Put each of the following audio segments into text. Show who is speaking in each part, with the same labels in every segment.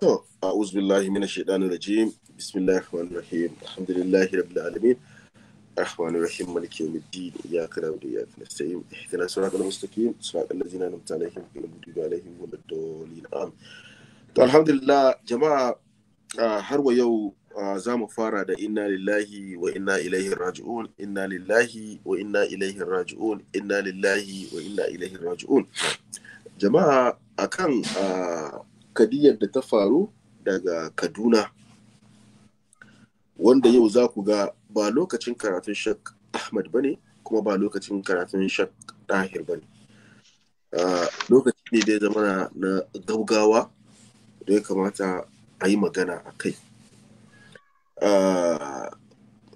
Speaker 1: To, a'uz billahi mina shaidanin rajim, bismillah rahman rahim, alhamdulillahi rabbil alamin, rahman rahim maliki yawmi din, ya kana da ya kana sayin, ihdina siratal mustaqim, siratal ladzina an'amta alaihim ghayril maghdubi alaihim waladdallin. Am. To alhamdulillah jama'a har wa yau za mu fara da inna lillahi wa inna ilaihi raji'un inna lillahi wa inna ilaihi raji'un inna lillahi wa inna ilaihi raji'un jama'a akan kadiyar da ta faru daga kaduna wanda yau za ku ga ba lokacin karatun shak ahmad ba ne kuma ba lokacin karatun shak ɗahir ba ne lokaci ne dai zama na gaugawa da ya kamata a yi magana a kai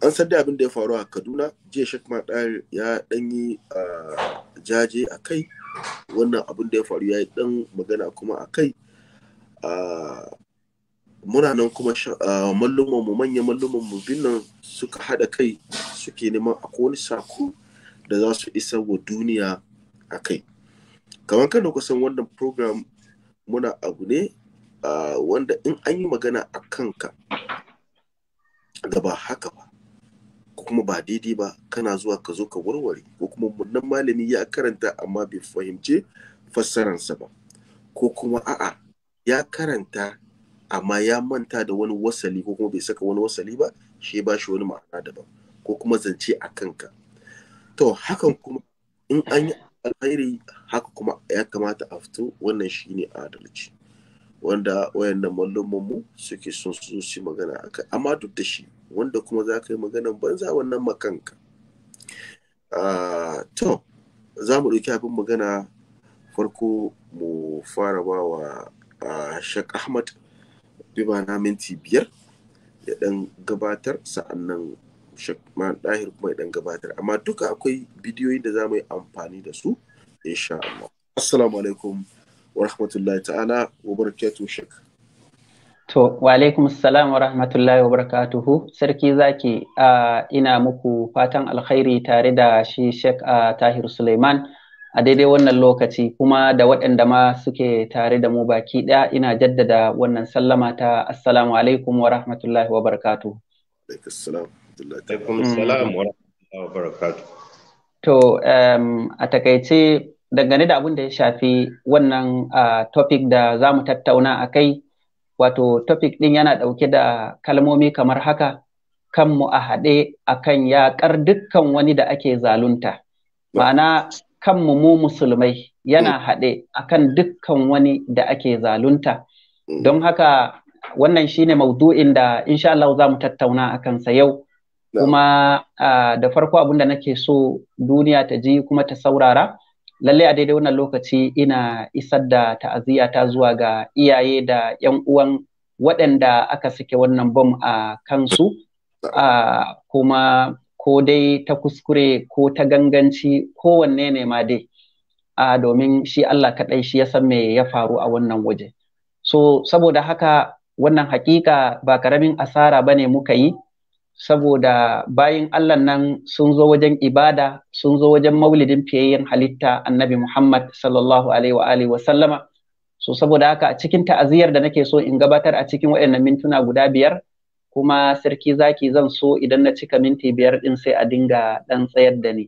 Speaker 1: an san abin da ya faru a kaduna jiya shak ma dahir ya ɗanyi jaje a kai wannan abin da ya faru ya yi ɗan magana kuma a kai Ah, muna nan kuma ah, malluman mu manyan malluman mu binnan suka haɗa kai suke neman a wani sako da za su isa wa duniya a kai kamar kada da kusan wannan program muna abu ne ah, wanda in an yi magana a kanka da ba haka ba ko kuma ba daidai ba kana zuwa ka zo ka warware ko kuma nan malami ya karanta amma bai fahimce fassararsa ba ko kuma a'a ya karanta amma ya manta da wani wasali ko kuma bai saka wani wasali ba shi ba shi wani ma'ana daban ko kuma zance a kanka to hakan kuma in an yi alkhairi haka kuma ya kamata a fito wannan shi ne adalci wanda wayannan mallumman mu suke son su su magana akai amma duk da shi wanda kuma za ka yi maganan banza wannan makanka ah, to za mu ɗauki abin magana farko mu fara ba wa Sheikh Ahmad biba na minti biyar ya dan gabatar sa'annan Sheikh Man Dahir kuma ya dan gabatar amma duka akwai bidiyoyi da za mu yi amfani da su insha Allah assalamu alaikum wa rahmatullahi ta'ala wa barakatuh Sheikh
Speaker 2: To, wa alaikum assalam wa rahmatullahi wa barakatuhu, sarki zaki ina muku fatan alkhairi tare da shi Sheikh Tahir Suleiman. a daidai wannan lokaci kuma da waɗanda ma suke tare da mu baki ɗaya ina jaddada wannan sallama ta assalamu alaikum wa rahmatullahi wa barakatu. To a takaice dangane da abin da ya shafi wannan uh, topic da za mu tattauna a kai wato topic ɗin yana ɗauke da kalmomi kamar haka kanmu a haɗe a akan yaƙar dukkan wani da ake zalunta. Ma'ana kanmu mu musulmai yana mm. haɗe akan dukkan wani da ake zalunta mm. don haka wannan shine maudu'in da insha Allah za mu tattauna a kansa yau kuma da farko abin da nake so duniya ta ji kuma ta saurara lallai a daidai wannan lokaci ina isar da ta'aziyya ta zuwa ga iyaye da 'yan uwan waɗanda aka sake wannan bom a kansu kuma ko dai ta kuskure ko ta ganganci kowanne ne ma dai a domin shi Allah kaɗai shi ya san me ya faru a wannan waje so saboda haka wannan hakika ba karamin asara ba ne muka yi saboda bayin Allah nan sun zo wajen ibada sun zo wajen maulidin fiyayyen halitta annabi Muhammad sallallahu alaihi wa wa sallama so saboda haka a cikin ta'aziyar da nake so in gabatar a cikin waɗannan mintuna guda biyar kuma sarki zaki zan so idan na cika minti biyar din sai a dinga dan tsayar da ni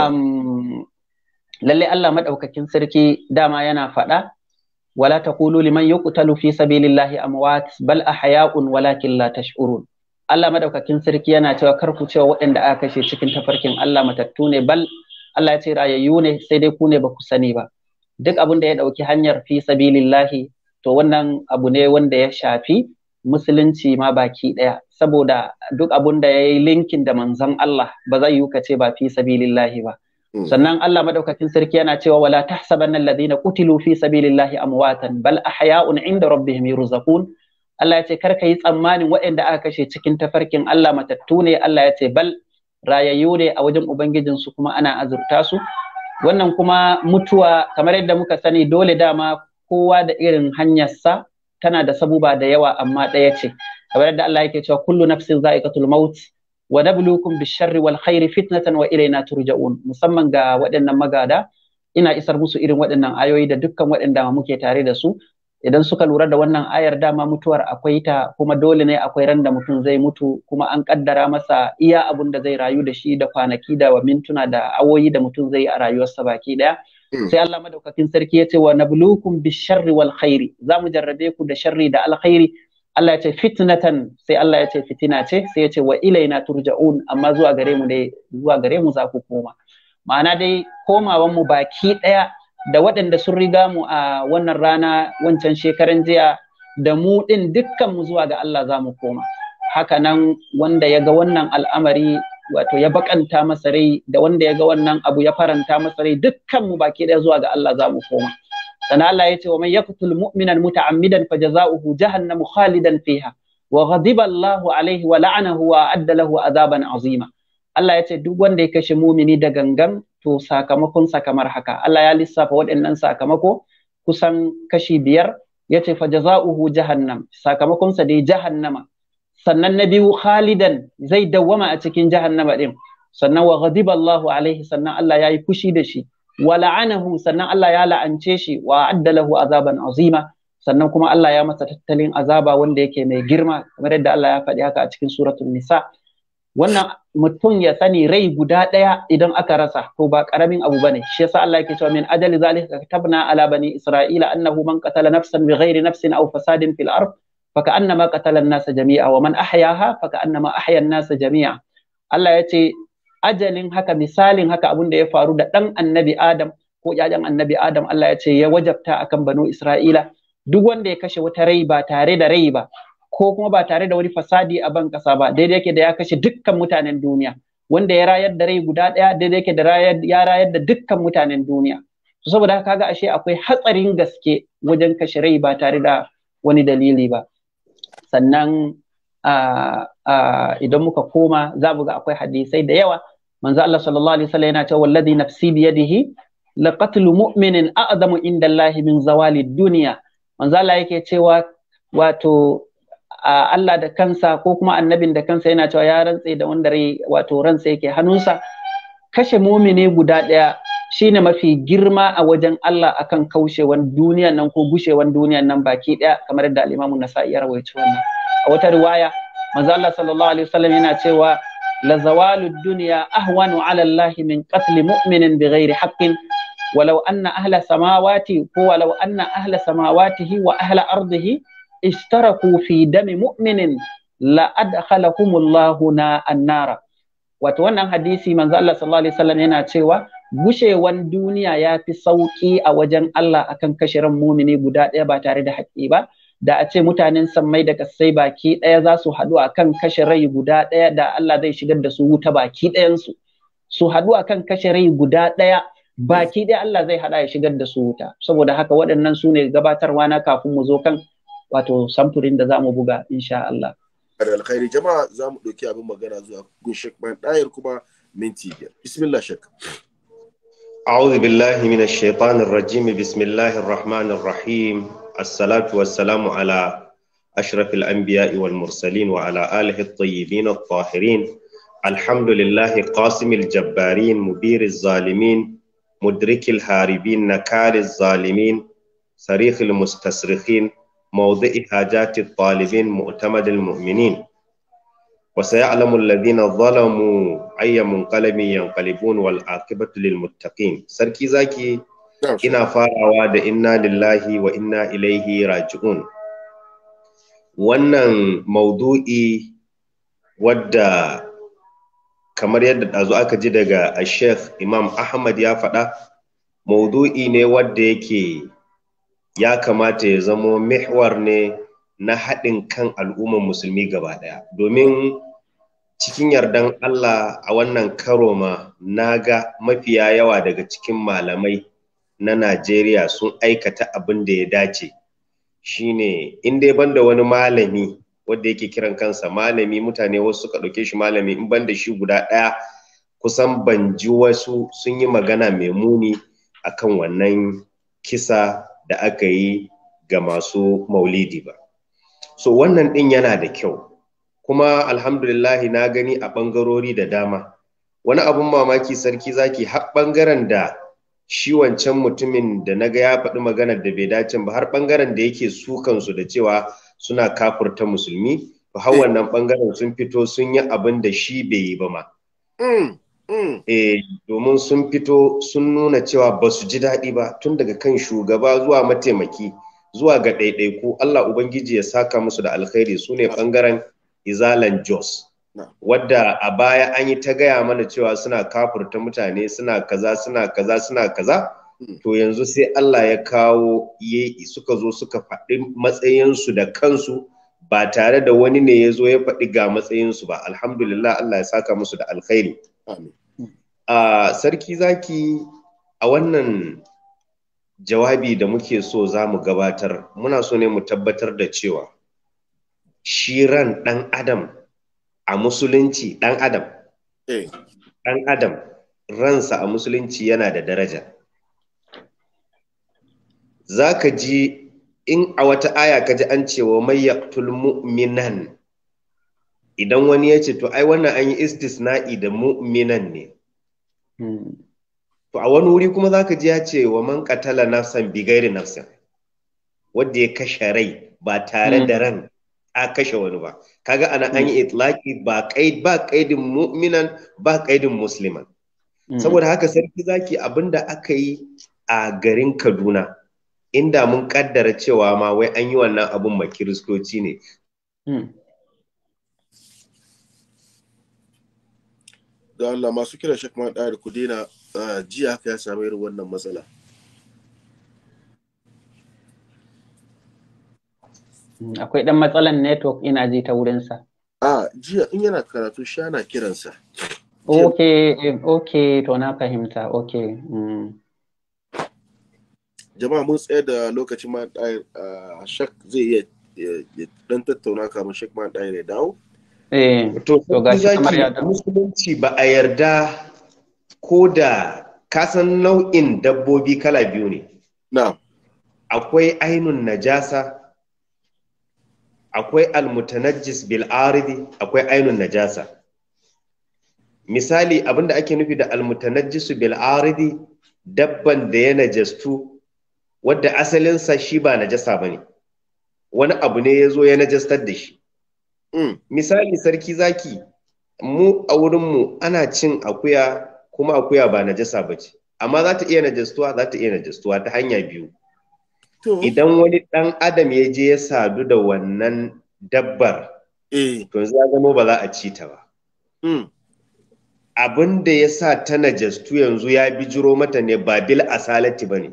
Speaker 2: um, lalle Allah maɗaukakin sarki dama yana faɗa wala taqulu liman yuqtalu fi sabilillahi amwat bal ahya'un walakin la tash'urun Allah madaukakin sarki yana cewa kar ku cewa waɗanda aka kashe cikin tafarkin Allah matattu ne bal Allah ya ce rayayyu ne sai dai ku ne ba ku sani ba duk abin da ya ɗauki hanyar fi sabilillahi to wannan abu ne wanda ya shafi musulunci ma baki ɗaya saboda duk abun da ya yi linkin da manzan Allah ba zai yi ce ba fi sabilillahi ba hmm. sannan Allah madaukakin sarki yana cewa wala tahsabanna alladhina qutilu fi sabilillahi amwatan bal ahya'un 'inda rabbihim yurzaqun Allah ya ce kar ka yi tsammanin waɗanda aka kashe cikin tafarkin Allah matattu ne Allah ya ce bal rayayyu ne a wajen ubangijin su kuma ana azurta su wannan kuma mutuwa kamar yadda muka sani dole dama kowa da irin hanyarsa tana da sabuba da yawa amma ɗaya ce kamar yadda Allah yake cewa kullu nafsin za'iqatul maut wa nabluukum bish-sharri wal khairi fitnatan wa ilayna turja'un musamman ga waɗannan magada ina isar musu irin waɗannan ayoyi da dukkan waɗanda muke tare da su idan suka lura da wannan ayar dama mutuwar akwai ta kuma dole ne akwai ran da mutum zai mutu kuma an kaddara masa iya abun da zai rayu da shi da kwanaki da mintuna da awoyi da mutum zai yi a rayuwarsa baki daya Hmm. sai Allah madaukakin sarki ya ce wa nabluukum bisharri wal khairi za mu jarrabe ku da sharri da alkhairi Allah ya ce fitnatan sai Allah ya ce fitina ce sai ya ce wa ilaina turja'un amma zuwa gare mu dai zuwa gare mu za ku koma ma'ana dai komawan mu baki daya da waɗanda sun riga mu a wannan rana wancan shekaran jiya da mu din dukkan mu zuwa ga Allah za mu koma haka nan wanda ya ga wannan al'amari wato ya bakanta masa rai da wanda ya ga wannan abu ya faranta masa rai dukkan mu baki daya zuwa ga Allah za mu koma sana Allah ya ce wa man yaqtul mu'minan muta'ammidan fajaza'uhu jahannamu khalidan fiha wa ghadiba Allah alaihi wa la'anahu wa adda lahu azaban azima Allah ya ce duk wanda ya kashe mumini da gangan to sakamakon kamar haka Allah ya lissafa waɗannan sakamako kusan kashi biyar Yace ce fajaza'uhu jahannam sakamakonsa dai jahannama sannan na biyu khalidan zai dawwama a cikin jahannama din sannan wa ghadiba Allahu alaihi sannan Allah yayi fushi da shi wa la'anahu sannan Allah ya la'ance shi wa addalahu azaban azima sannan kuma Allah ya masa tattalin azaba wanda yake mai girma kamar yadda Allah ya faɗi haka a cikin suratul nisa wannan mutum ya sani rai guda ɗaya idan aka rasa to ba karamin abu bane shi yasa Allah yake cewa min ajali zalika katabna ala bani isra'ila annahu man qatala nafsan bighairi nafsin aw fasadin fil ard faka annama qatala nasa jami'a wa man ha. faka annama nasa jami'a Allah ya ce ajalin haka misalin haka abun da ya faru da ɗan annabi Adam ko yayan annabi Adam Allah ya ce ya wajabta akan banu Isra'ila duk wanda ya kashe wata rai ba tare da rai ba ko kuma ba tare da wani fasadi a ban kasa ba daidai yake da ya kashe dukkan mutanen duniya wanda ya rayar da rai guda ɗaya daidai yake da ya rayar da dukkan mutanen duniya saboda haka kaga ashe akwai hatsarin gaske wajen kashe rai ba tare da wani dalili ba sannan idan muka koma za mu ga akwai hadisai da yawa manzo Allah sallallahu alaihi wasallam yana cewa wallazi nafsi bi yadihi la qatlu mu'minin a'zamu inda Allah min zawali dunya manzo Allah yake cewa wato Allah da kansa ko kuma annabin da kansa yana cewa ya rantse da wanda rai wato ransa yake hannunsa kashe mumini guda ɗaya shine mafi girma a wajen Allah akan kaushewan duniyan nan ko gushewan duniyan nan baki daya kamar yadda al-Imam Nasa'i ya rawaito wannan a wata riwaya manzo Allah sallallahu alaihi wasallam yana cewa la zawalud dunya ahwanu ala Allah min qatl mu'minin bighairi haqqin ولو ahla أهل سماواتي ولو أن أهل سماواته وأهل أرضه اشتركوا في دم مؤمن لأدخلهم na annara. wato wannan hadisi manzo Allah sallallahu alaihi wasallam yana cewa gushewan duniya ya fi sauƙi a wajen Allah akan kashe ran mumini guda ɗaya ba tare da haƙƙi ba da a ce mutanen sammai da kasai baki ɗaya za su haɗu akan kashe rai guda ɗaya da Allah zai shigar da su wuta baki ɗayansu su haɗu akan kashe rai guda ɗaya baki ɗaya Allah zai haɗa ya shigar da su wuta saboda haka waɗannan su ne gabatarwa na kafin mu zo kan wato samfurin da za mu buga insha Allah.
Speaker 1: alkhairi jama'a za mu ɗauki abin magana zuwa gun shek bayan ɗayar kuma
Speaker 3: minti biyar bismillah shek. أعوذ بالله من الشيطان الرجيم بسم الله الرحمن الرحيم الصلاة والسلام على أشرف الأنبياء والمرسلين وعلى آله الطيبين الطاهرين الحمد لله قاسم الجبارين مدير الظالمين مدرك الهاربين نكال الظالمين صريخ المستسرخين موضع حاجات الطالبين مؤتمد المؤمنين وسيعلم الذين ظلموا أي منقلب ينقلبون والعاقبة للمتقين سركي زاكي ina farawa da inna lillahi wa راجعون ilaihi raji'un wannan mawdu'i wadda kamar yadda ɗazu aka ji daga sheikh imam ahmad ya faɗa maudu'i ne wadda yake ya kamata ya zamo mihwar ne na haɗin kan al'ummar musulmi gaba ɗaya domin Cikin yardan Allah a wannan karo ma na ga mafiya yawa daga cikin malamai na Najeriya sun aikata abin da ya dace. Shine in dai banda wani malami wadda yake kiran kansa malami mutane wasu suka ɗauke shi malami in banda shi guda ɗaya kusan ban ji wasu sun yi magana mai muni a kan wannan kisa da aka yi ga masu maulidi ba. So wannan ɗin yana da kyau. kuma alhamdulillahi na gani a ɓangarori da dama wani abun mamaki sarki zaki har ɓangaren da shi wancan mutumin da naga ya faɗi maganar da bai dace ba har ɓangaren da yake su kansu da cewa suna kafurta musulmi to har eh. wannan ɓangaren sun fito sun yi abin da shi bai yi ba ma mm, mm. Eh, domin sun fito sun nuna cewa ba su ji daɗi ba tun daga kan shugaba zuwa mataimaki zuwa ga ɗaiɗaiku Allah Ubangiji ya saka musu da alkhairi su ne ɓangaren izalan jos wadda a baya an yi ta gaya mana cewa suna kafurta mutane suna kaza suna kaza suna kaza hmm. to yanzu sai Allah ya kawo ya suka zo suka faɗi matsayinsu da kansu ba tare da wani ne ya zo ya faɗi ga matsayinsu ba alhamdulillah Allah ya saka musu da alkhairi a sarki zaki a wannan jawabi da muke so za mu gabatar muna so ne mu tabbatar da cewa shi ran ɗan adam a musulunci ɗan adam eh. ɗan adam ransa a musulunci yana da daraja za ka ji in a wata aya ka ji an cewa mai mu'minan idan wani ya ce to ai wannan an yi istisna'i da mu'minan ne hmm. to a wani wuri kuma za ka ji ya ce wa man katala nafsan bigairi nafsan wadda wanda ya kashe rai ba tare da hmm. ran a kashe wani ba kaga ana an yi mm. itlaki ba kai ba kaidin mu'minan ba kaidin musliman mm. saboda haka sarki zaki abinda aka yi a garin Kaduna inda mun kaddara cewa ma wai an yi wannan abun ma kiristoci ne mm.
Speaker 1: da Allah masu kira shakman ɗayar ku daina ah, jiya haka ya
Speaker 2: samu irin wannan matsala Akwai ɗan matsalan network ina ji ta wurinsa. A jiya in yana karatu
Speaker 1: shi ana kiransa.
Speaker 2: Ok, ok, to na fahimta, ok. Mm.
Speaker 1: Jama'a mun tsaye da lokacin ma shak zai iya dan tattauna kamar shak ma ɗayar ya dawo.
Speaker 2: Eh, to,
Speaker 1: ga shi kamar ya
Speaker 3: Musulunci ba a yarda ko da kasan nau'in dabbobi kala biyu ne. Akwai ainun najasa. akwai almutanajjis bil aridi akwai ainun najasa misali abinda ake nufi da almutanajjisu bil aridi dabban da ya najastu wadda asalinsa shi ba najasa ne, wani abu ne ya zo ya najastar da shi mm, misali sarki zaki mu a wurinmu ana cin akuya kuma akuya ba najasa ba ce amma za ta iya najastuwa za ta iya najastuwa ta hanya biyu Idan wani ɗan adam ya je ya sadu da wannan dabbar, eh. to za zamo ba za a ci ta ba. Hmm. Abin da ya sa ta najastu yanzu ya bijiro mata ne ba bil asalati ba ne.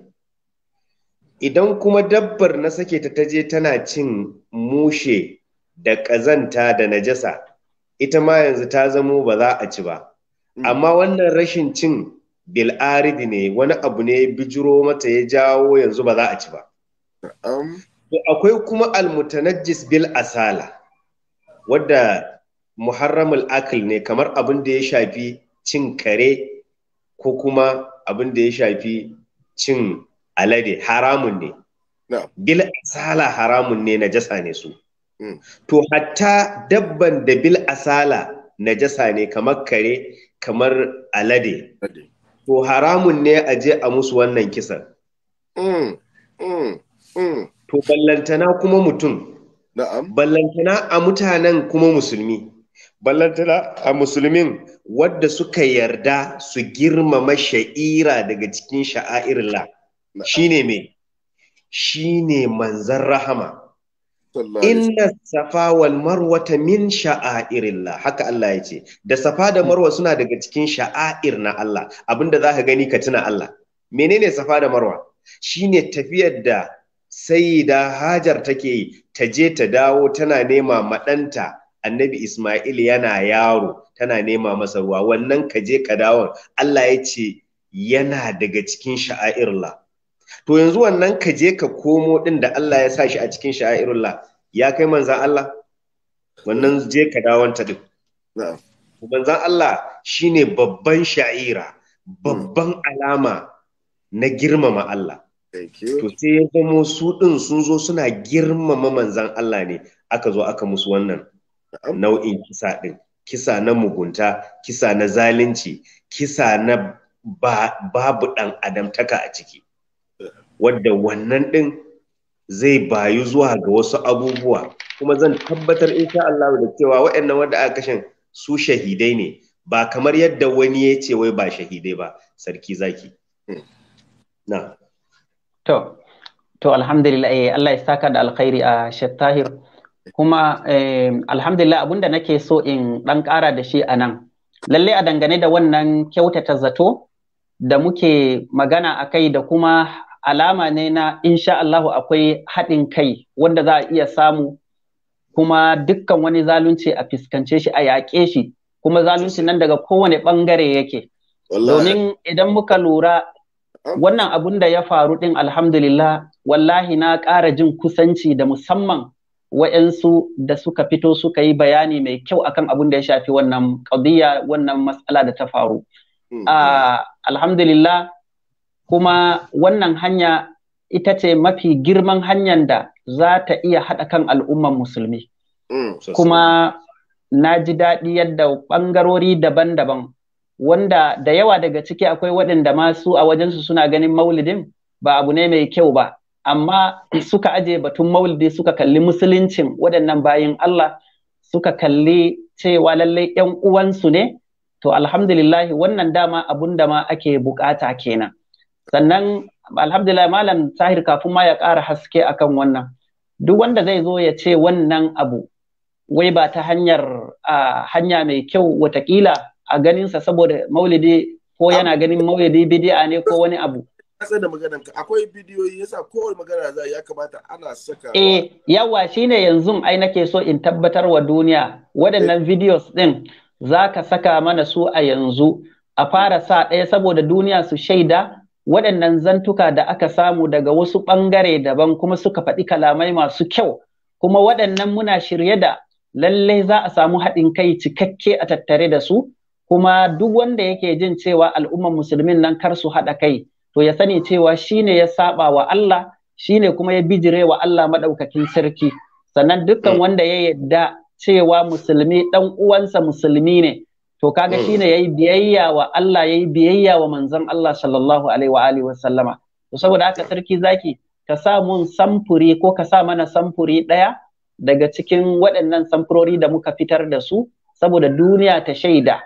Speaker 3: Idan kuma dabbar na sake ta taje tana cin mushe da ƙazanta da najasa, ita ma yanzu ta zamo ba za a ci ba. Hmm. Amma wannan rashin cin bil'aridi ne wani abu ne bijiro mata ya jawo yanzu ba za a ci ba. akwai kuma almutanajjis bil asala wadda muharramul akil ne kamar abin da ya shafi cin kare ko kuma abin da ya shafi cin alade haramun ne bil asala haramun ne na jasa ne su hmm. to hatta dabban da bil asala na jasa ne kamar kare kamar alade to haramun ne a je a musu wannan kisan hmm. Hmm. Mm. to ballantana kuma mutum na'am ballantana a mutanen kuma musulmi ballantana a musulmin wadda suka yarda su girmama sha'ira daga cikin sha'airla ne me shine manzan rahama inna safa wal marwata min sha'airillah haka Allah ya ce da safa da marwa suna daga cikin sha'air na Allah abinda za ka gani ka tuna Allah menene safa da marwa shine tafiyar da da hajar take yi ta je ta dawo tana nema maɗanta annabi Ismail yana yaro tana nema masa ruwa wannan ka je ka dawo Allah ya ce yana daga cikin sha'airullah to yanzu wannan ka je ka komo din da Allah ya sa shi a cikin sha'airullah ya kai manzan Allah wannan je ka dawo ta duk manzan Allah shine babban sha'ira babban alama na girmama Allah to sai ya zamo su ɗin sun zo suna girmama manzan Allah ne aka zo aka musu wannan nau'in kisa ɗin kisa na mugunta kisa na zalunci kisa na babu ɗan adamtaka a ciki wadda wannan ɗin zai bayu zuwa ga wasu abubuwa kuma zan tabbatar insha Allah da cewa waɗannan wanda aka kashe su shahidai ne ba kamar yadda wani ya ce wai ba shahidai ba sarki zaki hmm.
Speaker 2: na To, to alhamdulillah eh, Allah ya saka da alkhairi a Shattahir. Kuma eh, alhamdulillah abinda nake so in ɗan ƙara da shi a nan. Lalle a dangane da wannan kyautata zato da muke magana a kai da kuma alama ne na insha Allahu akwai haɗin kai wanda za a iya samu kuma dukkan wani zalunci a fuskance shi a yaƙe shi kuma zalunci nan daga kowane ɓangare yake. Domin idan muka lura wannan abun da ya faru ɗin alhamdulillah wallahi na ƙara jin kusanci da musamman wa'yansu da suka fito suka yi bayani mai kyau akan abun da ya shafi wannan ƙaddiya, wannan matsala da ta faru hmm, ah, hmm. alhamdulillah kuma wannan hanya ita ce mafi girman hanyar da za ta iya haɗa kan al'umman musulmi hmm, kuma na ji daɗi yadda ɓangarori daban-daban wanda da yawa daga ciki akwai waɗanda ma su a wajensu suna ganin maulidin ba abu ne mai kyau ba amma suka aje batun maulidi suka kalli musuluncin waɗannan bayin Allah suka kalli cewa lallai ‘yan uwansu ne to alhamdulillahi wannan dama abun da ma ake bukata kenan sannan alhamdulillah malam tahir kafin ma ya ƙara haske akan wannan duk wanda zai zo ya ce wannan abu wai ba ta hanyar hanya mai kyau watakila a ganinsa saboda maulidi ko yana ganin maulidi bidi'a ne ko wani abu
Speaker 1: kasar da maganar ka akwai bidiyoyi yasa magana za ya kamata ana saka eh
Speaker 2: yawa shine yanzu ai nake so in tabbatar wa duniya waɗannan eh. videos din zaka saka mana su a yanzu a fara sa ɗaya saboda duniya su shaida waɗannan zantuka da aka samu daga wasu ɓangare daban kuma suka faɗi kalamai masu kyau kuma waɗannan muna shirye da lallai za a samu haɗin kai cikakke a tattare da su kuma duk wanda yake jin cewa al'umman musulmin nan kar su haɗa kai to ya sani cewa shine ya saba wa Allah shine kuma ya bijire wa Allah madaukakin sarki sannan dukkan wanda ya yadda cewa musulmi dan uwansa musulmi ne to kaga hmm. shine yayi biyayya wa Allah yayi biyayya wa manzon Allah sallallahu alaihi wa alihi wasallama to saboda haka sarki zaki ka sa mun samfuri ko ka sa mana samfuri ɗaya daga cikin waɗannan samfurori da muka fitar da su saboda duniya ta shaida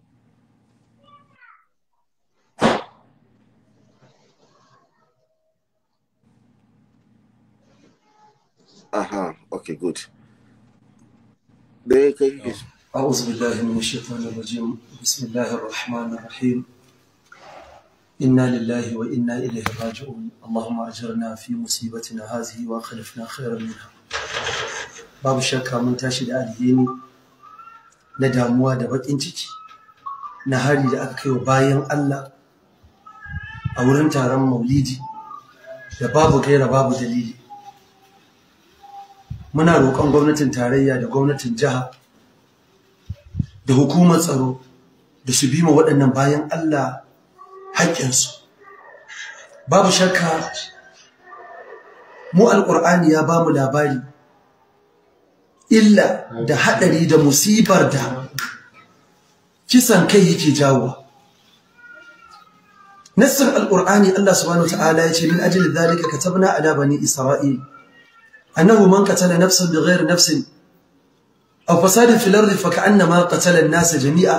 Speaker 1: Aha, okay, good.
Speaker 4: Da kai ke أعوذ بالله من الشيطان الرجيم بسم الله الرحمن الرحيم إنا لله وإنا إليه راجعون اللهم أجرنا في مصيبتنا هذه وأخلفنا خيرا منها باب الشكا من تاشد أليين نداموا دبك إنتكي نهاري لأكي وباين الله أورنت رم موليدي da babu gaira babu dalili muna roƙon gwamnatin tarayya da gwamnatin jiha da hukumar tsaro da su bima waɗannan bayan Allah haƙƙinsu babu shakka mu alƙur'ani ya ba mu labari illa da haɗari da musibar da kisan kai yake jawo nassin alƙur'ani Allah subhanahu wa ta'ala ya ce min ajli dhalika katabna ala bani isra'il a man qatala nafsan bighayri nafsin aw fasadin fil ardi fa ka'annama qatala an-nasa jami'a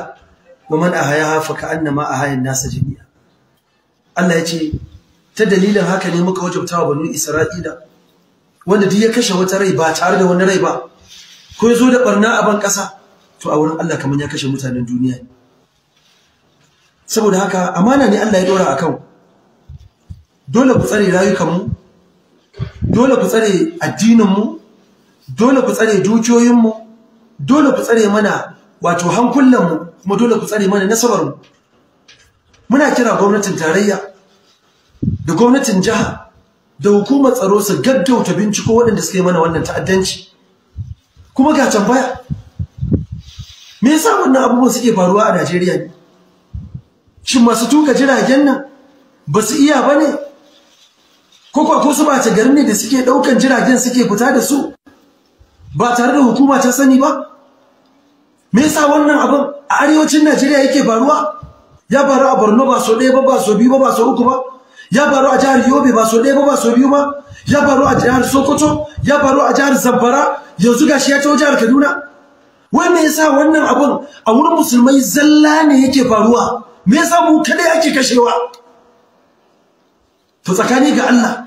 Speaker 4: wa man ahayaha nasa jami'a Allah ya ce ta dalilin haka ne muka wajabta wa banu Isra'ila wanda duk ya kashe wata rai ba tare da wani rai ba ko ya zo da ɓarna a ban kasa to a wurin Allah kaman ya kashe mutanen duniya ne saboda haka amana ne Allah ya ɗora a akan dole ku tsare rayukanmu dole ku tsare addininmu dole ku tsare dukiyoyinmu dole ku tsare mana wato hankulanmu kuma dole ku tsare mana nasabarmu muna kira gwamnatin tarayya da gwamnatin jiha da hukumar tsaro su gaggauta binciko waɗanda suka mana wannan ta'addanci kuma ga tambaya me yasa wannan abubuwa suke faruwa a Najeriya shin masu tuka jiragen nan ba su iya ba ne Koko ko su bace garin ne da suke ɗaukan jiragen suke fita da su ba tare da hukuma ta sani ba me yasa wannan abu a arewacin Najeriya yake faruwa ya faru a Borno ba so ɗaya ba ba so biyu ba ba so uku ba ya faru a jihar Yobe ba so ɗaya ba ba so biyu ba ya faru a jihar Sokoto ya faru a jihar Zamfara yanzu gashi ya tawo jihar Kaduna wai me yasa wannan abun a wurin musulmai zalla ne yake faruwa me yasa mu kadai ake kashewa to tsakani ga Allah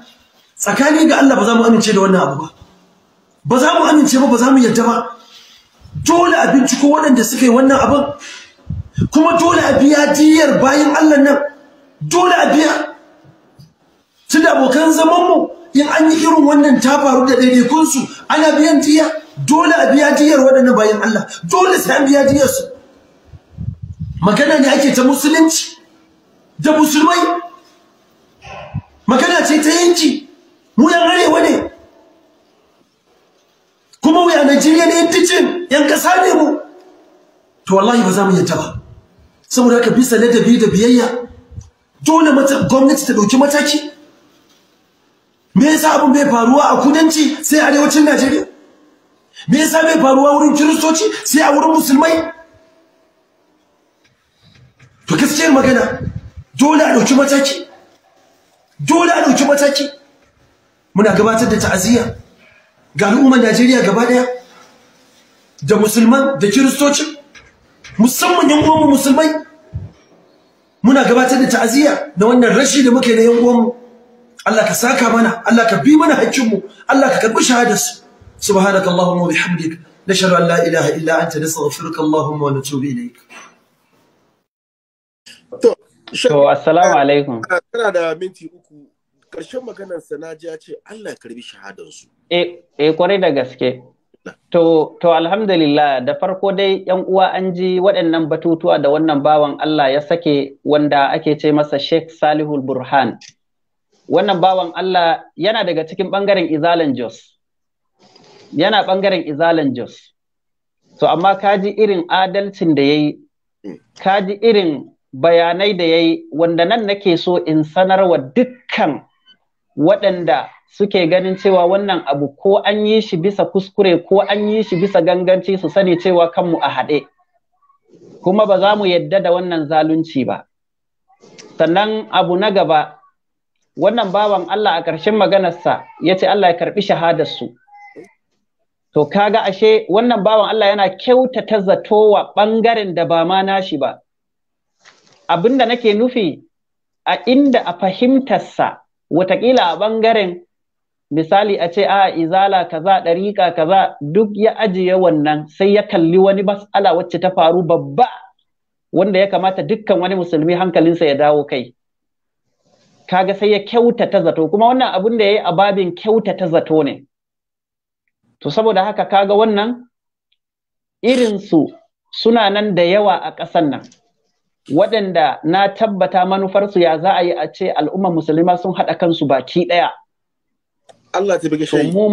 Speaker 4: tsakani ga Allah ba za mu amince da wannan abu ba ba za mu amince ba ba za mu yarda ba dole a binciko waɗanda suka yi wannan abin kuma dole a biya diyar bayan Allah nan dole a biya tunda abokan zamanmu in an yi irin wannan ta faru da ɗaiɗaikunsu ana biyan diya dole a biya diyar waɗannan bayan Allah dole sai an biya su magana ne ake ta musulunci da musulmai magana ce ta yanki mu yan arewa ne kuma wuya Najeriya ne, yan yan kasa ne mu to wallahi ba za mu yanta ba saboda ka bisa ladabi da biyayya dole gwamnati ta ɗauki mataki me yasa abin bai faruwa a kudanci sai arewacin Najeriya me yasa bai faruwa wurin kiristoci sai a wurin musulmai to gaskiyar magana dole a ɗauki mataki dole a ɗauki mataki muna gabatar da ta'aziyya ga al'ummar Najeriya gaba daya da musulman da kiristoci musamman yan uwanmu musulmai muna gabatar da ta'aziyya da wannan rashi da muke na yan uwanmu Allah ka saka mana Allah ka bi mana hakkinmu Allah ka karbi shahadarsu subhanakallahumma wa bihamdika نشهد أن لا إله إلا أنت نستغفرك اللهم ونتوب إليك
Speaker 2: To, assalamu alaikum.
Speaker 1: Kana da minti uku Karshen maganar sanaji ya ce Allah ya karbi shahadansu.
Speaker 2: E, eh, eh, kwarai da gaske. To, to alhamdulillah da farko dai yan uwa an ji waɗannan batutuwa da wannan bawan Allah ya sake wanda ake ce masa Sheikh Salihul Burhan. Wannan bawan Allah yana daga cikin ɓangaren Izalan Jos. Yana ɓangaren Izalan Jos. To, amma kaji irin adalcin da ya yi, mm. kaji irin bayanai da ya yi, wanda nan nake so in sanarwa dukkan waɗanda suke ganin cewa wannan abu ko an yi shi bisa kuskure ko an yi shi bisa ganganci su sani cewa kanmu a haɗe kuma ba za mu yadda da wannan zalunci ba sannan abu na gaba wannan bawan Allah a ƙarshen maganarsa ya ce Allah ya karɓi shahadarsu to kaga ashe wannan bawan Allah yana kyautata zatowa ɓangaren da ba ma nashi ba abinda nake nufi a inda a fahimtarsa Wataƙila a ɓangaren misali a ce a izala kaza ɗariƙa kaza duk ya ajiye wannan sai ya kalli wani mas'ala wacce ta faru babba wanda ya kamata dukkan wani musulmi hankalinsa ya dawo kai kaga sai ya kyautata zato kuma wannan abun da ya yi a babin kyautata zato ne to saboda haka kaga wannan irinsu suna nan da yawa a ƙasan nan waɗanda na tabbata manufarsu ya za a yi a ce al'umma musulma sun haɗa kansu baki ɗaya. Allah ta bige shayi. Mu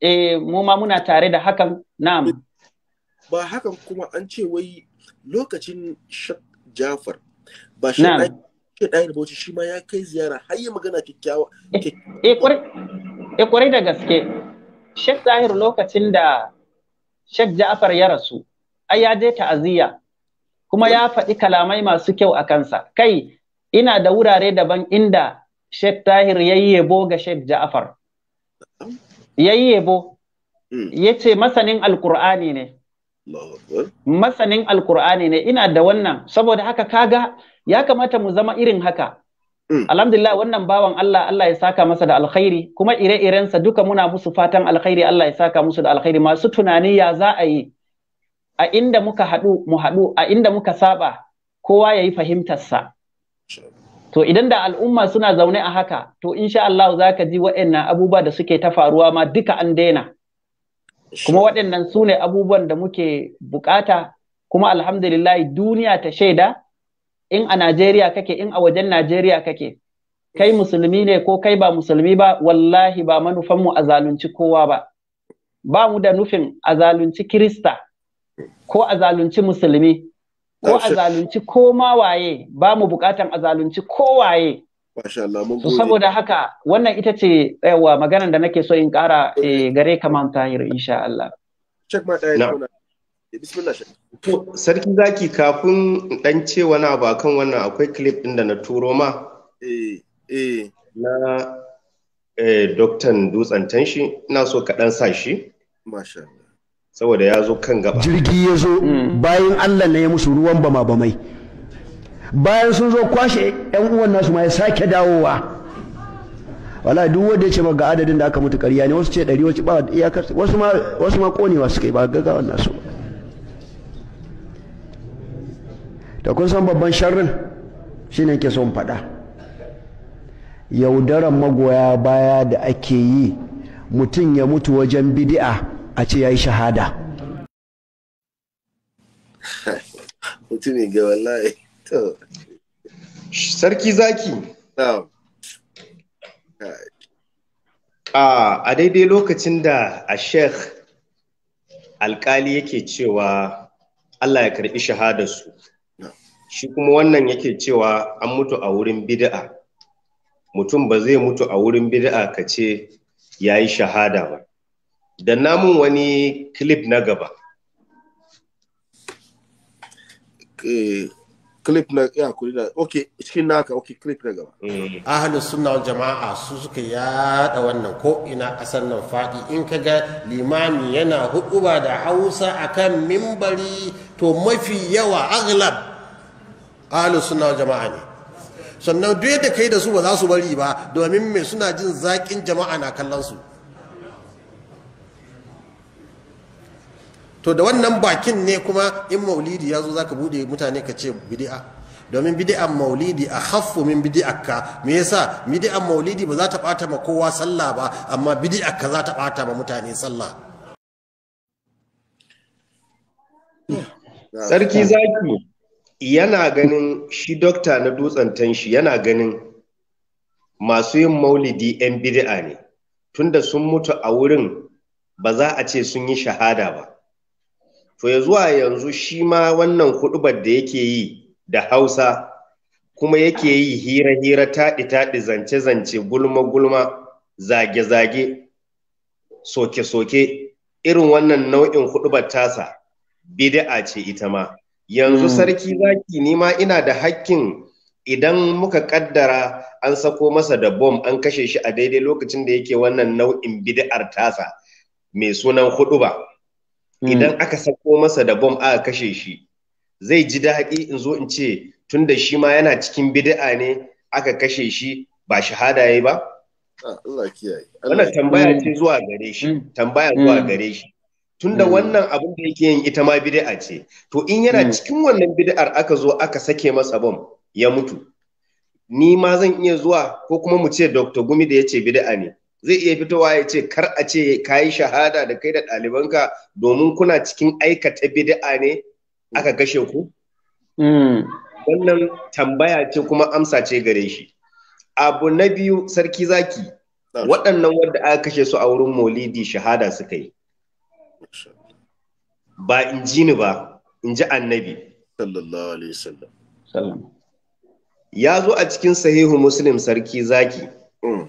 Speaker 2: eh mu ma muna tare da hakan na'am.
Speaker 1: Ba hakan kuma an ce wai lokacin Shak Jafar ba shi
Speaker 2: ke ɗayan Bauchi shi ma ya kai ziyara har yi magana kyakkyawa. Eh kwarai eh, eh, da gaske. Shak Zahir lokacin da Shak Ja'far ya rasu, ai ya je ta'aziyya kuma ya faɗi kalamai masu kyau a kansa kai ina da wurare daban inda Sheikh Tahir ya yi yabo ga Sheikh Ja'far ya yi yabo hmm. ya ce masanin alkur'ani ne masanin alkur'ani ne ina da wannan saboda haka kaga ya kamata mu zama irin haka hmm. alhamdulillah wannan bawan Allah Allah ya saka masa da alkhairi kuma ire-irensa duka muna musu fatan alkhairi Allah ya saka musu da alkhairi masu tunani ya za a yi a inda muka haɗu mu haɗu a inda muka saba kowa ya yi fahimtarsa to idan da al'umma suna zaune a haka to insha Allah za ka ji waɗannan abubuwa da suke ta faruwa ma duka an daina kuma waɗannan su ne abubuwan da muke bukata kuma alhamdulillah duniya ta shaida in a Najeriya kake in a wajen Najeriya kake kai musulmi ne ko kai ba musulmi ba wallahi ba manufanmu a zalunci kowa ba ba mu da nufin a zalunci Kirista ko a zalunci musulmi ko a zalunci ko ma waye ba mu bukatan a zalunci ko waye so saboda haka wannan ita ce yawa maganan da nake so in kara eh, gare ka man tahir insha Allah eh,
Speaker 3: sarki zaki kafin dan ce wani abu akan wannan akwai clip din da na turo ma eh, na doktan dutsen tanshi ina so ka dan sa shi masha Allah saboda ya zo kan gaba jirgi
Speaker 5: ya zo hmm. bayan allah na ya musu ruwan bama bamai bayan sun zo kwashe yan uwan nasu ma ya sake dawowa wala duk wanda ya ce ga adadin da aka mutu ƙarya ne wasu ce ɗari wasu ba iyakar wasu ma wasu ma konewa suka yi ba gaggawan nasu da kun san babban sharrin shine ke son faɗa yaudaran magoya baya da ake yi mutum ya mutu wajen bidi'a a ce ya yi shahada
Speaker 1: ga wallahi
Speaker 3: sarki zaki a daidai lokacin da a sheikh alkali yake cewa allah ya karbi shahadarsu shi kuma wannan yake cewa an mutu a wurin bid'a mutum ba zai mutu a wurin bid'a ka ce ya yi shahada ba da namun wani clip na gaba
Speaker 1: clip na ya kuri da ok cikin
Speaker 6: naka ok clip na gaba mm. ahalin sunna jama'a su suka yada wannan ko ina kasar nan fadi in ka ga limami yana hukuba da Hausa akan mimbari to mafi yawa aglab ahalin sunna jama'a ne sannan duk da kai da su ba za su bari ba domin me suna jin zaƙin jama'a na kallon su to da wannan bakin ne kuma in maulidi ya zo za ka buɗe mutane ka ce bidi'a domin bidi'an maulidi a haffu min bidi'akka me yasa bidi'an maulidi ba za ta ɓata ma kowa sallah ba amma bidi'akka za ta ɓata ma mutane sallah
Speaker 4: sarki
Speaker 3: zaki yana ganin shi dokta na dutsen tanshi yana ganin masu yin maulidi 'yan bidi'a ne tunda sun mutu a wurin ba za a ce sun yi shahada ba to ya zuwa yanzu shi ma wannan kuɗubar da yake yi da hausa kuma yake yi hira-hira taɗi-taɗi zance-zance gulma-gulma zage-zage soke-soke irin wannan nau'in kuɗubar tasa bid'a ce ita ma yanzu hmm. sarki zaki ni ma ina da hakkin idan muka kaddara an sako masa da bom an kashe shi a daidai lokacin da yake wannan nau'in bid'ar tasa mai sunan huɗuba. ba Hmm. idan aka sako masa da bom aka kashe shi zai ji daɗi in zo in ce tun da shi ma yana cikin bid'a ne aka kashe shi ba shahada yayi ba
Speaker 7: ah, wannan tambaya hmm. ce
Speaker 3: zuwa gare shi hmm. tambaya zuwa gare shi tunda wannan abin da yake yin ita ma bid'a ce to in yana cikin wannan bid'ar aka zo aka sake masa bom ya mutu ni ma zan iya zuwa ko kuma mu ce Dr. Gumi da yace bid'a ne zai iya fitowa ya ce kar a ce ka yi shahada da kai da ɗalibanka domin kuna cikin aikata bid'a ne aka kashe ku? Hmm. Wannan tambaya ce kuma amsa ce gare shi. Abu na biyu sarki zaki waɗannan wanda aka kashe su a wurin molidi shahada suka yi. Ba in ji ni ba, in ji annabi. Sallallahu Alaihi Wasallam. Ya zo a cikin sahihu Muslim sarki zaki. Hmm.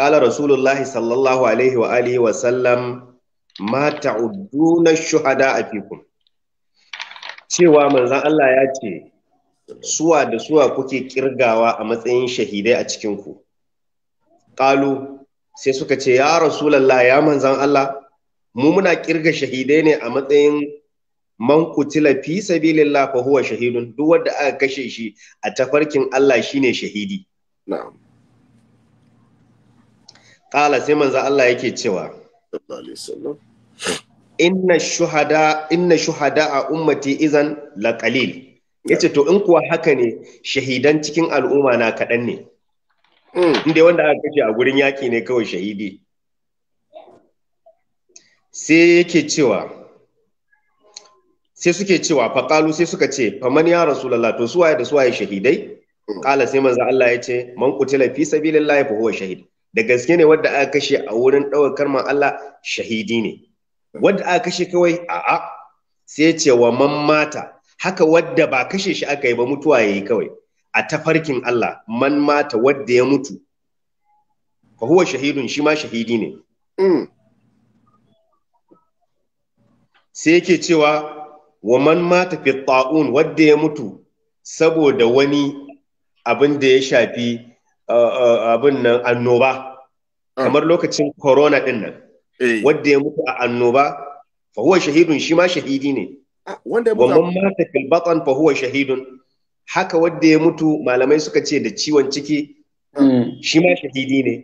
Speaker 3: قال رسول الله صلى الله wa وآله وسلم ما shuhada a فيكم cewa manzan Allah ya ce suwa da suwa kuke kirgawa a matsayin shahidai a cikinku ƙalu sai suka ce ya rasulallah ya manzan Allah mu muna kirga shahidai ne a matsayin man kutila fi sabilillah fa huwa shahidun duk wanda aka kashe shi a tafarkin Allah shine shahidi na'am Ƙala sai manzo Allah yake cewa inna shuhada inna shuhada a ummati izan la qalil yace to in kuwa haka ne shahidan cikin al'umma na kaɗan ne hmm. inda wanda aka kashe a gurin yaƙi ne kawai shahidi sai yake cewa sai suke cewa faƙalu sai suka ce faman ya rasulallah to suwaye da suwaye shahidai ƙala hmm. sai manzo Allah ya ce man qutila fi sabilillahi fa huwa shahid da gaske ne wadda aka kashe a wurin ɗaukar karman Allah shahidi ne wadda aka kashe kawai a'a sai ce wa man haka wadda ba kashe shi aka yi ba mutuwa yayi kawai a tafarkin Allah man mata wadda ya mutu fa huwa shahidun shi ma shahidi ne mm. sai yake cewa wa man mata fi wadda ya mutu saboda wani abin da ya shafi abin nan annoba ah. kamar lokacin corona din nan eh. wadda ya mutu a annoba fa shahidun shi ma shahidi ne ah, wa mata fil shahidun haka wadda ya mutu malamai suka ce da ciwon ciki hmm. shi ma shahidi ne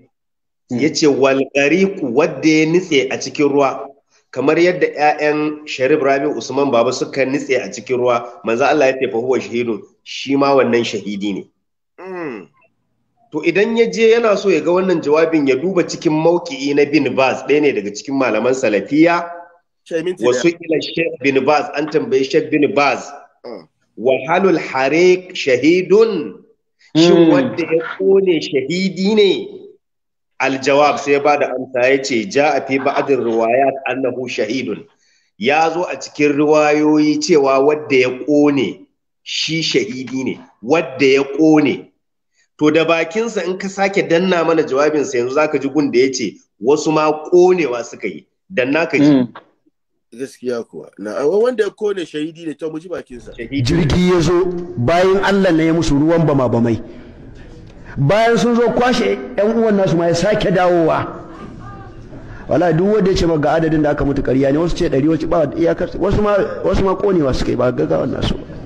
Speaker 3: hmm. yace wal gariqu wadda ya nitse a cikin ruwa kamar yadda 'ya'yan sharif rabi usman baba suka nitse a cikin ruwa manzo Allah ya ce fa huwa shahidun shi ma wannan shahidi ne to idan ya je yana so ya ga wannan jawabin ya duba cikin mauki'i na bin bas ɗaya ne daga cikin malaman salafiya wasu ila shek bin bas an tambayi shek bin bas ah. wahalul harik shahidun
Speaker 7: hmm. shin wanda
Speaker 3: ya kone shahidi ne aljawab sai ya bada amsa ya ce ja a fi ba'adin riwayat annahu shahidun ya zo a cikin riwayoyi cewa wadda ya kone shi shahidi ne wadda ya kone to da bakinsa in ka sake danna mana jawabinsa yanzu za ka ji gun da ya ce wasu ma konewa suka yi danna ka ji hmm. gaskiya kuwa na wanda ya
Speaker 1: kone shahidi ne ta muji bakinsa jirgi
Speaker 5: ya zo bayan Allah na ya musu ruwan bama bamai bayan sun zo kwashe yan uwan nasu ma ya sake dawowa wala duk wanda ya ce maga adadin da aka mutu ƙarya ne wasu ce ɗari wasu ba iyakar wasu ma konewa suka yi ba gaggawa nasu ba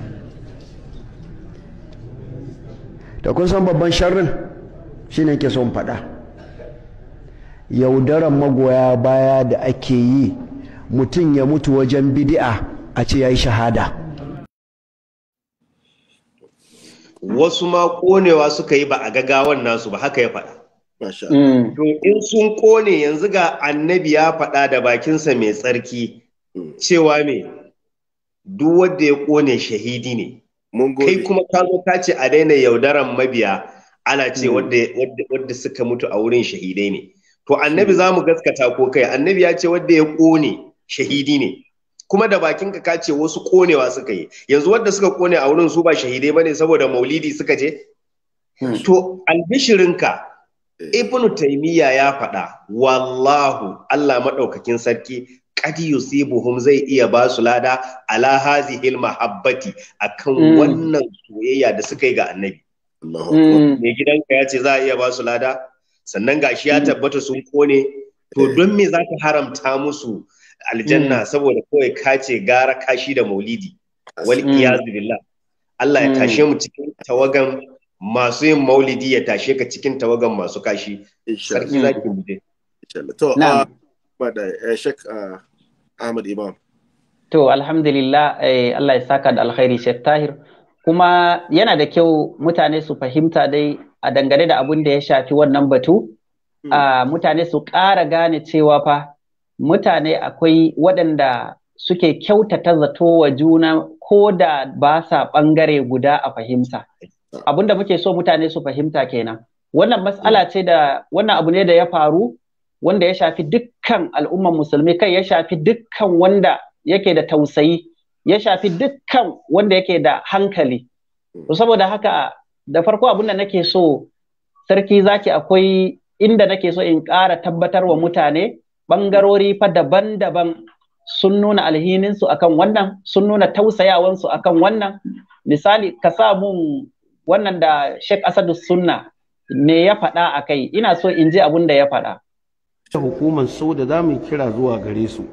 Speaker 5: da kun san babban sharrin shine ke son faɗa yaudaran magoya baya da ake yi mutum ya mutu wajen bidi'a a ce ya yi shahada
Speaker 6: wasu ma
Speaker 3: konewa suka yi ba a gagawan nasu ba haka ya faɗa mm. in sun kone yanzu ga annabi ya faɗa da bakinsa mai tsarki mm. cewa me duk wanda ya kone shahidi ne mun gode kai kuma ka zo ka ce a daina yaudaran mabiya ana ce hmm. wadda suka mutu a wurin shahidai ne to hmm. annabi za mu gaskata ko kai annabi ya ce wadda ya kone shahidi ne kuma da bakin ka ce wasu konewa suka yi yanzu wadda suka kone a wurin su ba shahidai bane saboda maulidi suka je hmm. to ka eh. ibnu taymiya ya faɗa wallahu Allah maɗaukakin sarki sai yusibuhum zai iya ba su lada ala hazihil mahabbati akan mm. wannan soyayya da suka yi ga annabi mm. me gidanka ya ce za a iya ba su lada sannan gashi ya mm. tabbata sun kone to eh. don me za ka haramta musu aljanna saboda kawai ka ce gara kashi da maulidi wal iyazu billah Allah ya tashe mu cikin tawagan masu yin maulidi ya tashe ka cikin tawagan masu kashi sarki zaki mu to da eh, Sheikh uh, Ahmad Imam.
Speaker 2: To alhamdulillah eh, Allah ya saka da alkhairi Sheikh Tahir. Kuma yana da kyau mutane su fahimta dai a dangane da abin da ya shafi wannan batu. Hmm. Ah, mutane su ƙara gane cewa fa mutane akwai waɗanda suke kyautata zato wa juna ko da ba sa ɓangare guda a fahimta. Abin da muke so mutane su fahimta kenan. Wannan matsala hmm. ce da wannan abu ne da ya faru wanda ya shafi dukkan al'ummar musulmi kai ya shafi dukkan wanda yake da tausayi ya shafi dukkan wanda yake da hankali saboda haka da farko abin da nake so sarki zaki akwai inda nake so in ƙara tabbatar wa mutane ɓangarori fa daban-daban sun nuna alhininsu akan wannan sun nuna tausayawansu akan wannan misali ka sa mun wannan da Sheikh Asadu Sunna ne ya faɗa a kai ina so in ji abin da ya faɗa
Speaker 6: ta hukumar so da za mu kira zuwa gare su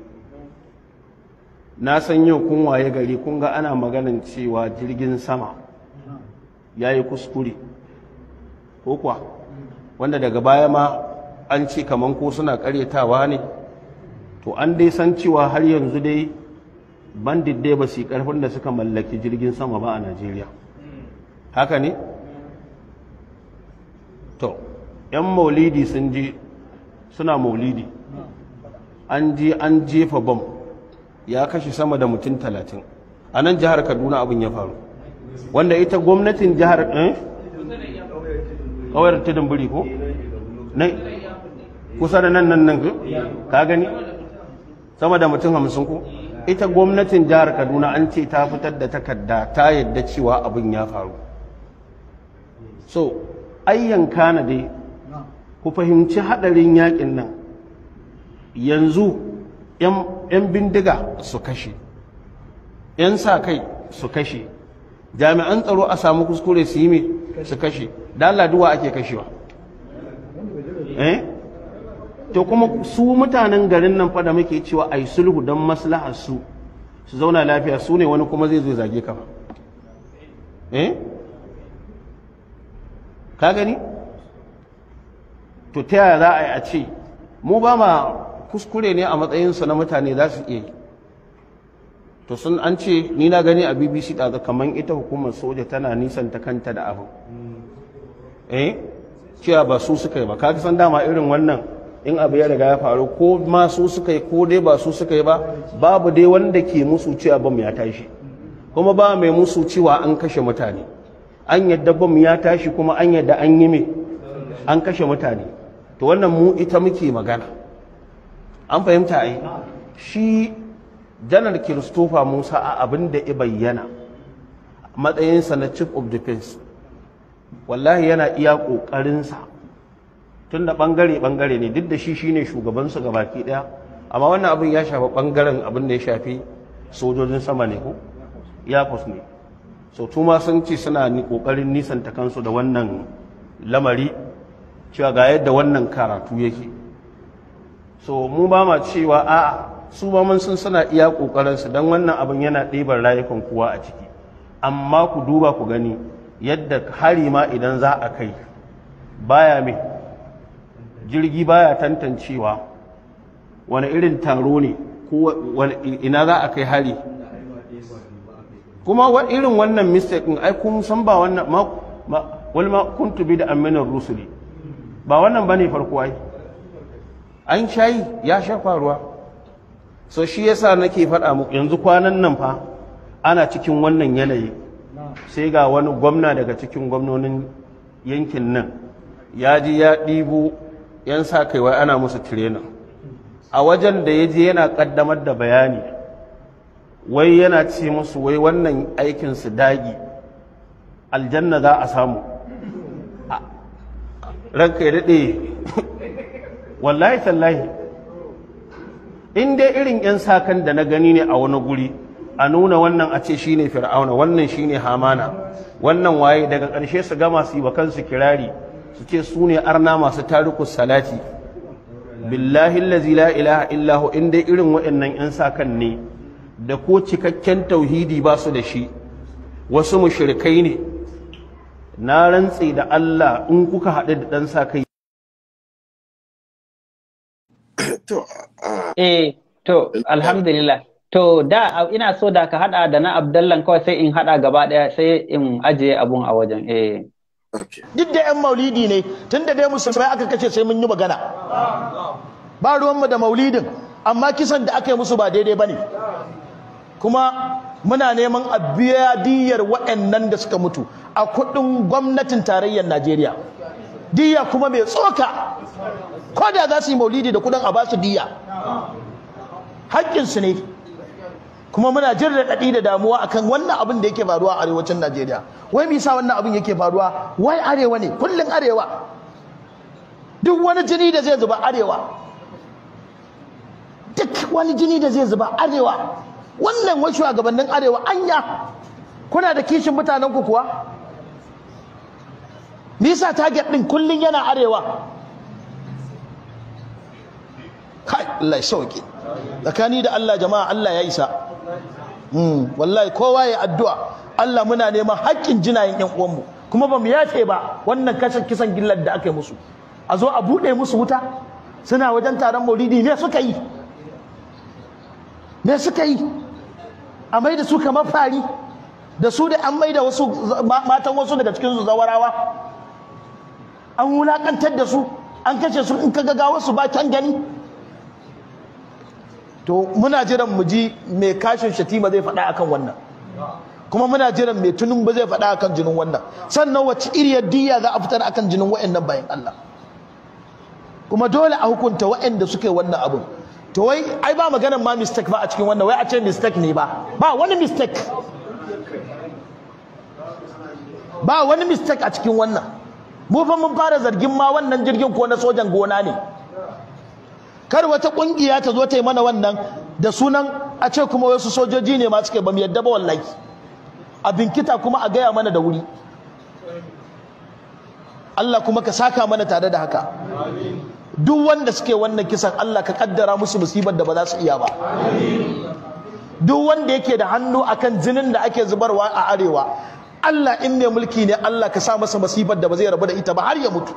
Speaker 6: na san yau kun waye gari kun ga ana maganin cewa jirgin sama ya yi kuskure ko kuwa wanda daga baya ma an ce kaman ko suna karyatawa ne to an dai san cewa har yanzu dai bandit dai ba su karfin da suka mallaki jirgin sama ba a najeriya haka ne to 'yan maulidi sun je suna maulidi an je an jefa bom ya kashe sama da mutum talatin a nan jihar kaduna abin ya faru wanda ita gwamnatin jihar kawai eh? tudun biri ko kusa da nan nan nan eh? ka gani sama da mutum hamsin ko ita gwamnatin jihar kaduna an ce ta fitar da takarda ta yadda cewa abin ya faru so ayyanka na dai ku fahimci haɗarin yakin nan yanzu 'yan bindiga su kashe 'yan sa kai su kashe jami'an tsaro a samu kuskure su yi mai su kashe da laduwa ake kashewa eh to kuma su mutanen garin nan fada muke cewa a yi sulhu don maslahar su su zauna lafiya su ne wani kuma zai zo zage ka eh ka gani to ta yaya za a yi a ce mu ba ma kuskure ne a matsayinsu na mutane za su iya yi to sun an ce ni na gani a bbc ɗaza kamar ita hukumar soja tana nisan ta kanta da abu eh cewa ba su suka yi ba kaga san dama irin wannan in abu ya riga ya faru ko ma su suka yi ko dai ba su suka yi ba babu dai wanda ke musu cewa bam ya tashi kuma ba mai musu cewa an kashe mutane an yadda bam ya tashi kuma an yadda an yi me an kashe mutane to wannan mu ita muke magana an fahimta ai shi janar kiristofa musa a abin da ya bayyana matsayinsa na chief of defense wallahi yana iya ƙoƙarinsa tun da ɓangare-ɓangare ne duk da shi shi ne shugabansu baki ɗaya amma wannan abin ya shafi ɓangaren abin da ya shafi sojojin sama ne ko yakos ne so tuma sun ce suna ƙoƙarin nisanta kansu da wannan lamari cewa ga yadda wannan karatu yake so mu ba ma cewa a su ba mun sun suna iya ƙoƙarinsu don wannan abin yana ɗibar rayukan kowa a ciki amma ku duba ku gani yadda hari ma idan za a kai baya mai jirgi baya tantancewa wani irin taro ne ko ina za a kai hari kuma irin wannan mistake ai kun san ba wannan ma wal ma kuntu da aminar rusuli ba wannan ba ne farko ai an shayi ya sha faruwa so shi yasa nake faɗa muku yanzu kwanan nan fa ana cikin wannan yanayi sai ga wani gwamna daga cikin gwamnonin yankin nan ya ji ya ɗibo 'yan sa kaiwa ana musu tirenin a wajen da ya je yana ƙaddamar da bayani wai yana ce musu wai wannan aikinsu dagi aljanna za a samu ranka ya daɗe wallahi tallahi in dai irin 'yan sakan da na gani ne a wani guri a nuna wannan a ce shi ne fir'auna wannan shi ne hamana wannan waye daga ƙarshe su gama su yi wa kansu kirari su ce su ne arna masu tariku salati billahi lazi ilaha illahu in irin waɗannan 'yan sakan ne da ko cikakken tauhidi ba su da shi wasu mushrikai ne na rantse da
Speaker 2: Allah in kuka haɗu da ɗan sa kai to eh to alhamdulillah to da ina so da ka haɗa da na abdallan kawai sai in haɗa gaba ɗaya sai in ajiye abun a wajen eh
Speaker 8: duk da 'yan maulidi ne tun da dai musulmai aka kashe sai mun yi magana ba ruwanmu da maulidin amma kisan da aka yi musu ba daidai ba ne kuma muna neman a biya diyar waɗannan da suka mutu a kudin gwamnatin tarayyar Najeriya diya kuma mai tsoka ko da za su yi maulidi da kuɗin a ba su diya haƙƙinsu ne kuma muna jin raɗaɗi da damuwa akan wannan abin da yake faruwa a arewacin Najeriya wai me yasa wannan abin yake faruwa wai arewa ne kullum arewa duk wani jini da zai zuba arewa duk wani jini da zai zuba arewa wannan wasu gabanin arewa anya kuna da kishin mutanen ku kuwa nisa target din kullun yana arewa kai Allah sauƙi. tsakani da Allah jama'a Allah ya isa mm kowa ya addu'a Allah muna neman haƙƙin jinayen 'yan uwanmu kuma ba bamu yace ba wannan kashin kisan gillar da aka yi musu a zo a buɗe musu wuta suna wajen taron maulidi ne me suka yi a mai da su kamar fari da su da an mai da wasu matan wasu daga cikin su zawarawa an wulakantar da su an kashe su in ka ga su ba can gani to muna jiran mu ji mai kashin shatima zai faɗa akan wannan kuma muna jiran mai tunin ba zai faɗa akan jinin wannan sannan wacce iriyar diya za a fitar akan jinin wa'annan bayan Allah kuma dole a hukunta wa'anda suke wannan abun to wai ai ba maganan ma mistake ba a cikin wannan wai a ce mistake ne ba ba wani mistake ba wani mistake a cikin wannan mu fa mun fara zargin ma wannan jirgin ko na sojan gona ne kar wata kungiya ta zo ta yi mana wannan da sunan a ce kuma wasu sojoji ne ma suke ba mu yadda ba wallahi a binkita kuma a gaya mana da wuri Allah kuma ka saka mana tare da haka amin duk wanda suke wannan kisan Allah ka kaddara musu musibar da ba za su iya ba duk wanda yake da hannu akan jinin da ake zubarwa a arewa Allah in mai mulki ne Allah ka sa masa masifar da ba zai rabu da ita ba har ya mutu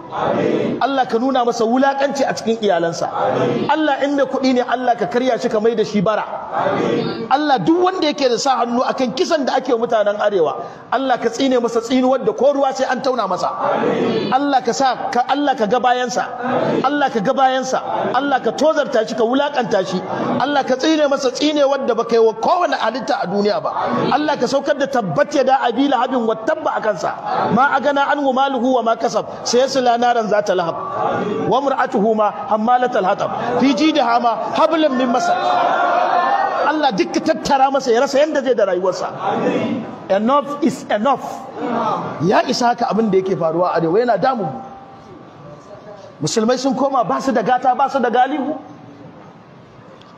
Speaker 8: Allah ka nuna masa wulakanci a cikin iyalansa Allah in mai kuɗi ne Allah ka karya shi ka mai da shi bara Allah duk wanda yake da sa hannu akan kisan da ake mutanen arewa Allah ka tsine masa tsinuwar da ko ruwa sai an tauna masa Allah ka sa ka Allah ka ga bayansa Allah ka ga bayansa Allah ka tozarta shi ka wulakanta shi Allah ka tsine masa tsinewar da baka yi wa kowane halitta a duniya ba Allah ka saukar da tabbat da abila lahabin wa tabba akansa ma agana anhu maluhu wa ma kasab sayasla naran zata lahab wa mar'atuhu ma hammalatal hatab fi da hama hablan min masad Allah duk tattara masa ya rasa yadda zai da rayuwarsa enough is enough ya isa haka abin da yake faruwa a arewa yana damu musulmai sun koma ba su da gata ba su da galihu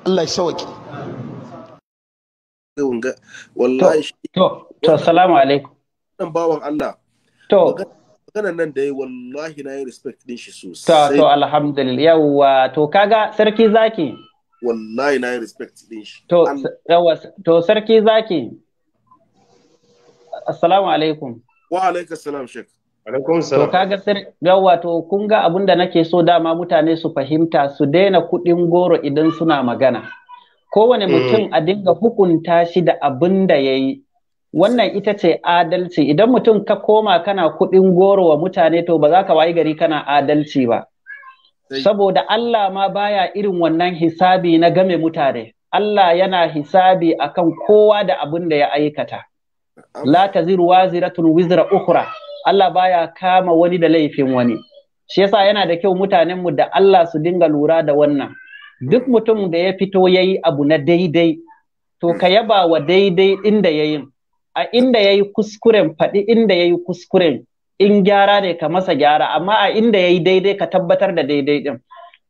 Speaker 8: Allah ya shawaki
Speaker 2: wallahi to assalamu alaikum
Speaker 1: wannan bawan Allah to maganan nan da yi wallahi na yi respect din shi sosai to to
Speaker 2: alhamdulillah yawa to kaga sarki zaki wallahi na yi respect din shi to yawa to sarki zaki assalamu alaikum
Speaker 1: wa alaikum salam shek
Speaker 2: alaikum salam to kaga sir yawa to kun ga abin da nake so dama mutane su fahimta su daina kudin goro idan suna magana kowane hmm. mutum a dinga hukunta shi da abin da ya yi wannan ita ce adalci idan mutum ka koma kana kuɗin goro wa mutane to ba za ka wayi gari kana adalci ba saboda Allah ma baya irin wannan hisabi na game mutane Allah yana hisabi akan kowa da abin da ya aikata la taziru waziratun wizra ukhra Allah baya kama wani da laifin wani shi yasa yana da kyau mutanen mu da Allah su dinga lura da wannan duk mutum da ya fito yayi abu na daidai to ka yaba wa daidai inda yayin a inda ya yi kuskuren faɗi inda ya yi kuskuren in gyara ne ka masa gyara amma a inda ya yi daidai ka tabbatar da daidai ɗin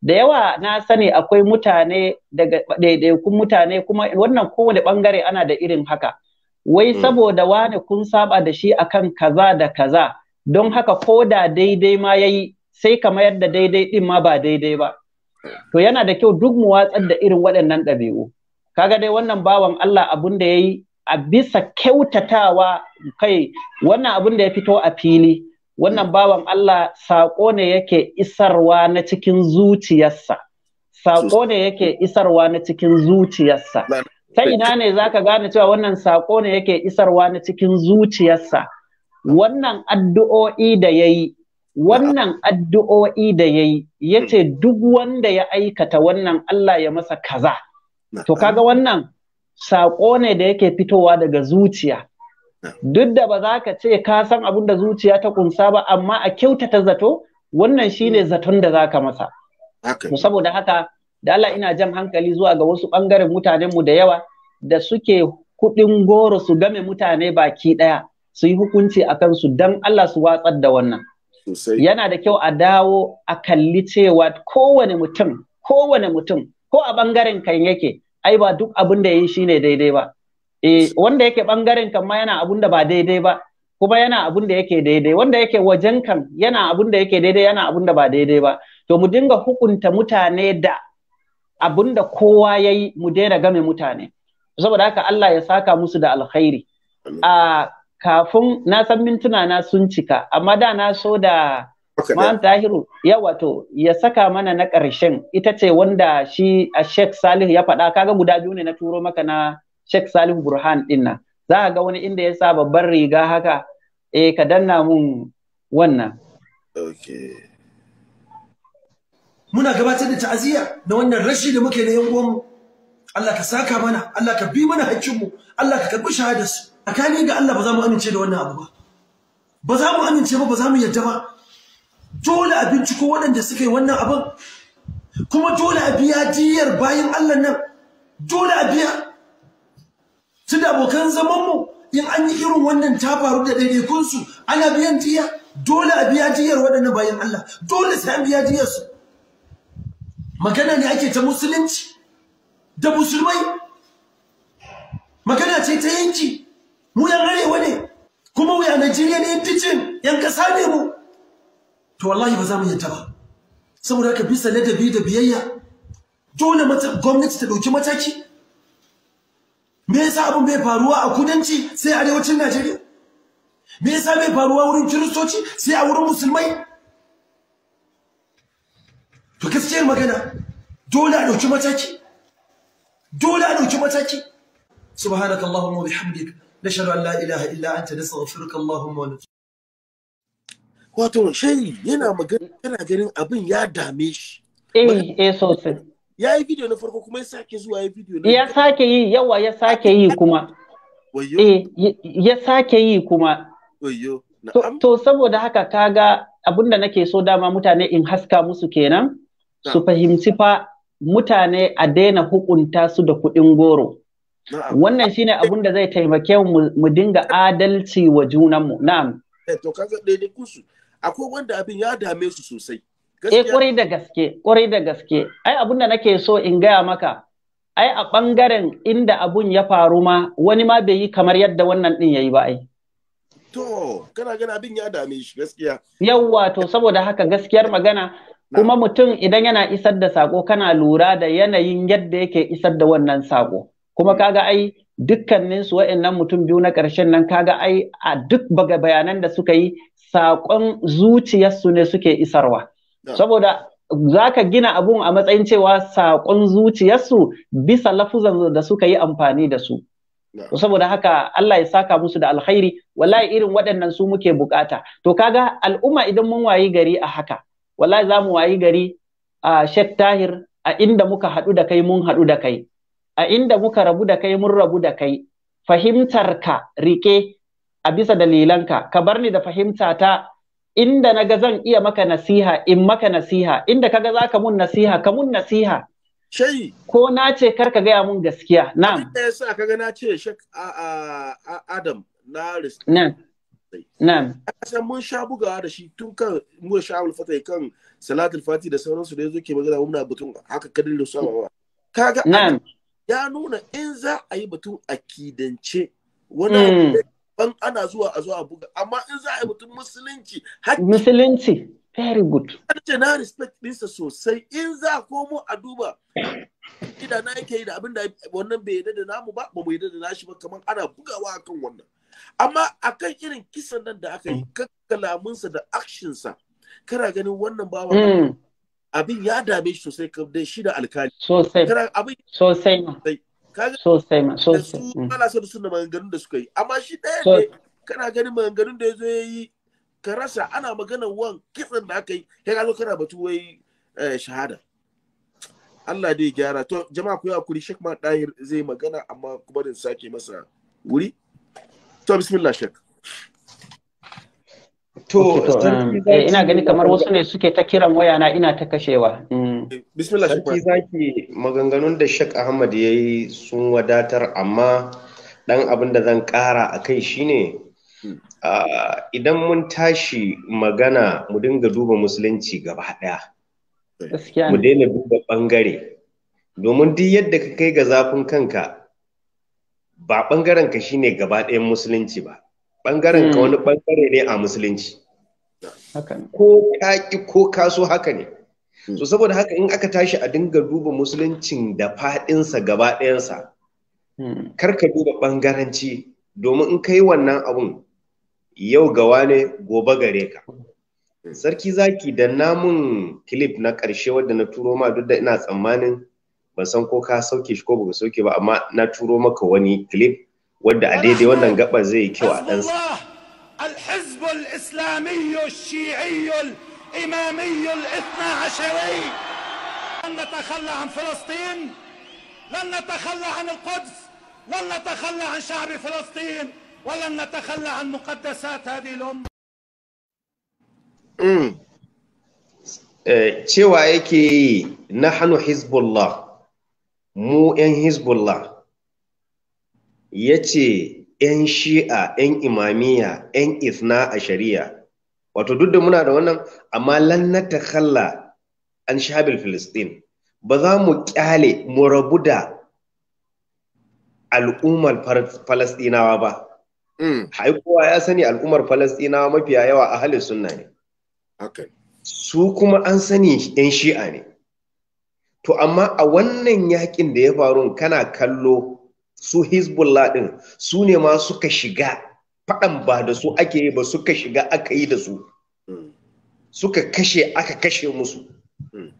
Speaker 2: da yawa na sani akwai mutane daga daidaikun mutane kuma wannan kowane ɓangare ana da irin haka wai mm. saboda wane kun saba da shi akan kaza da kaza don haka ko da daidai ma ya yi, sai ka mayar da daidai ɗin ma ba daidai ba to yana da kyau duk mu watsar da irin waɗannan ɗabi'u kaga dai wannan bawan Allah abun da yayi a bisa kyautatawa kai wannan abin da ya fito a fili wannan bawan Allah saƙo ne yake isarwa na cikin zuciyarsa saƙo ne yake isarwa na cikin zuciyarsa ta ina ne zaka gane cewa wannan saƙo ne yake isarwa na cikin zuciyarsa wannan addu'o'i da yayi wannan addu'o'i da yayi yace duk wanda ya aikata wannan Allah ya masa kaza to kaga wannan saƙo ne da yake fitowa daga zuciya duk da ba za ka ce ka san abin da zuciya ta kunsa ba amma a kyautata zato wannan shine zaton da za ka masa saboda haka da Allah ina jan hankali zuwa ga wasu ɓangaren mutanenmu da yawa da suke kuɗin goro su game mutane baki ɗaya su yi hukunci a kansu don Allah su watsar da wannan. Yana da kyau a dawo a kalli cewa kowane mutum, kowane mutum, ko a ɓangaren kan yake, ai ba duk abin da yi shine daidai ba eh wanda yake bangaren kan ma yana abin da ba daidai ba kuma yana abin da yake daidai wanda yake wajen kan yana abin da yake daidai yana abin da ba daidai ba to mu dinga hukunta mutane da abin da kowa yayi mu daina game mutane saboda haka Allah ya saka musu da alkhairi a ah, kafin na san mintuna na sun cika amma da na so da Ma'am Tahiru, ya wato ya saka mana na ƙarshen ita ce wanda shi a Sheikh Salihu ya faɗa kaga guda biyu ne na turo maka na Sheikh Salihu Burhan ɗinna?' Za Za ga wani inda ya sa babban riga haka eh ka danna mun wannan. Muna gabatar da ta'aziyya
Speaker 4: na wannan rashi da muke na yan uwanmu. Allah ka saka mana, Allah ka bi mana haƙƙinmu, Allah ka karɓi shahadarsu. Tsakani ga Allah ba za mu amince da wannan abu ba. Ba za mu amince ba, ba za mu yadda ba. dole a binciko waɗanda suka yi wannan abin kuma dole a biya diyar bayan Allah nan dole a biya tun da abokan zamanmu in an yi irin wannan ta faru da ɗaiɗaikunsu ana biyan diya dole a biya diyar waɗannan bayan Allah dole sai an biya diyarsu magana ne ake ta musulunci da musulmai magana ce ta yanki mu yan arewa ne kuma wuya Najeriya ne yan yan ƙasa ne mu to wallahi ba za mu yanta ba saboda haka bisa ladabi da biyayya dole mata gwamnati ta ɗauki mataki me yasa abin bai faruwa a kudanci sai a arewacin Najeriya me yasa bai faruwa wurin kiristoci sai a wurin musulmai to gaskiyar magana dole a ɗauki mataki dole a ɗauki mataki subhanakallahumma wa bihamdika nashhadu an la ilaha illa anta nastaghfiruka allahumma wa Wato shayi yana magana yana ganin abin ya dame shi. Eh, eh sosai. Ya
Speaker 1: yi video na farko kuma ya sake zuwa ya video na Ya
Speaker 2: sake yi yawa ya sake yi kuma. Wayo. Eh, ya sake yi kuma. Wayo. To, saboda haka kaga abin da nake so dama mutane in haska musu kenan su fahimci fa mutane a daina hukunta su da kuɗin goro. Wannan shine abin da zai taimake mu dinga adalci wa junanmu. Na'am. Eh, to kaga daidai kusu akwai wanda abin ya dame su sosai eh kwarai da gaske kwarai da gaske ai abin da nake so in gaya maka ai a bangaren inda abun ya faru ma wani ma bai yi kamar yadda wannan din yi ba ai
Speaker 1: to kana gana abin ya dame shi gaskiya
Speaker 2: yawwa to saboda haka gaskiyar magana kuma mutum idan yana isar da sako kana lura da yanayin yadda yake isar da wannan sako kuma mm. kaga ai dukkanin su wa'annan mutum biyu na ƙarshen nan kaga ai a duk baga bayanan da suka yi saƙon zuciyarsu ne suke isarwa. Saboda za ka gina abun a matsayin cewa saƙon zuciyarsu bisa lafuzan da suka yi amfani da su. Saboda haka Allah ya saka musu da alkhairi, wallahi irin waɗannan su muke buƙata To kaga al'umma idan mun wayi gari a haka, wallahi za mu wayi gari a Sheikh Tahir a inda muka haɗu da kai mun haɗu da kai, a inda muka rabu da kai mun rabu da kai, ka riƙe. a bisa dalilanka ka bar ni da fahimta ta inda na ga zan iya maka nasiha in maka nasiha inda kaga za ka mun nasiha ka mun nasiha shayi ko na ce kar ka gaya mun gaskiya na'am abin
Speaker 1: yasa kaga na ce shek a a adam na na'am na'am san mun sha bugawa da shi tun kan mu sha al fatai kan salatul fati da sauran su da yazo ke magana muna batun haka kadin da sama kaga na'am ya nuna in za a yi batun akidance wani hmm. an ana zuwa a zuwa buga amma in za a yi mutum musulunci musulunci very good an ce na respect ɗinsa sosai in za a komo a duba ida na yake yi da abin da wannan bai yadda da namu ba ba mu yadda da nashi ba kamar ana bugawa akan wannan amma akan irin kisan nan da aka yi mm. kakkalaminsa da actionsa kana ganin wannan bawa mm. abin ya dame shi sosai kamar da shi da alkali sosai abin
Speaker 2: sosai sosai ma sosai mm. ana
Speaker 1: so da suna maganganun da suka yi amma shi ɗaya ne kana ganin maganganun da ya zo ya yi ka rasa ana maganar wan kitsin da aka yi ya gano kana batu wai eh, shahada Allah dai gyara to jama'a ku yi hakuri Sheikh Mahmud Dahir zai magana amma kuma da sake masa
Speaker 3: wuri
Speaker 2: to bismillah Sheikh
Speaker 3: To, um, eh,
Speaker 2: ina gani kamar wasu ne suke ta kiran waya na ina ta kashewa. Mm. Eh, bismillah Sarki zaki
Speaker 3: maganganun da Sheikh Ahmad ya yi sun wadatar amma ɗan abin da zan ƙara a kai shine hmm. idan mun tashi magana mu dinga duba musulunci gaba ɗaya. Mu daina duba ɓangare. Domin duk yadda ka kai ga zafin kanka ba ɓangaren ka shine gaba ɗayan musulunci ba. ɓangaren ka hmm. wani ɓangare ne a musulunci ko kaƙi ko kaso haka ne hmm. so saboda haka in aka tashi a dinga duba musuluncin da faɗinsa gaba ɗayansa hmm. kar ka duba ɓangaranci domin in ka yi wannan abun yau gawa ne gobe gare ka sarki zaki da namun clip na ƙarshe wadda na turo ma duk da ina tsammanin ban san ko ka sauke shi ko ba ka sauke ba amma na turo maka wani clip wadda a daidai wannan gaba zai kyau a ɗansa
Speaker 4: الحزب الإسلامي الشيعي الإمامي الاثنى عشري لن نتخلى عن فلسطين لن نتخلى عن القدس لن نتخلى عن شعب فلسطين ولن نتخلى عن مقدسات هذه الأمة
Speaker 3: cewa yake yi na hannu hezbollah mu 'yan hezbollah ya ce 'yan shi'a 'yan imamiya 'yan Isna a shari'a wato duk da muna da wannan amma lannata na an shabil filistin ba za mu kyale mu rabu da al'ummar falastinawa ba haikowa mm. ya sani al'ummar falastinawa mafiya yawa a halin sunna ne su kuma an sani 'yan shi'a ne to amma a wannan yakin da ya faru kana kallo su hezbollah din su ne ma suka shiga faɗan ba da su ake yi ba suka shiga aka yi da su hmm. suka kashe aka kashe musu hmm.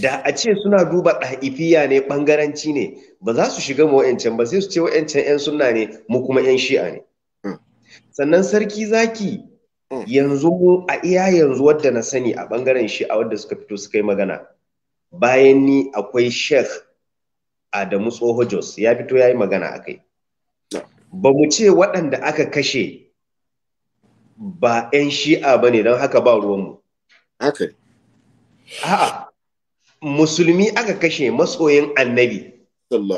Speaker 3: da a ce suna duba ɗa'ifiya ne ɓangaranci ne ba za su shiga mu wa'yancan ba sai su ce wa'yancan 'yan sunna ne mu kuma 'yan shi'a ne hmm. sannan sarki zaki yanzu a iya yanzu wadda na sani a ɓangaren shi'a wadda suka fito suka yi magana bayan ni akwai sheikh Adamu Tsoho Jos ya fito ya yi magana a kai. Ba mu ce waɗanda aka kashe ba 'yan shi'a ba ne don haka ba ruwanmu. Aka. A'a, musulmi aka kashe masoyin annabi.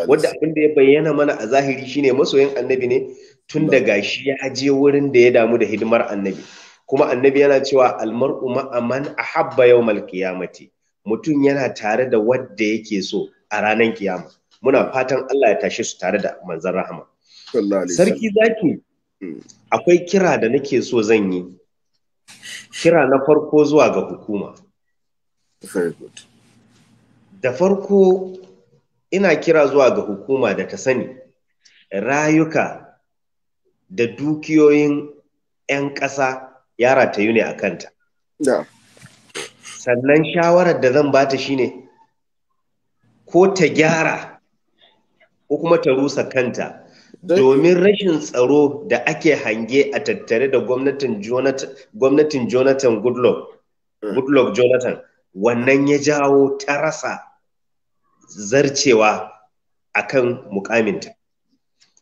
Speaker 3: Wadda abin da ya bayyana mana a zahiri shine masoyin annabi ne tun da shi ya je wurin da ya damu da hidimar annabi. Kuma annabi yana cewa almar almar'u aman ahabba yawmal qiyamati. Mutum yana tare da wadda yake so a ranar kiyama. muna fatan Allah ya tashe su tare da manzan rahama sarki zaki hmm. akwai kira da nake so zan yi kira na farko zuwa ga hukuma da farko ina kira zuwa ga hukuma da ta sani rayuka da dukiyoyin 'yan ƙasa yara ta yi ne a kanta sannan shawarar da zan bata shine ko ta gyara ko kuma ta rusa kanta domin rashin tsaro da ake hange a tattare da gwamnatin jonathan mm. goodluck jonathan wannan ya jawo ta rasa zarcewa a kan mukaminta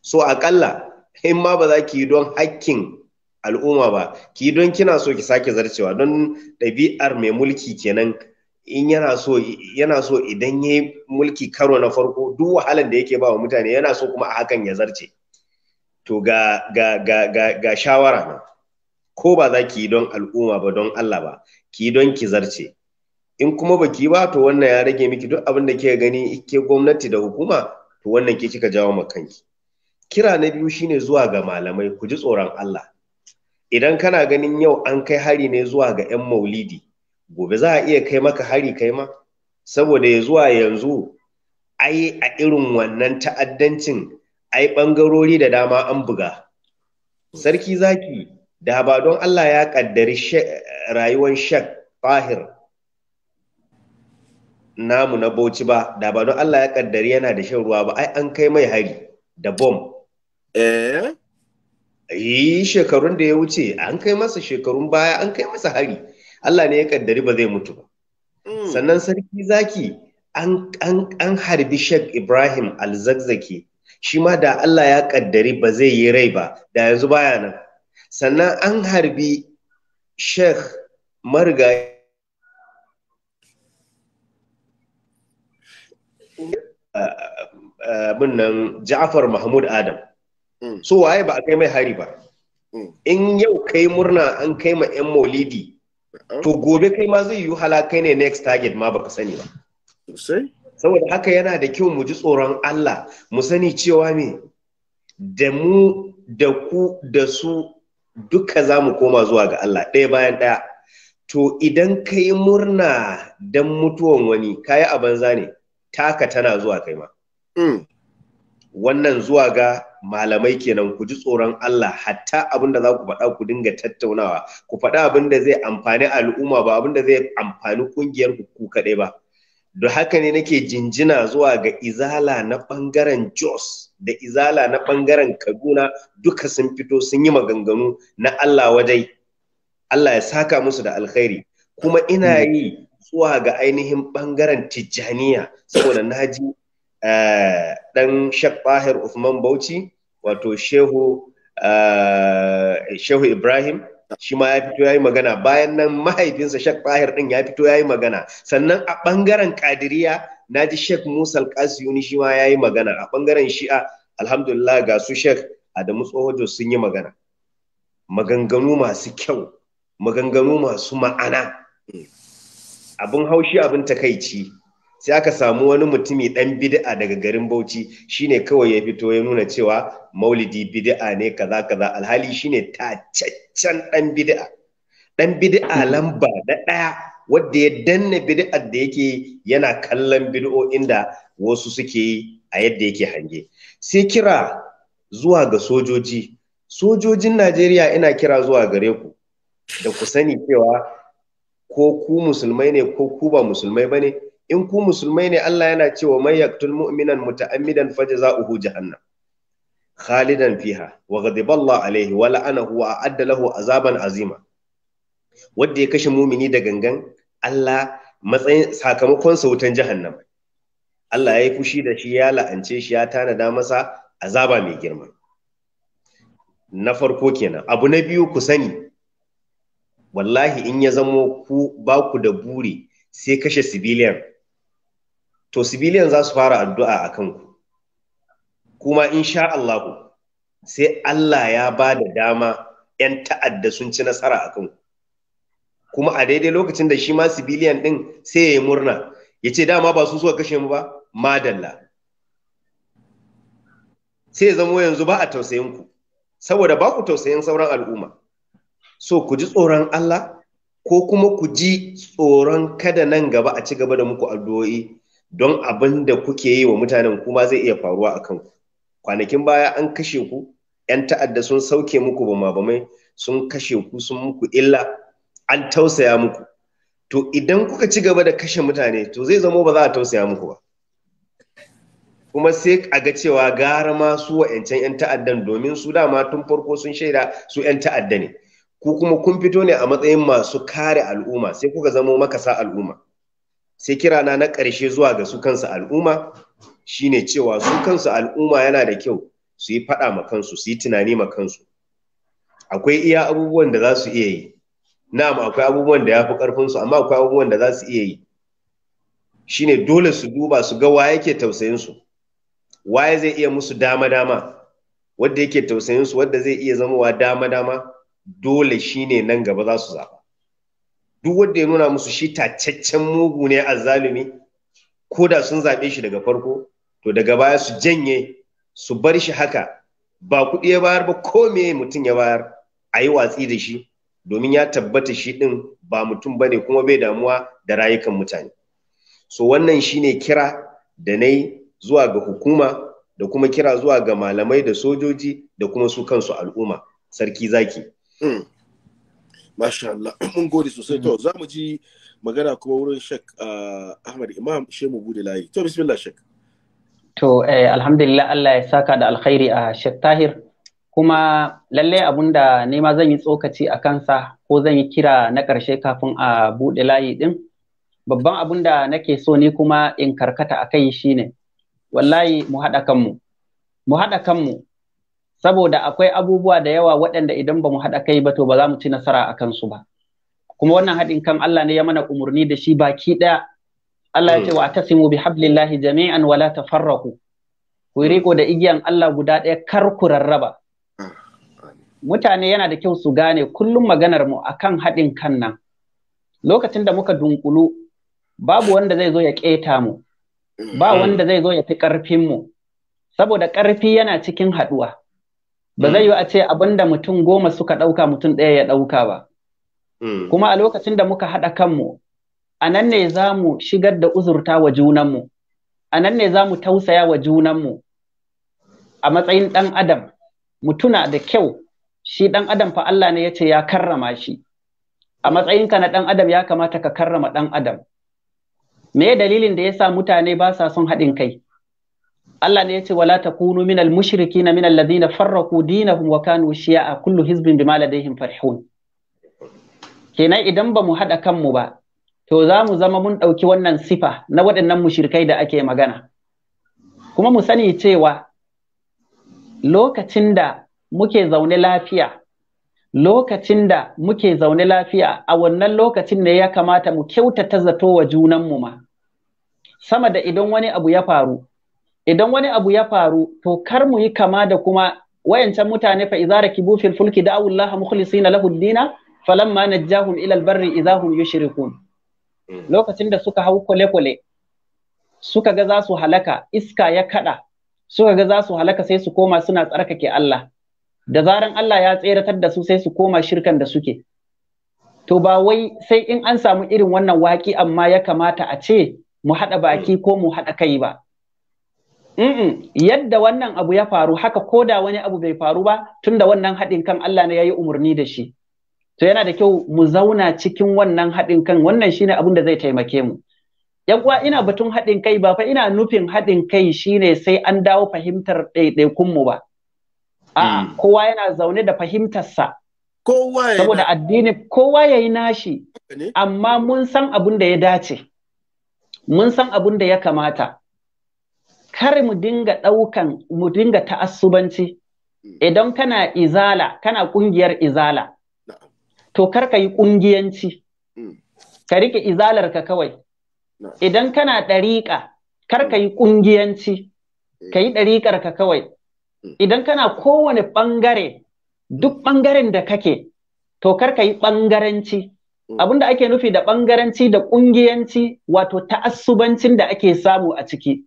Speaker 3: so akalla in ma ba za ki yi don hakkin al'umma ba ki don kina so ki sake zarcewa don ɗabi'ar mai mulki kenan in yana so yana so idan ya yi mulki karo na farko duk wahalar da yake ba wa mutane yana so kuma a hakan ya zarce to ga ga ga ga, ga shawara nan ko ba za ki yi don al'umma ba don Allah ba ki yi don ki zarce in kuma ba ki ba to wannan ya rage miki duk abin da ke gani ke gwamnati da hukuma to wannan ke kika jawo ma kanki kira na biyu shine zuwa ga malamai ku ji tsoron Allah idan kana ganin yau an kai hari ne zuwa ga 'yan maulidi gobe za a iya kai maka hari kai ma saboda ya zuwa yanzu ai a irin wannan ta'addancin ai ɓangarori da dama an buga sarki zaki da ba don Allah ya ƙaddari rayuwar shek fahir namu na bauchi ba da ba don Allah ya ƙaddari yana da shan ruwa ba ai an kai mai hari da bom eh yi shekarun da ya wuce an kai masa shekarun baya an kai masa hari Allah ne ya kaddari ba zai mutu ba mm. sannan sarki zaki an harbi Sheikh Ibrahim al al-Zagzaki shi ma da Allah ya kaddari ba zai yi rai ba da yanzu baya nan sannan an harbi Sheikh Marga eh, eh, abin nan Ja'far Mahmud Adam. Mm. So waye ba a kai mai hari ba. Mm. In yau kai murna an kai ma 'yan maulidi to gobe kai ma zai yi halakai ne next target ma baka sani ba saboda haka yana da kyau mu ji tsoron Allah mu sani cewa me da mu da ku da su duka za mu koma zuwa ga Allah ɗaya bayan ɗaya to idan ka yi murna don mutuwan wani kayi a banza ne taka tana zuwa kai ma mm. wannan zuwa ga malamai kenan ku ji tsoron Allah hatta abin da za ku faɗa ku dinga tattaunawa ku faɗa abin da zai amfani al'umma ba abin da zai amfani kungiyar ku kaɗai ba da haka ne nake jinjina zuwa ga izala na ɓangaren Jos da izala na ɓangaren Kaduna duka sun fito sun yi maganganu na Allah wajai Allah ya saka musu da alkhairi kuma ina yi zuwa ga ainihin ɓangaren Tijjaniya saboda na ji eh, ɗan Sheikh Bahir Uthman Bauchi wato shehu eh, shehu ibrahim shi ma ya fito ya yi magana bayan nan mahaifinsa shek bahir din ya fito ya yi magana sannan a ɓangaren kadiriya na ji shek musa alkasiyuni shi ma ya yi magana a ɓangaren shi'a alhamdulillah ga su shek adamu tsohojo sun yi magana maganganu masu kyau maganganu masu ma'ana abin haushi abin takaici sai aka samu wani mutumi dan bid'a daga garin Bauchi shine kawai ya fito ya nuna cewa maulidi bid'a ne kaza kaza alhali shine tacaccen dan bid'a dan bid'a lamba na daya wanda ya danna bid'ar da yake yana kallon bid'o inda wasu suke yi a yadda yake hange sai kira zuwa ga sojoji sojojin Najeriya ina kira zuwa gare ku da ku sani cewa ko ku musulmai ne ko ku ba musulmai bane in ku musulmai ne Allah yana cewa wa yaqtul mu'minan muta'ammidan fajza'uhu jahannam khalidan fiha wa ghadiba Allah alaihi wa la'anahu wa a'adda lahu azaban azima wanda ya kashe mumini da gangan Allah matsayin sakamakon sa wutan jahannam Allah ya yi fushi da shi ya la'ance shi ya tanada masa azaba mai girma na farko kenan abu na biyu ku sani wallahi in ya zamo ku ba ku da buri sai kashe civilian to civilian za su fara addu'a a kanku kuma sha Allah sai Allah ya ba da dama 'yan ta'adda sun ci nasara a kanku kuma a daidai lokacin da shi ma civilian ɗin sai ya yi murna ya ce dama ba su so kashe mu ba madalla sai zamo yanzu ba a tausayin saboda ba ku tausayin sauran al'umma so ku ji tsoron Allah ko kuma ku ji tsoron kada nan gaba a ci gaba da muku addu'o'i don abin da kuke yi wa mutanen kuma zai iya faruwa a kanku kwanakin baya an kashe ku 'yan ta'adda sun sauke muku bama-bamai sun kashe ku sun muku illa an tausaya muku to idan kuka ci gaba da kashe mutane to zai zamo ba za a tausaya muku ba kuma sai a ga cewa gara ma su wa'yancan 'yan ta'addan domin su dama tun farko sun shaida su 'yan ta'adda ne ku kuma kun fito ne a matsayin masu kare al'umma sai kuka zamo makasa al'umma sai kirana na ƙarshe zuwa ga su kansu al'umma shine cewa su kansu al'umma yana da kyau su yi faɗa ma kansu su yi tunani ma kansu akwai iya abubuwan da za su iya yi na'am akwai abubuwan da ya fi ƙarfinsu amma akwai abubuwan da za su iya yi shine dole su duba su ga waye ke tausayinsu waye zai iya musu dama-dama wadda yake tausayinsu wadda zai iya zamowa dama-dama dole shine nan gaba za su zaɓa duk wanda ya nuna musu shi tacaccen mugu ne azzalumi ko da sun zaɓe shi daga farko to daga baya su janye su bar shi haka ba kuɗi ya bayar ba ko me mutum ya bayar a yi watsi da shi domin ya tabbata shi ɗin ba mutum ba ne kuma bai damuwa da rayukan mutane so wannan shine kira da na yi zuwa ga hukuma da kuma kira zuwa ga malamai da sojoji da kuma su kansu al'umma sarki zaki mm. Masha Allah, mun gode
Speaker 1: sosai. To, mm. za mu ji magana kuma wurin Shek ah, Ahmad Imam she mu bude layi. To, bismillah
Speaker 2: Shek. To, eh, alhamdulillah Allah ya saka da alkhairi a Shek Tahir. Kuma lallai abunda ne ma zan yi tsokaci a kansa ko zan yi kira na ƙarshe kafin a bude layi din? Babban abunda nake so ni kuma in karkata a shine shi ne, wallahi mu haɗa kanmu. Mu haɗa kanmu, saboda akwai abubuwa da yawa waɗanda idan ba mu haɗa kai ba to ba za mu ci nasara a kansu ba kuma wannan haɗin kan Allah ne ya mana umarni da shi baki ɗaya Allah ya ce wa tasimu bi hablillahi jami'an wala tafarraqu ku riko da igiyan Allah guda ɗaya kar ku rarraba mutane yana da kyau su gane kullum maganar mu akan haɗin kan nan lokacin da muka dunkulu babu wanda zai zo ya ƙeta mu ba wanda zai zo ya fi ƙarfin mu saboda ƙarfi yana cikin haɗuwa ba zai mm. yi a ce abinda mutum goma suka ɗauka mutum ɗaya ya ɗauka ba. Mm. Kuma a lokacin da muka haɗa kanmu, a nan ne za mu shigar da uzurta wa junanmu, a nan ne za mu tausaya wa junanmu a matsayin ɗan adam, mutuna da kyau, shi ɗan adam fa Allah ne ya ce ya karrama shi. A matsayinka na ɗan adam ya kamata ka karrama ɗan adam. Me dalilin da ya sa mutane ba sa son haɗin kai? Allah ne ya ce wala takunu minal mushrikina min ladina farraqu dinahum wa kanu a kullu hizbin bima ladayhim farihun kenan idan ba mu hada kanmu ba to za mu zama mun ɗauki wannan sifa na waɗannan mushrikai da ake magana kuma mu sani cewa lokacin da muke zaune lafiya lokacin da muke zaune lafiya a wannan lokacin ne ya kamata mu kyautata zato wa junanmu ma sama da idan wani abu ya faru idan wani abu ya faru to kar mu yi kama da kuma wayancan mutane fa idza rakibu fil fulki da Allah mukhlisin lahu lahuddina dina falamma najjahum ila al-barri idza hum yushrikun mm. lokacin da suka hau kwale-kwale suka ga za su halaka iska ya kada suka ga za su halaka sai su koma suna tsarkake Allah da zaran Allah ya tseratar da su sai su koma shirkan da suke to ba wai sai in an samu irin wannan waki amma ya kamata a ce mu haɗa baki ko mu haɗa kai ba yadda wannan abu ya faru haka ko da wani abu bai faru ba tun da wannan haɗin kan Allah ne ya yi umarni da shi to yana da kyau mu zauna cikin wannan haɗin kan wannan shine abin da zai taimake mu yan uwa ina batun haɗin kai ba fa ina nufin haɗin kai shine sai an dawo fahimtar ɗaiɗaikun mu ba a hmm. kowa yana zaune da fahimtarsa kowa ya saboda addini kowa ya yi nashi amma mun san abin da ya dace mun san abin da ya kamata kar mu dinga ɗaukan mu dinga ta'assubanci mm. idan kana izala kana ƙungiyar izala to kar ka yi ƙungiyanci mm. ka riƙe izalar ka kawai idan kana ɗariƙa kar ka yi mm. ƙungiyanci ka yi ɗariƙar ka kawai idan kana kowane ɓangare duk ɓangaren da kake to kar ka yi ɓangaranci abinda ake nufi da ɓangaranci da ƙungiyanci wato ta'assubancin da ake samu a ciki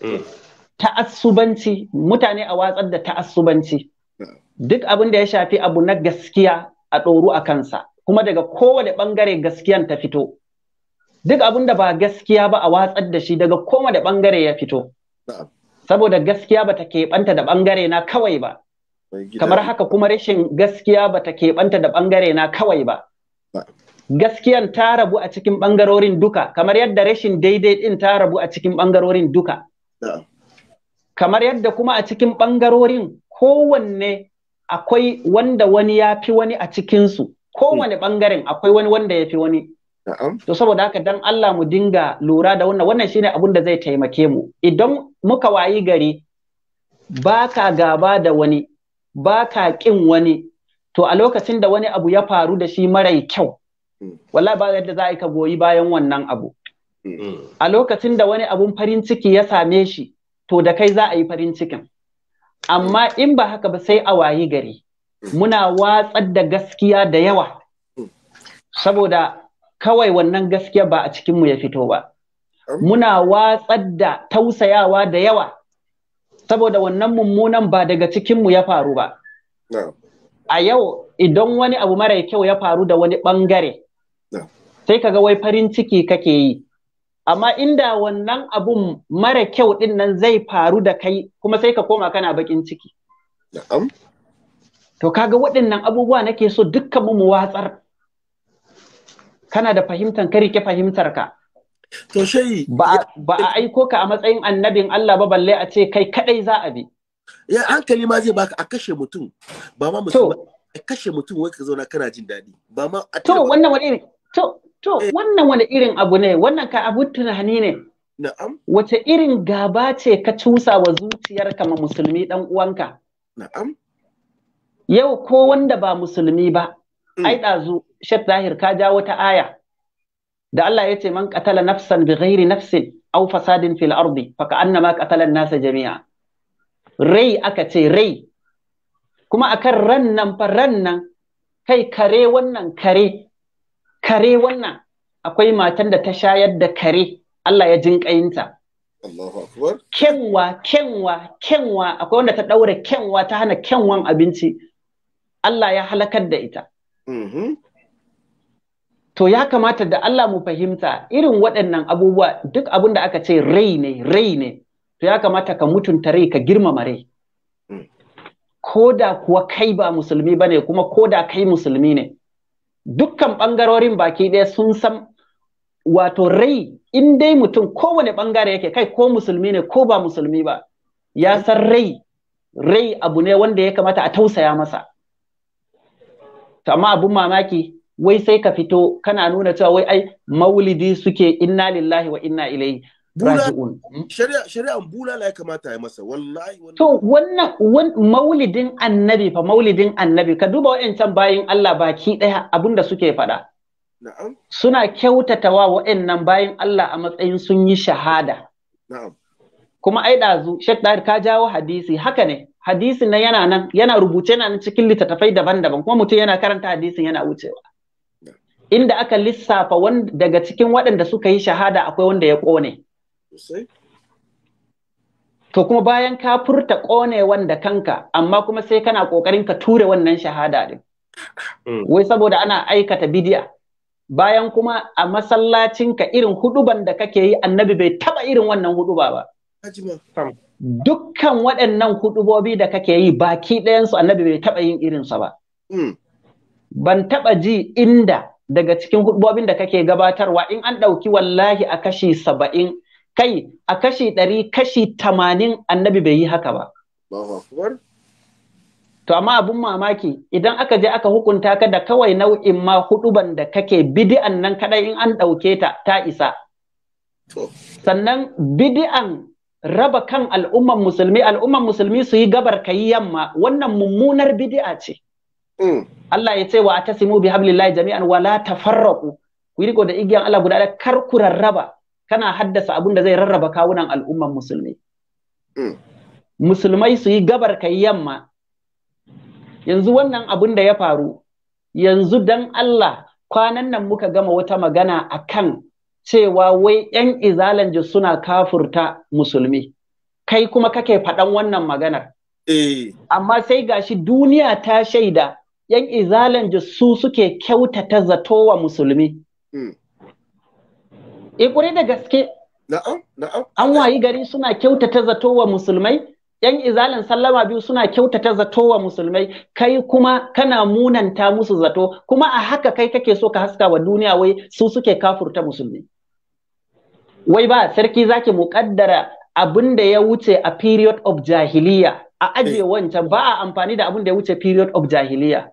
Speaker 2: ta'assubanci mutane a watsar da ta'assubanci duk abin da ya shafi abu na gaskiya a ɗoru a kansa kuma daga kowane ɓangare gaskiyan ta fito duk abin da ba gaskiya ba a watsar da shi daga kowane ɓangare ya fito saboda gaskiya ba ta keɓanta da ɓangare na kawai ba kamar haka kuma rashin gaskiya ba ta keɓanta da ɓangare na kawai ba gaskiyan ta rabu a cikin ɓangarorin duka kamar yadda rashin daidai ɗin ta rabu a cikin ɓangarorin duka Kamar yadda kuma a cikin ɓangarorin kowanne akwai wanda wani ya fi wani a cikin su. kowane hmm. ɓangaren akwai wani wanda ya fi wani. To saboda haka dan Allah mu dinga lura da wannan wannan shine abun da zai taimake mu. Idan muka wayi gari baka gaba da wani, baka ka ƙin wani, to a lokacin da wani abu ya faru da shi marai kyau, hmm. wallahi ba yadda za a yi ka goyi bayan wannan abu. Mm. Mm. a lokacin da wani abun farin ciki ya same shi to da kai za a yi farin cikin amma mm. in ba haka ba sai a wayi gari muna watsar da gaskiya da yawa saboda kawai wannan gaskiya ba a cikinmu ya fito ba oh. muna watsar da tausayawa da yawa saboda wannan mummunan ba daga cikinmu ya faru ba a yau idan wani abu mara kyau ya faru da wani ɓangare, sai kaga wai farin ciki kake yi amma inda wannan abun mara kyau din nan zai faru da kai kuma sai ka koma kana bakin ciki na'am to kaga waɗannan abubuwa nake so dukkan mu watsar kana da fahimtar ka rike fahimtar ka to shayi ba a aiko ka a matsayin annabin Allah ba balle a ce kai kadai za a bi
Speaker 1: ya hankali ma zai baka a kashe
Speaker 2: mutum ba ma mutum a kashe mutum wai ka zauna kana jin daɗi ba ma to wannan wani to To, eh. wannan wani irin abu ne, wannan ka abu tunani ne. Na'am. Wace irin gaba ce ka cusa wa zuciyarka kama musulmi ɗan uwanka? Na'am. Yau ko wanda ba musulmi ba, mm. ai ɗazu, Shek Zahir ka ja wata aya. Da Allah ya ce man ƙatala nafsan bi ghairi nafsin au fasadin fil ardi fa ka'annama ma nasa jami'a. Rai aka ce rai. Kuma akan ran nan fa ran nan kai kare wannan kare kare wannan akwai matan da ta shayar da kare Allah ya jin ƙayinta. Kenwa, kenwa, kenwa, akwai wanda ta ɗaure kenwa ta hana kenwan abinci, Allah ya halakar da ita. Mm-hmm. To ya kamata da Allah mu fahimta irin waɗannan abubuwa duk abin da aka ce rai ne, rai ne, to ya kamata ka mutunta rai, ka girmama rai. Mm. Ko da kuwa kai ba musulmi ba ne, kuma ko da kai musulmi ne. dukkan ɓangarorin baki ɗaya sun san wato rai in dai mutum kowane ɓangare yake kai ko musulmi ne ko ba musulmi ba ya san rai rai abu ne wanda ya kamata a tausaya masa to amma abun mamaki wai sai ka fito kana nuna cewa wai ai maulidi suke inna lillahi wa inna ilaihi Hmm?
Speaker 1: shari'an bulala ya kamata ya masa wallahi
Speaker 2: to wannan maulidin annabi fa maulidin annabi ka duba wa'ancan bayin Allah baki daya abinda suke faɗa na'am suna kyautata wa wa'annan bayin Allah a matsayin sun yi shahada na'am kuma ai dazu Sheikh ka jawo hadisi haka ne hadisi na yana nan yana rubuce nan cikin littattafai daban-daban kuma mutum yana karanta hadisin yana wucewa inda aka lissafa daga cikin waɗanda suka yi shahada akwai wanda ya ƙone. To kuma bayan ka furta ƙonewan da kanka, amma kuma sai kana ƙoƙarin ka ture wannan shahada din. Mm. Wai saboda ana aikata bidiya. Bayan kuma a masallacinka irin huduban da kake yi annabi bai taba irin wannan huduba ba. Dukkan waɗannan hudubobi da kake yi baki ɗayansu annabi bai taba yin irinsa ba. Mm. Ban taba ji inda daga cikin hudubobin da kake gabatarwa in an ɗauki wallahi a kashi saba'in kai a kashi ɗari kashi tamanin annabi bai yi haka ba. To amma abin mamaki idan aka je aka hukunta ka da kawai nau'in ma huduban da kake bidi'an nan kaɗai in an ɗauke ta ta isa. Sannan bidi'an raba kan al'umman musulmi al'umman musulmi su yi gabar ka yi yamma wannan mummunar bidi'a ce. Mm. Allah ya ce wa simu bi hablillahi jami'an wala ta farraku. ku yi riko da igiyan Allah guda kar ku rarraba kana haddasa abin da zai rarraba kawunan al'umman musulmi mm. musulmai su yi gabar kai yamma yanzu wannan abin da ya faru yanzu dan Allah kwanan nan muka gama wata magana akan cewa wai 'yan izalan suna kafurta musulmi kai kuma kake faɗan wannan maganar eh. amma sai gashi duniya ta shaida 'yan izalan su suke kyautata zato wa musulmi mm. E, eh, kure da gaske na'am na'am an wayi gari suna kyautata zato wa musulmai yan izalin sallama biyu suna kyautata zato wa musulmai kai kuma kana munanta musu zato kuma a haka kai kake so ka haska wa duniya wai su suke kafurta musulmi wai ba sarki zaki muƙaddara abin da ya wuce a period of jahiliya a ajiye eh. wancan ba a amfani da abin da ya wuce period of jahiliya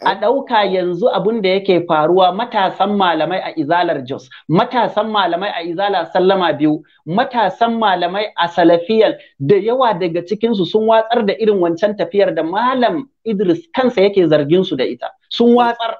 Speaker 2: a ɗauka yanzu abun da yake faruwa matasan malamai a izalar jos matasan malamai a izala sallama biyu matasan malamai a salafiyal da yawa daga cikinsu sun watsar da irin wancan tafiyar da malam idris kansa yake zargin su da ita sun watsar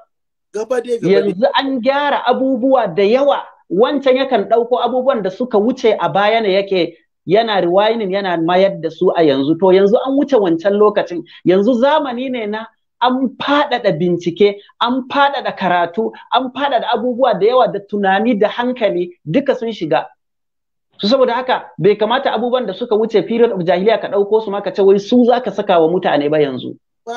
Speaker 2: yanzu an gyara abubuwa da yawa wancan yakan ɗauko abubuwan da suka wuce a baya ne yake yana riwayinin yana mayar da su a yanzu to yanzu an wuce wancan lokacin yanzu zamani ne na an faɗaɗa bincike an faɗaɗa karatu an faɗaɗa abubuwa da yawa da tunani da hankali duka sun shiga su saboda haka bai kamata abubuwan da suka wuce period of jahiliya ka ɗauko su ma ka ce wai su za ka saka wa mutane ba yanzu a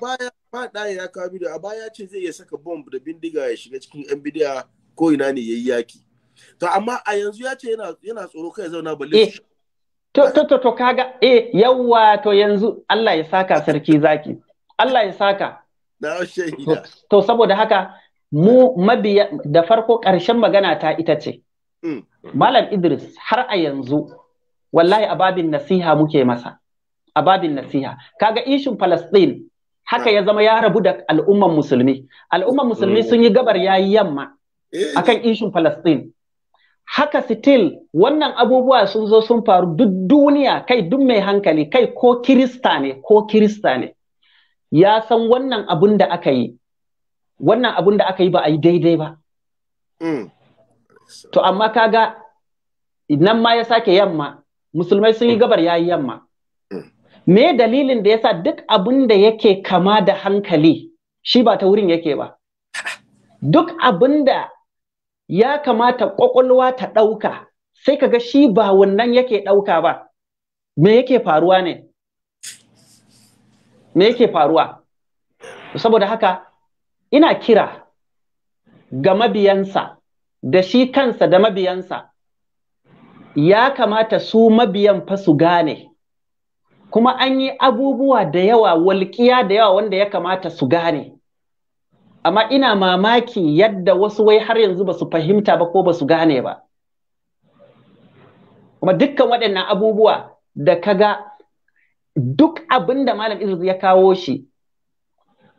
Speaker 1: baya faɗa ya kawo bidiyo a baya ce zai iya saka bomb da bindiga ya shiga cikin yan bidiya ko ina ne ya yi yaki to amma a yanzu ya ce yana tsoro kai zauna balle eh,
Speaker 2: to to to kaga eh yawwa to yanzu Allah ya saka sarki zaki Allah ya saka to saboda haka mu mabiya da farko ƙarshen magana ta ita ce mm. Malam Idris har a yanzu wallahi ababin nasiha muke masa ababin nasiha kaga ishin Falasɗin haka ya zama ya rabu da al'umman musulmi al'umman musulmi sun yi gabar yayi yamma eh. akan ishin Palestine haka still wannan abubuwa sun zo sun faru duk duniya kai duk mai hankali kai ko kirista ne ko kirista ne ya san wannan abun da aka yi wannan abun da aka yi ba a yi daidai ba mm. to amma kaga nan ma ya sake yamma musulmai sun yi mm. gabar ya yi yamma mm. me dalilin da yasa duk abun da yake kama da hankali shi ba ta wurin yake ba duk abun da ya kamata ƙwaƙwalwa ta ɗauka sai kaga shi ba wannan yake ɗauka ba me yake faruwa ne me yake faruwa saboda haka ina kira ga mabiyansa da shi kansa da mabiyansa ya kamata su mabiyan fa su gane kuma an yi abubuwa da yawa walƙiya da yawa wanda ya kamata su gane amma ina mamaki yadda wasu wai har yanzu ba su fahimta ba ko ba su gane ba kuma dukkan waɗannan abubuwa da ka ga. duk abin da malam Idris ya kawo shi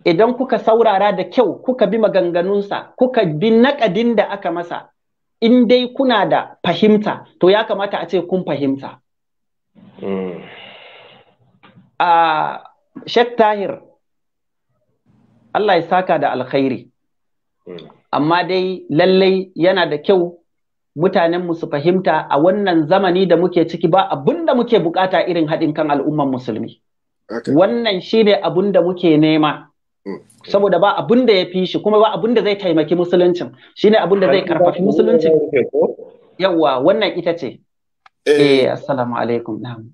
Speaker 2: idan kuka saurara da kyau kuka bi maganganunsa kuka bi naƙadin da aka masa in dai kuna da fahimta to ya kamata a ce kun fahimta hmm. a Tahir Allah ya saka da alkhairi hmm. amma dai lallai yana da kyau mutanen mu su fahimta a wannan zamani da muke ciki ba abun da muke bukata irin haɗin kan al'umman musulmi Wannan wannan shine abun da muke nema mm. saboda ba abun da ya fi shi kuma ba abun da zai taimaki musuluncin shine abun da zai karfafi musuluncin yawa wannan ita ce eh, eh assalamu alaikum na'am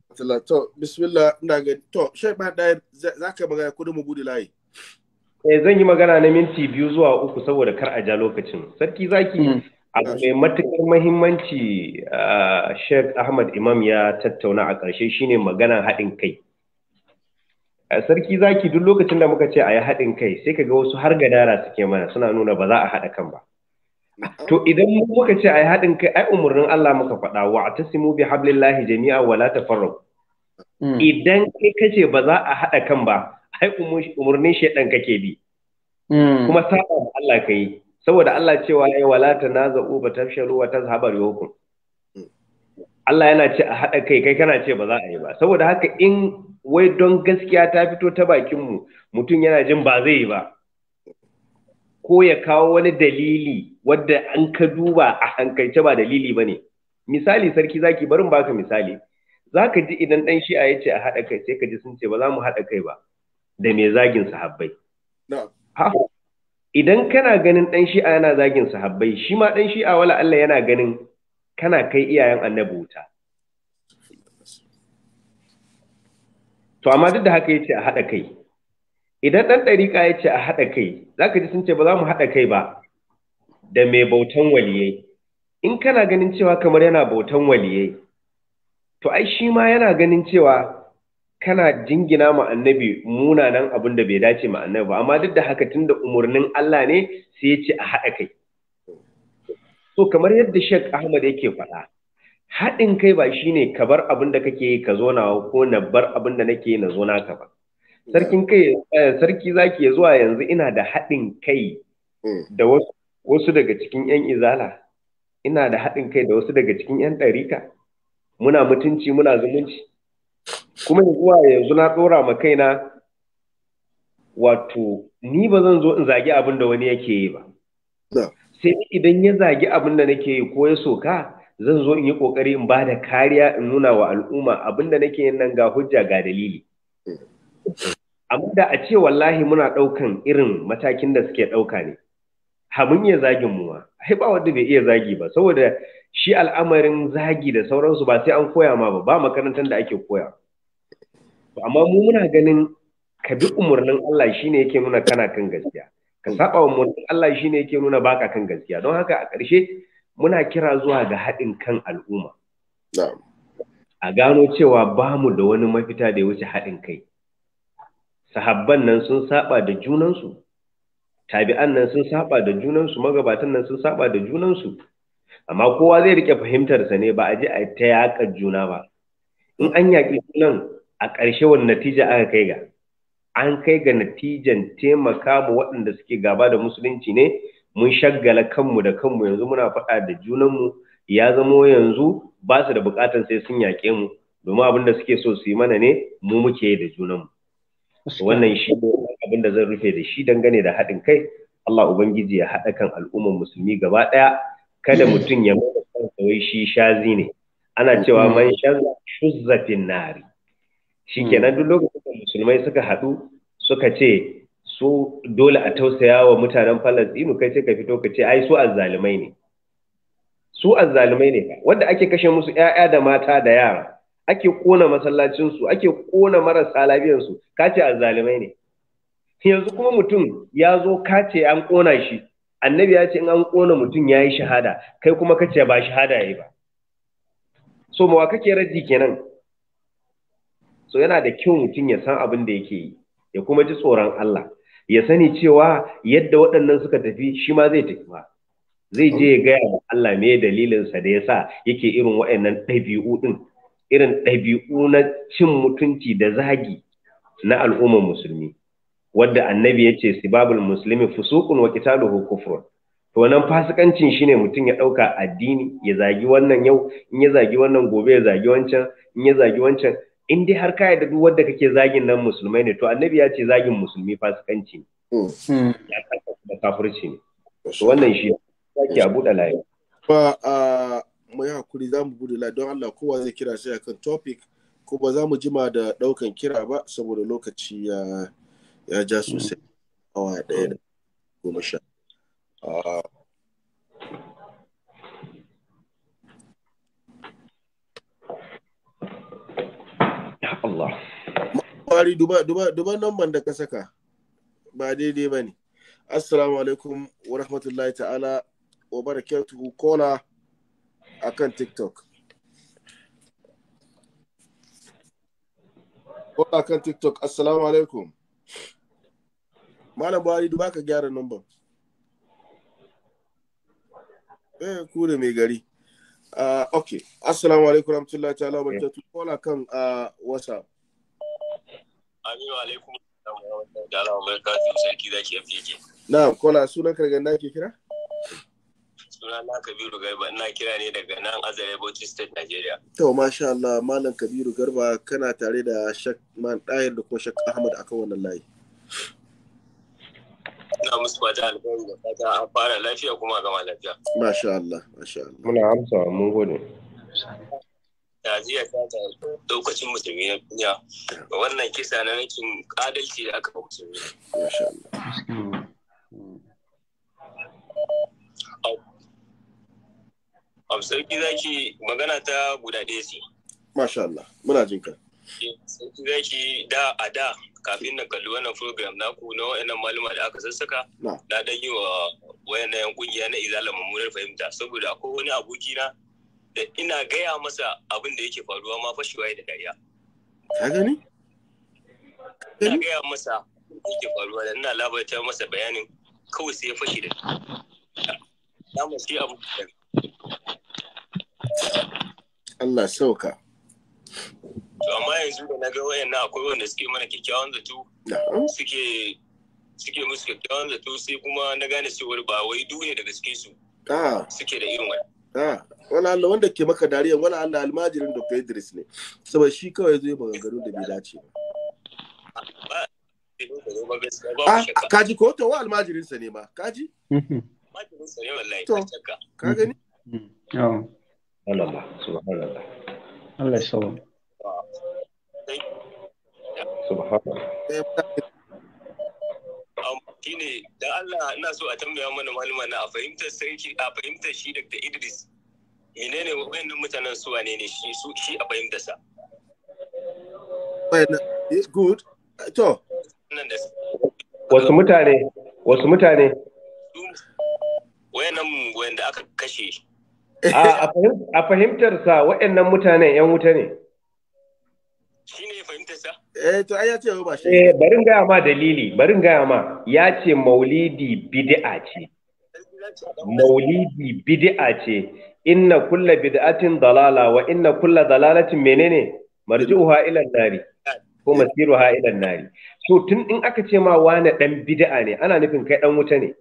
Speaker 1: to bismillah ina ga to shai ba da zaka magana kudin mu
Speaker 3: gudu layi eh zan yi magana na minti biyu zuwa uku saboda kar a ja lokacin sarki zaki mm. abu mai matukar mahimmanci Sheikh Ahmad Imam ya tattauna a ƙarshe shine maganan haɗin kai. Sarki zaki duk lokacin da muka ce a yi haɗin kai sai ka ga wasu har gadara suke mana suna nuna ba za a haɗa kan ba. To idan muka ce a yi haɗin kai ai umarnin Allah muka faɗa wa ta tasimu bi hablillahi jami'a wala la hmm. Idan kai kace ba za a haɗa kan ba ai umarnin shedan kake bi. Hmm. Kuma saba Allah ka yi. saboda Allah cewa ya wala tanaza'u ba tafshalu ta tazhabar yukum Allah yana ce a haɗa kai kai kana ce ba za a yi ba saboda haka in wai don gaskiya ta fito ta bakin mu mutum yana jin ba zai yi ba ko ya kawo wani dalili wadda an ka duba a hankalce ba dalili ba ne misali sarki zaki barin baka misali za ka ji idan ɗan shi'a ya ce a haɗa kai sai ka ji sun ce ba za mu haɗa kai ba da me zagin sahabbai idan kana ganin ɗan shi'a yana zagin sahabbai shi ma ɗan shi'a wala Allah yana ganin kana kai iyayen annabi wuta to amma duk da haka yace a haɗa kai idan ɗan ɗariƙa ya ce a haɗa kai za ka ji sun ce ba za mu haɗa kai ba da mai bautan waliyai in kana ganin cewa kamar yana bautan waliyai to ai shi ma yana ganin cewa kana jingina ma annabi munanan abin da bai dace ma annabi ba amma duk da haka tunda umarnin Allah ne sai ya ce a haɗa kai so kamar yadda Sheikh Ahmad yake faɗa haɗin kai ba shine ka bar abin da kake yi ka zo na ko na bar abin da nake na zo naka ba sarkin kai eh, sarki zaki ya zuwa yanzu ina da haɗin kai hmm. da wasu wasu daga cikin 'yan izala ina da haɗin kai da wasu daga cikin 'yan ɗarika muna mutunci muna zumunci kuma zuwa yanzu na ɗora ma kaina wato ni ba zan zo in zagi abin da wani yake yi ba sai idan ya zagi abin da nake yi ko ya soka zan zo in yi kokari in ba da kariya in nuna wa al'umma abin da nake yin nan ga hujja ga dalili amma da a ce wallahi muna ɗaukan irin matakin da suke ɗauka ne hamun ya zagin mu ai ba wanda bai iya zagi ba saboda shi al'amarin zagi da sauransu ba sai an koya ma ba ba makarantar da ake koya amma mu muna ganin ka bi umarnin Allah shine yake nuna kana kan gaskiya ka saba wa umarnin Allah shine yake nuna baka kan gaskiya don haka a ƙarshe muna kira zuwa ga haɗin kan al'umma a gano cewa ba mu da wani mafita da ya wuce haɗin kai sahabban nan sun saba da junansu tabi'an nan sun saba da junansu magabatan nan sun saba da junansu amma kowa zai rike fahimtarsa ne ba a je a ta yaƙa juna ba in an yaƙi junan a ƙarshe wani natija aka kai ga an kai ga natijan taimaka mu waɗanda suke gaba da musulunci ne mun shaggala kanmu da kanmu yanzu muna faɗa da junanmu ya zamo yanzu ba su da buƙatar sai sun yaƙe mu domin abin da suke so su yi mana ne mu muke da junanmu wannan shi ne abin da zan rufe da shi dangane da haɗin kai Allah ubangiji ya haɗa kan al'ummar musulmi gaba ɗaya kada mutum ya mai da kansa wai shi shazi ne ana cewa man shazza shuzzatin nari shikenan mm. duk lokacin da musulmai suka haɗu suka ce su dole a tausaya wa mutanen Falasɗinu kai sai ka fito ka ce ai su azzalumai ne su azzalumai ne wanda ake kashe musu ƴaƴa da mata da yara ake kona masallacin su ake kona marasa lafiyar su ka ce azzalumai ne yanzu kuma mutum ya zo ka ce an kona shi annabi ya ce in an kona mutum ya yi shahada kai kuma ka ce ba shahada ya yi ba so mawa kake raji kenan so yana da kyau mutum ya san abin da yake yi ya kuma ji tsoron Allah ya sani cewa yadda waɗannan suka tafi shi ma zai tafi ma zai je ya gaya wa Allah me dalilin sa da yasa yake irin waɗannan ɗabi'u din irin ɗabi'u na cin mutunci da zagi na al'ummar musulmi wadda annabi ya ce sibabul muslimi fusuqun wa qitaluhu kufrun to wannan fasikancin shine mutum ya ɗauka addini ya zagi wannan yau in ya zagi wannan gobe ya zagi wancan in ya zagi wancan in dai har ka da duk wadda kake zagin nan musulmai ne to annabi ya ce zagin musulmi fasikanci ne hmm. ya kasa da kafirci ne to wannan shi ke abu da layi
Speaker 1: ba a mai hakuri zamu budu la don Allah kowa zai kira sai akan topic ko ba za mu jima da daukan kira ba saboda lokaci ya ya ja sosai hmm. awa daya da goma sha ah. Allah. Kwari duba duba duba namban da ka saka ba daidai ba ne. Assalamu alaikum wa rahmatullahi ta'ala wa barakatuhu kola akan TikTok. Kola akan TikTok. Assalamu alaikum. Malam Buhari duba ka gyara namban. Eh kure mai gari. Uh, ok, assalamu alaikum rahmatullahi ta'ala wa barakatuh. Kola kan uh, WhatsApp.
Speaker 9: Aminu alaikum ta'ala wa barakatuh sarki zaki afiyake.
Speaker 1: Na kola sunan kargan da ke kira?
Speaker 9: Suna na Kabiru Garba, ina kira ne daga nan Azare Bauchi State, Nigeria.
Speaker 1: To, masha Allah, Malam Kabiru Garba kana tare da Shak Man Dayar da kuma Shak Ahmad akan wannan layi.
Speaker 9: ina musu fata alkhairi da fata a fara lafiya kuma gama lafiya
Speaker 1: masha Allah masha Allah muna amsa mun gode
Speaker 9: Najeriya ta ta lokacin musulmi na duniya wannan kisa na rashin adalci da aka musulmi. Abu sarki zaki magana ta guda ɗaya ce.
Speaker 1: Masha Allah, muna jin ka. Eh, sarki zaki da a da kafin na kalli wannan program
Speaker 9: na ku na wayannan maluma da aka sassaka na dan yi wa wayannan yan kungiya na izala mummunar fahimta saboda akwai wani aboki na da ina gaya masa abin da yake faruwa ma fashewa da dariya ka gani ina gaya masa yake faruwa da ina labarta masa bayanin kawai sai ya fashe da na masu abu
Speaker 1: Allah sauka to amma yanzu da na ga na akwai wanda suke mana kyakkyawan zato suke suke musu kyakkyawan zato sai kuma na gane cewar ba wai daga cikin su ah. suke da irin ah. wani Allah wanda ke maka dariya wani Allah almajirin kai Idris ne saboda shi kawai zai garin da bai dace ba ah, kaji ko to wa almajirinsa ne ma kaji
Speaker 9: mhm.
Speaker 3: ka gani mhm. oh. Allah Allah
Speaker 9: Allah Allah sai ne da Allah ina so a tambaya mana malama na a fahimtar sarki a fahimtar shi Dr. Idris menene wayannan mutanen su wane ne shi su shi a fahimtar sa
Speaker 3: is eh, good to wasu mutane wasu mutane wayannan wanda aka kashe a fahimtar sa wayannan mutanen yan wuta ne
Speaker 1: Eh to ai ya ce ba shi. Eh barin
Speaker 3: gaya ma dalili, barin gaya ma ya ce maulidi bid'a ce. Maulidi bid'a ce. Inna kulla bid'atin dalala wa inna kulla dalalatin menene? Marji'uha ila nari. Ko masiruha ila nari. So tun in aka ce ma wani dan bid'a ne, ana nufin kai dan wuta ne.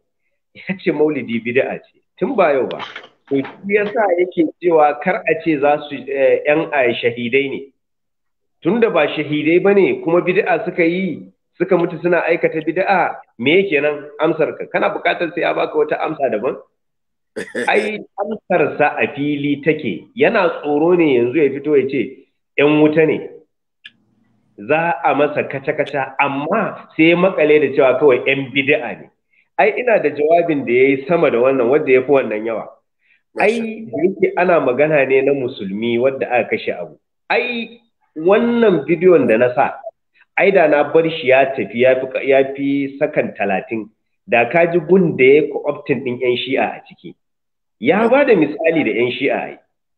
Speaker 3: Ya ce maulidi bid'a ce. Tun ba yau ba. To shi yasa yake cewa kar a ce za su 'yan eh, eh, shahidai ne. tunda ba shahidai ba ne kuma bid'a suka yi suka mutu suna aikata bid'a me nan amsar ka kana buƙatar sai ya baka wata amsa daban ai amsar sa a fili take yana tsoro ne yanzu ya fito ya ce yan wuta ne za a masa kaca-kaca amma sai makale da cewa kawai yan bid'a ne ai ina da jawabin da yayi sama da wannan wanda yafi wannan yawa ai da yake ana magana ne na musulmi wadda aka kashe abu ai wannan bidiyon da na sa ai na bar shi ya tafi ya fi sakan talatin da ka ji gun da ya co-optin ɗin 'yan shi'a a ciki ya ba da misali da 'yan shi'a ai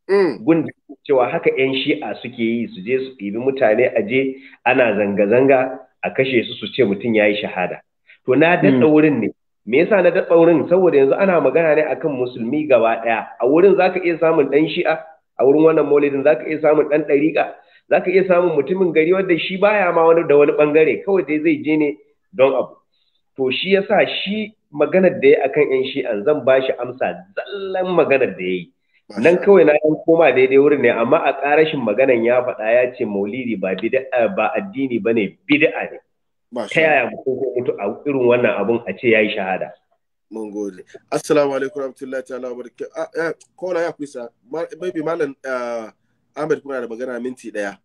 Speaker 3: mm. gun da cewa haka 'yan shi'a suke yi su je su ɗibi mutane a je ana zanga-zanga a kashe su su ce mutum ya yi shahada to na mm. daɗa wurin ne me yasa na daɗa wurin saboda yanzu ana magana ne akan musulmi gaba ɗaya a wurin zaka iya samun ɗan shi'a a wurin wannan maulidin zaka iya samun ɗan ɗariƙa za ka iya samun mutumin gari wanda shi baya ma wani da wani bangare kawai dai zai je ne don abu to shi yasa shi maganar da ya akan yan an zan ba shi amsa zallan maganar da ya yi nan kawai na yi koma daidai wurin ne amma a ƙarashin maganan ya faɗa ya ce maulidi ba bid'a ba addini bane bid'a ne ta yaya mutum ko mutu a irin wannan abun a ce yayi shahada mun gode assalamu alaikum warahmatullahi ta'ala wa
Speaker 1: barakatuh ah, eh, kola ya kusa maybe malam ah, Ahmed kuna da magana minti ɗaya.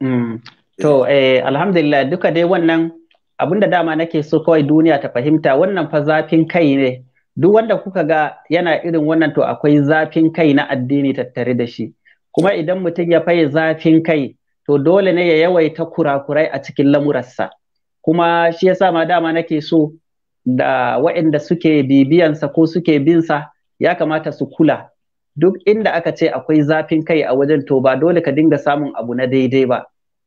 Speaker 2: Mm. Eh. To, eh, alhamdulillah duka dai wannan abinda dama nake so kawai duniya ta fahimta wannan fa zafin kai ne. Duk wanda kuka ga yana irin wannan to akwai zafin kai na addini tattare da shi. Kuma idan mutum ya faye zafin kai, to dole ne ya yawaita kurakurai a cikin lamurarsa. Kuma shi yasa ma dama nake so da waɗanda suke bibiyansa ko suke binsa ya kamata su kula duk inda aka ce akwai zafin kai a wajen to ba dole ka dinga samun abu na daidai ba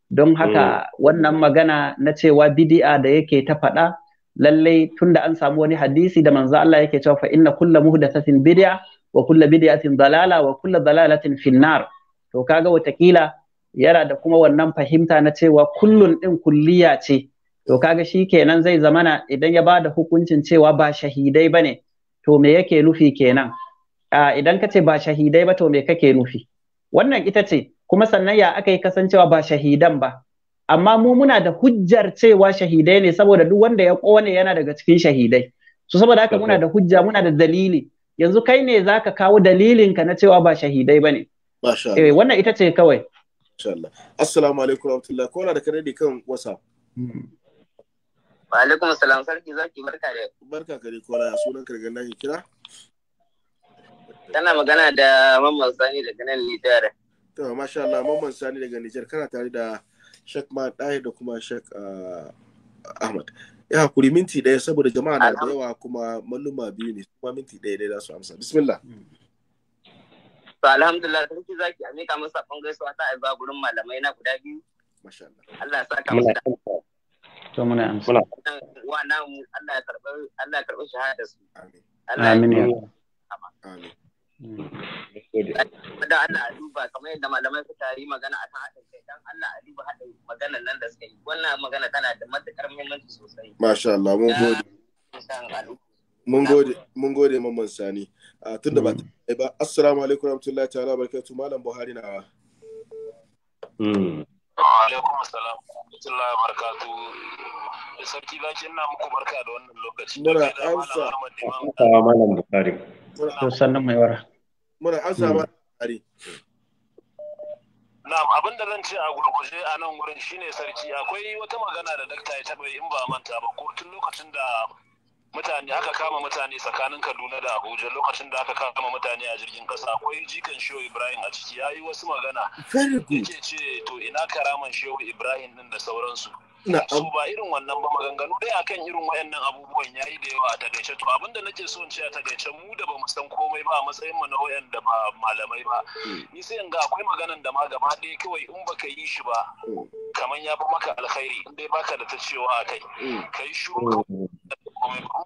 Speaker 2: don haka mm. wannan magana na cewa bidi'a da yake ta faɗa lallai tunda an samu wani hadisi da manzo Allah yake cewa fa inna kulla muhdathatin bid'a wa kulla bid'atin dalala wa kulla dalalatin finnar to kaga watakila yana da kuma wannan fahimta na cewa kullun din kulliya ce to kaga shi kenan zai zamana idan ya ba da hukuncin cewa ba shahidai bane to me yake nufi kenan idan ka ce ba shahidai ba to me kake nufi wannan ita ce kuma sannan ya aka yi kasancewa ba shahidan ba amma mu muna da hujjar cewa shahidai ne saboda duk wanda ya kone yana daga cikin shahidai so saboda haka muna da hujja muna da dalili yanzu kai ne zaka kawo dalilinka na cewa ba shahidai bane eh wannan ita ce kawai insha Allah
Speaker 1: assalamu alaikum warahmatullahi na da kare kan wasa? wa alaikum assalam sarki zaki barka da barka kare kola sunan kirgan nan kira Tana magana da Mamman Sani daga nan Nijar. To, masha Allah, Mamman Sani daga Nijar kana tare da Sheikh Maɗahi da kuma Sheikh ah, Ahmad. Ya hakuri minti ɗaya saboda jama'a na da yawa kuma malluma biyu ne kuma minti ɗaya ɗaya za su amsa. Bismillah.
Speaker 9: To, alhamdulillah, sarki zaki a mika masa gaisuwa ta aiba gurin malamai na guda biyu. Masha Allah. Allah ya saka musu da. To, muna amsa. Wa namu Allah ya karɓi shahada su. Amin. Amin. Amin. da Allah a duba kamar yadda malamai suka yi magana akan haɗin kai dan Allah a duba haɗin nan da da matuƙar muhimmanci sosai
Speaker 1: masha Allah mun gode mun gode mun gode mamman sani tunda ba ba assalamu alaikum warahmatullahi ta'ala malam Buhari na
Speaker 9: hmm. alaikum assalam warahmatullahi sarki zaki ina muku barka da wannan lokaci muna amsa malam Buhari sannan mai wara muna an hmm. Na'am abin da zan ce a
Speaker 6: gurguje a nan wurin shine sarki akwai wata magana da dakta ya taba in ba manta ba ko
Speaker 9: tun lokacin da mutane aka kama mutane tsakanin Kaduna da Abuja lokacin da aka kama mutane a jirgin kasa akwai jikan Shehu Ibrahim a ciki yayi wasu magana yake ce to ina karaman Shehu Ibrahim din da sauransu su ba irin wannan ba maganganu dai akan irin wayannan abubuwan ya yi da yawa a takaice to abinda nake so in ce a takaice mu da bamu san komai ba a matsayin mu na wayanda ba malamai ba hmm. ni sai in ga akwai maganan da ma gaba ɗaya kawai in baka yi shi ba hmm. kamar ya fi maka alkhairi in dai baka da ta cewa a kai hmm. kai shiru komai ba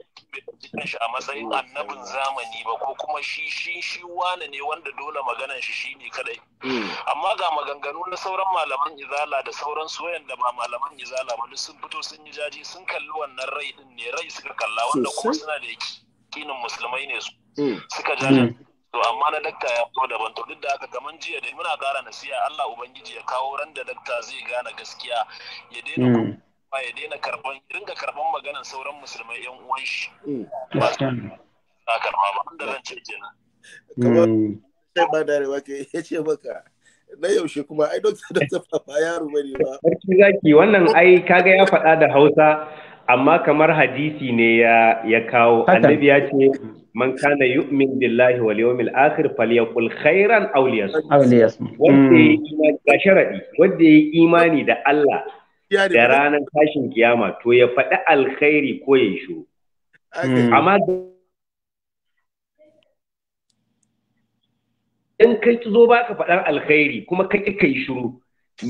Speaker 9: shi a matsayin annabin zamani ba ko kuma shi shi shi wane ne wanda dole maganan shi shi ne kadai amma ga
Speaker 8: maganganu na sauran
Speaker 9: malaman izala da sauran su da ba malaman izala ba sun fito sun yi jaji sun kalli
Speaker 7: wannan rai din ne rai suka kalla wanda kuma suna da yakinin musulmai ne su mm. suka jaji mm. to amma na dakta ya fito daban to duk da haka kaman jiya dai muna kara nasiya Allah ubangiji ya kawo ran da dakta
Speaker 9: zai gane gaskiya ya daina mm. ba ya daina karban ringa karban maganan sauran musulmai yan uwan shi mm. ba ta karba ba da
Speaker 3: zan ce kenan kamar
Speaker 1: sai mm. ba da rewa ke ya ce maka na yaushe kuma ai don ta ta ba yaro bane ba
Speaker 3: sarki zaki wannan ai kaga ya faɗa da Hausa amma kamar hadisi ne ya ya kawo annabi ya ce man kana yu'min billahi wal yawmil akhir falyakul khairan aw liyasmut wanda ya mm. wanda ya imani da Allah da ranar tashin kiyama to ya faɗi alkhairi ko ya shiru amma in kai zo ba ka faɗar alkhairi kuma ka ƙi kai shiru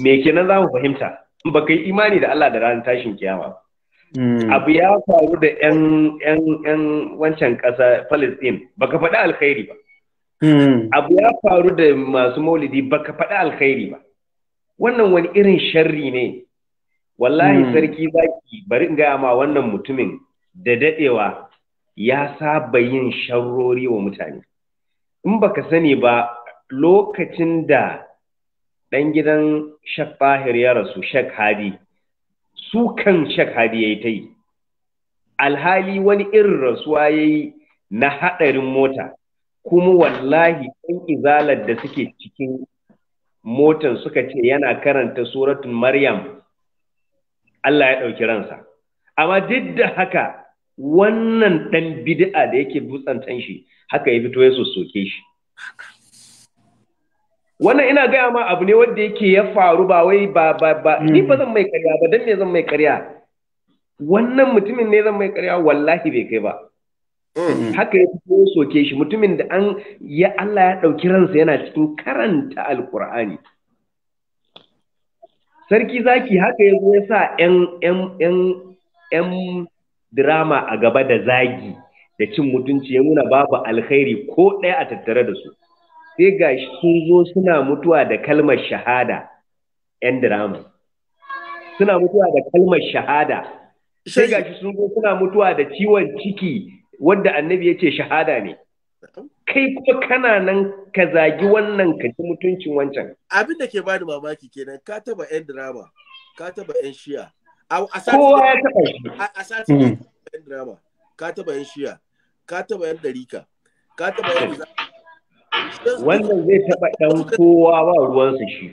Speaker 3: me kenan za mu fahimta ba kai imani da Allah da ranar tashin kiyama hmm. abu ya faru da yan wancan ƙasa Palestine ba ka faɗi alkhairi ba hmm. abu ya faru da masu maulidi ba ka faɗi alkhairi ba wannan wani irin sharri ne wallahi hmm. sarki zaki bari in gaya ma wannan mutumin da dadewa ya saba yin sharrori wa mutane in baka sani ba lokacin da ɗan gidan Sheikh Bahir ya rasu Sheikh Hadi su kan Sheikh Hadi yayi ta yi alhali wani irin rasuwa yayi na hadarin mota kuma wallahi ɗan izalar da suke cikin motan suka ce yana karanta suratun Maryam Allah ya ɗauki ransa amma duk da haka wannan ɗan bid'a da yake butsantan shi haka ya fito ya soke shi wannan ina gaya ma abu ne wanda yake ya faru ba wai ba ba ba hmm. ni ba zan mai karya ba dan me zan mai karya wannan mutumin ne zan mai karya wallahi bai kai ba hmm. haka ya fito soke shi mutumin da an ya Allah ya ɗauki ransa yana cikin karanta alkur'ani sarki zaki haka ya zo ya sa ‘yan dirama a gaba da zagi da cin mutunci ya nuna babu alkhairi ko ɗaya a tattare da su sai ga sun zo suna mutuwa da kalmar shahada ‘yan dirama suna mutuwa da kalmar shahada sai ga sun zo suna mutuwa da ciwon ciki wanda annabi ya ce shahada ne kai kuma kana nan ka zagi wannan ka ji mutuncin wancan.
Speaker 1: Abin da ke bani mamaki kenan ka taba 'yan drama, ka taba 'yan shiya. Kowa ya taba shi.
Speaker 7: A sati
Speaker 9: 'yan
Speaker 1: hmm. drama, ka taba 'yan shiya, ka taba 'yan darika, ka taba 'yan
Speaker 3: Wannan zai taba ɗan kowa ba ruwan su shi.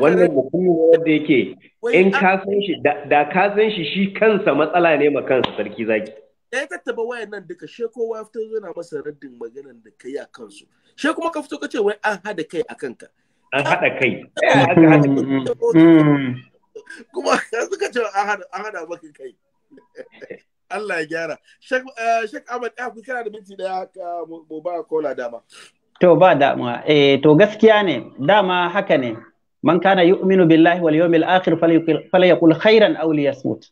Speaker 3: Wannan mutumin wanda yake in ka san shi da ka san shi shi kansa matsala ne ma kansa sarki zaki.
Speaker 1: ya tattaba wayan nan duka she kowa fito yana masa raddin magana da kai a kansu she kuma ka fito ka ce wai an hada kai a kanka
Speaker 3: an hada kai mm.
Speaker 1: kuma suka ce an hada maka kai Allah ya gyara Sheikh eh, Ahmad Ahmed kana da minti daya ka mu ba kola dama
Speaker 2: to ba dama eh to gaskiya ne dama haka ne man kana yu'minu billahi wal yawmil akhir falyaqul khairan aw liyasmut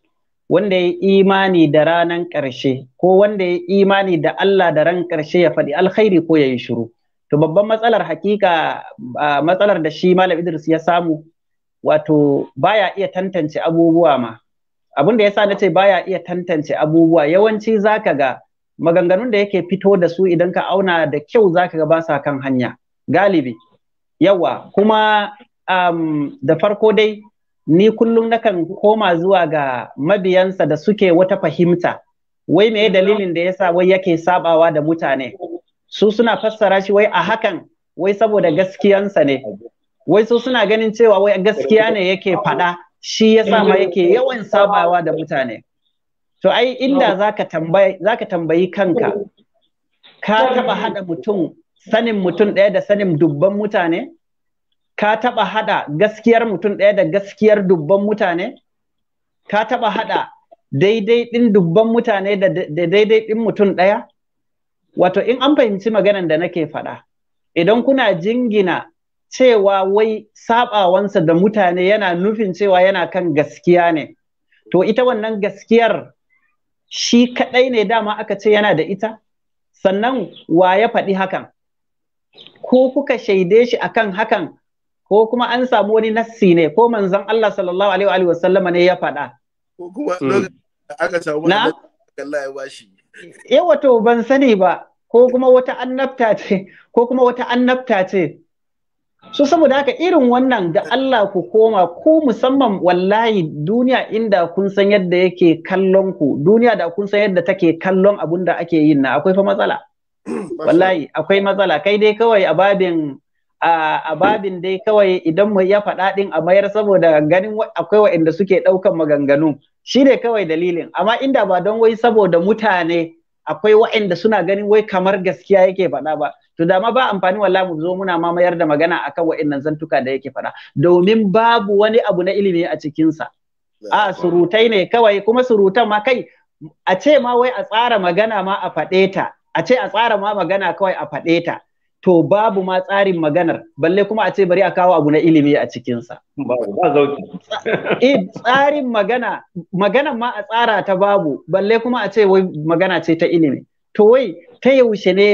Speaker 2: wanda ya imani da ranan ƙarshe ko wanda ya imani da Allah da ran ƙarshe ya faɗi alkhairi ko ya yi shiru to babban matsalar hakika matsalar da shi malam Idris ya samu wato baya iya tantance abubuwa ma abin da ya sa na ce baya iya tantance abubuwa yawanci zaka ga maganganun da yake fito da su idan ka auna da kyau zaka ga ba sa kan hanya galibi yawa kuma um, da farko dai ni kullum nakan koma zuwa ga mabiyansa da suke wata fahimta wai me dalilin da yasa wai yake sabawa da mutane su suna fassara shi wai a hakan wai saboda gaskiyansa ne wai su suna ganin cewa wai gaskiya ne yake faɗa shi yasa ma yake yawan sabawa da mutane to ai inda zaka tambayi zaka tambayi kanka ka taba hada mutum sanin mutum ɗaya da sanin dubban mutane ka taɓa haɗa gaskiyar mutum ɗaya da gaskiyar dubban mutane? Ka taɓa haɗa daidai ɗin dubban mutane da daidai ɗin mutum ɗaya? Wato, in an fahimci maganan da nake faɗa, idan kuna jingina cewa wai saɓawansa da mutane yana nufin cewa yana kan gaskiya ne, to ita wannan gaskiyar shi kaɗai ne dama aka ce yana da ita? Sannan wa ya faɗi hakan? Ko kuka shaide shi akan hakan ko kuma an samu wani nassi ne ko manzon Allah sallallahu alaihi wa sallama ne ya faɗa ko kuma mm. aka samu na Allah ya bashi Eh wato ban sani ba ko kuma wata annabta ce ko kuma wata annabta ce so saboda haka irin wannan da Allah ku koma ku musamman wallahi duniya inda kun san yadda yake kallon ku duniya da kun san yadda take kallon abun da ake yin na akwai fa matsala wallahi akwai matsala kai dai kawai a babin a babin dai kawai idan mu ya faɗa ɗin a mayar saboda ganin akwai waɗanda suke ɗaukan maganganu shi ne kawai dalilin amma inda ba don wai saboda mutane akwai waɗanda suna ganin wai kamar gaskiya yake faɗa ba to dama ba amfani walla mu zo muna ma mayar da magana akan waɗannan zantuka da yake faɗa domin babu wani abu na ilimi a cikinsa a surutai ne kawai kuma surutan ma kai a ce ma wai a tsara magana ma a faɗe ta a ce a tsara ma magana kawai a faɗe ta to babu ma tsarin maganar balle kuma a ce bari a kawo abu na ilimi a cikinsa. Eh, tsarin magana magana ma a tsara ta babu balle kuma a ce wai magana ce ta ilimi to wai ta yaushe ne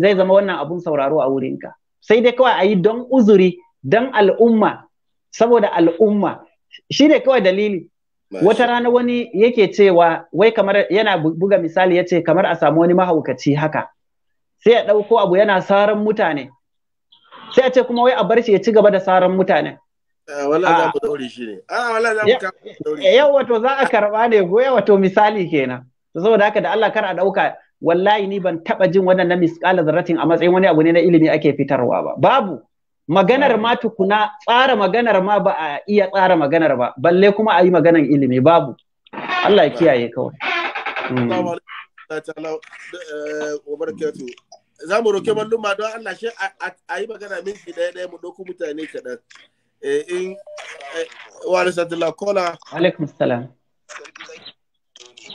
Speaker 2: zai zama wannan abun sauraro a wurinka sai dai kawai ayi yi don uzuri don al'umma saboda al'umma shi ne kawai dalili wata rana wani yake cewa wai kamar yana buga misali ya ce kamar a samu wani mahaukaci haka sai ya ɗauko abu yana saran mutane sai a ce kuma wai a bar shi ya ci gaba da saran mutane
Speaker 1: eh, wala ah. ah, za mu shi ne a wala za mu
Speaker 2: yau wato za a karba ne goya wato misali kenan saboda haka da Allah kar a ɗauka wallahi ni ban taɓa jin wannan na misƙala zarratin a matsayin wani abu ne na ilimi ake fitarwa ba babu maganar ma tukuna tsara maganar ma ba a iya tsara maganar ba balle kuma a yi maganar ilimi babu Allah ya kiyaye kawai. Hmm.
Speaker 1: za mu roke ma don Allah shi a yi magana minti ɗaya ɗaya mu ɗauko mutane kaɗan. In wa alisatullah kola.
Speaker 2: Alaikum salam.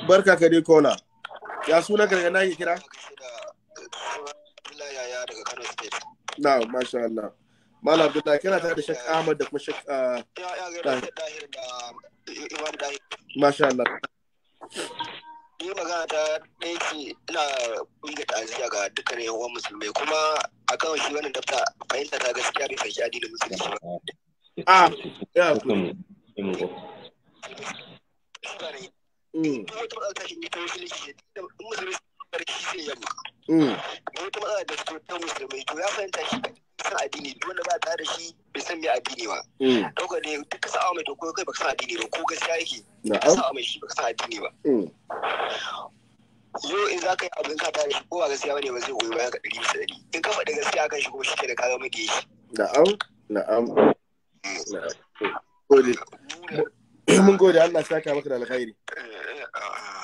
Speaker 1: Barka ka dai kola. Ya suna ka na yi kira? Na, masha Allah. Mala Abdullahi kana ta da Shek Ahmad da kuma Ma Masha Allah. ni magana ta ɗaya ce ina ƙunga ta'aziyya ga dukkanin yan uwan musulmi kuma kan shi wannan dafta fahimta ta gaskiya bai fahimci addinin musulunci ba. A ah, ya kuma.
Speaker 9: ya san addini duk wanda ba ta da shi bai san me addini ba mm. dauka ne duka sa'a mai to kai baka san addini ba ko gaskiya yake duka sa'a mai shi baka san
Speaker 7: addini ba mm. Yo in za ka yi abin ka ta da shi ko ba gaskiya bane
Speaker 1: ba zai goyi bayan ka ɗari bisa ɗari in ka faɗi gaskiya kan shi kuma shi ke da kaga mage shi na'am na'am mm. gode mun gode Allah sa ka maka da alkhairi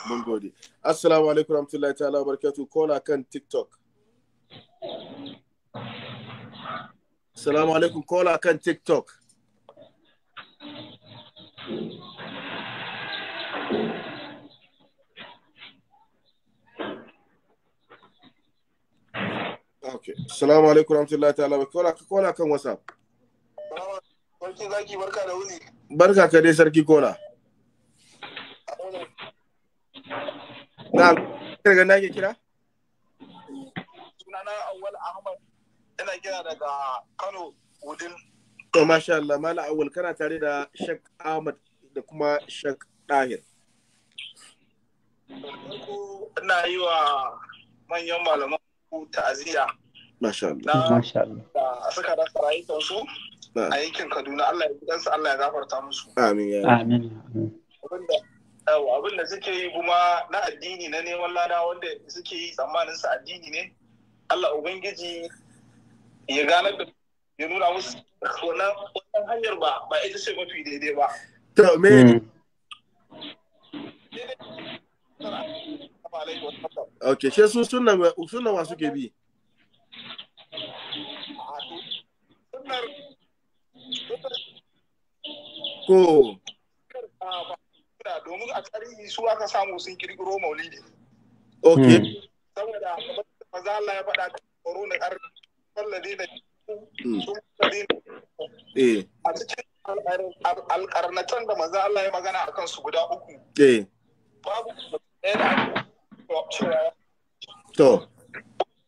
Speaker 1: mun gode assalamu alaikum warahmatullahi ta'ala barakatuh kola kan tiktok Salamu alaikum kola kan TikTok. Okay. alaikum rahmatullahi ta'ala kola kola kan WhatsApp. zaki barka da wuni. Barka ka dai sarki kola. Na, kira? Sunana Awal Ahmad yana kira daga Kano Wudin. To masha Allah Mala Awul kana tare da Shek Ahmad da kuma Shek Dahir. Ina yi wa manyan malaman ku ta'aziyya.
Speaker 5: Masha Allah. Masha Allah.
Speaker 1: Suka rasa rayukansu a yankin Kaduna Allah ya gidansu Allah ya gafarta
Speaker 7: musu. Amin ya. Amin. Abin da suke yi kuma na addini na
Speaker 9: neman lada wanda suke yi tsammanin su addini ne. Allah Ubangiji ya gane da ya nuna musu wannan hanyar ba ba ita ce mafi daidai ba
Speaker 1: to me hmm. ok shi su sunan sunan wa suke bi ko domin a tarihi su aka samu sun kirkiro maulidi ok hmm. saboda maza Allah ya faɗa na ƙarfi alladina hmm. sun alladina eh.
Speaker 7: a cikin alƙarnatan
Speaker 1: da manzo Allah ya magana a kansu guda uku eh. babu ɗaya to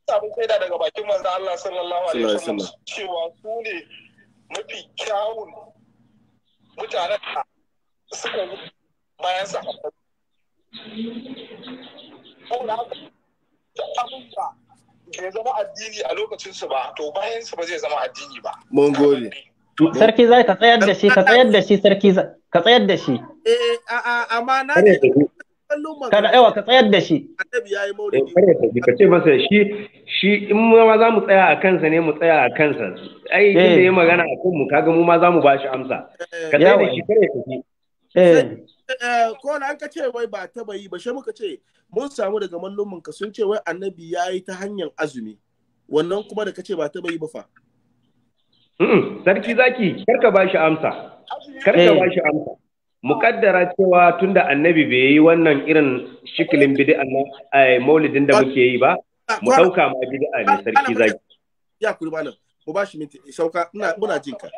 Speaker 1: samu shaida daga bakin manzo Allah sallallahu alaihi wasallam cewa su ne mafi kyawun mutanen da suka yi bayan sahabbai. Ko da haka, bai zama addini a lokacin su ba to bayan su ba zai zama addini ba
Speaker 2: mun gode sarki zai ka tsayar da shi ka tsayar da shi sarki ka tsayar da shi eh a a amma kada yawa ka tsayar da shi annabi yayi maulidi eh, ka ce masa shi shi in mu ma za mu tsaya
Speaker 3: a kansa ne mu tsaya a kansa ai eh. kin da yayi magana a kan mu kaga mu ma za mu shi amsa ka tsaya da shi kare ka eh
Speaker 1: Eh, ko an ka ce wai ba taba yi ba shi muka ce mun samu daga mallumin ka sun ce wai annabi ya yi ta hanyar azumi wannan kuma da ka ce ba taba yi ba fa
Speaker 3: sarki zaki karka ba shi amsa karka ba shi amsa mukaddara cewa tunda annabi bai yi wannan irin shikilin eh. bid'a a eh, maulidin da muke yi ba ah, mu dauka ma bid'a ne ah, sarki zaki
Speaker 1: ya kuri nan, mu ba shi minti sauka muna jin ka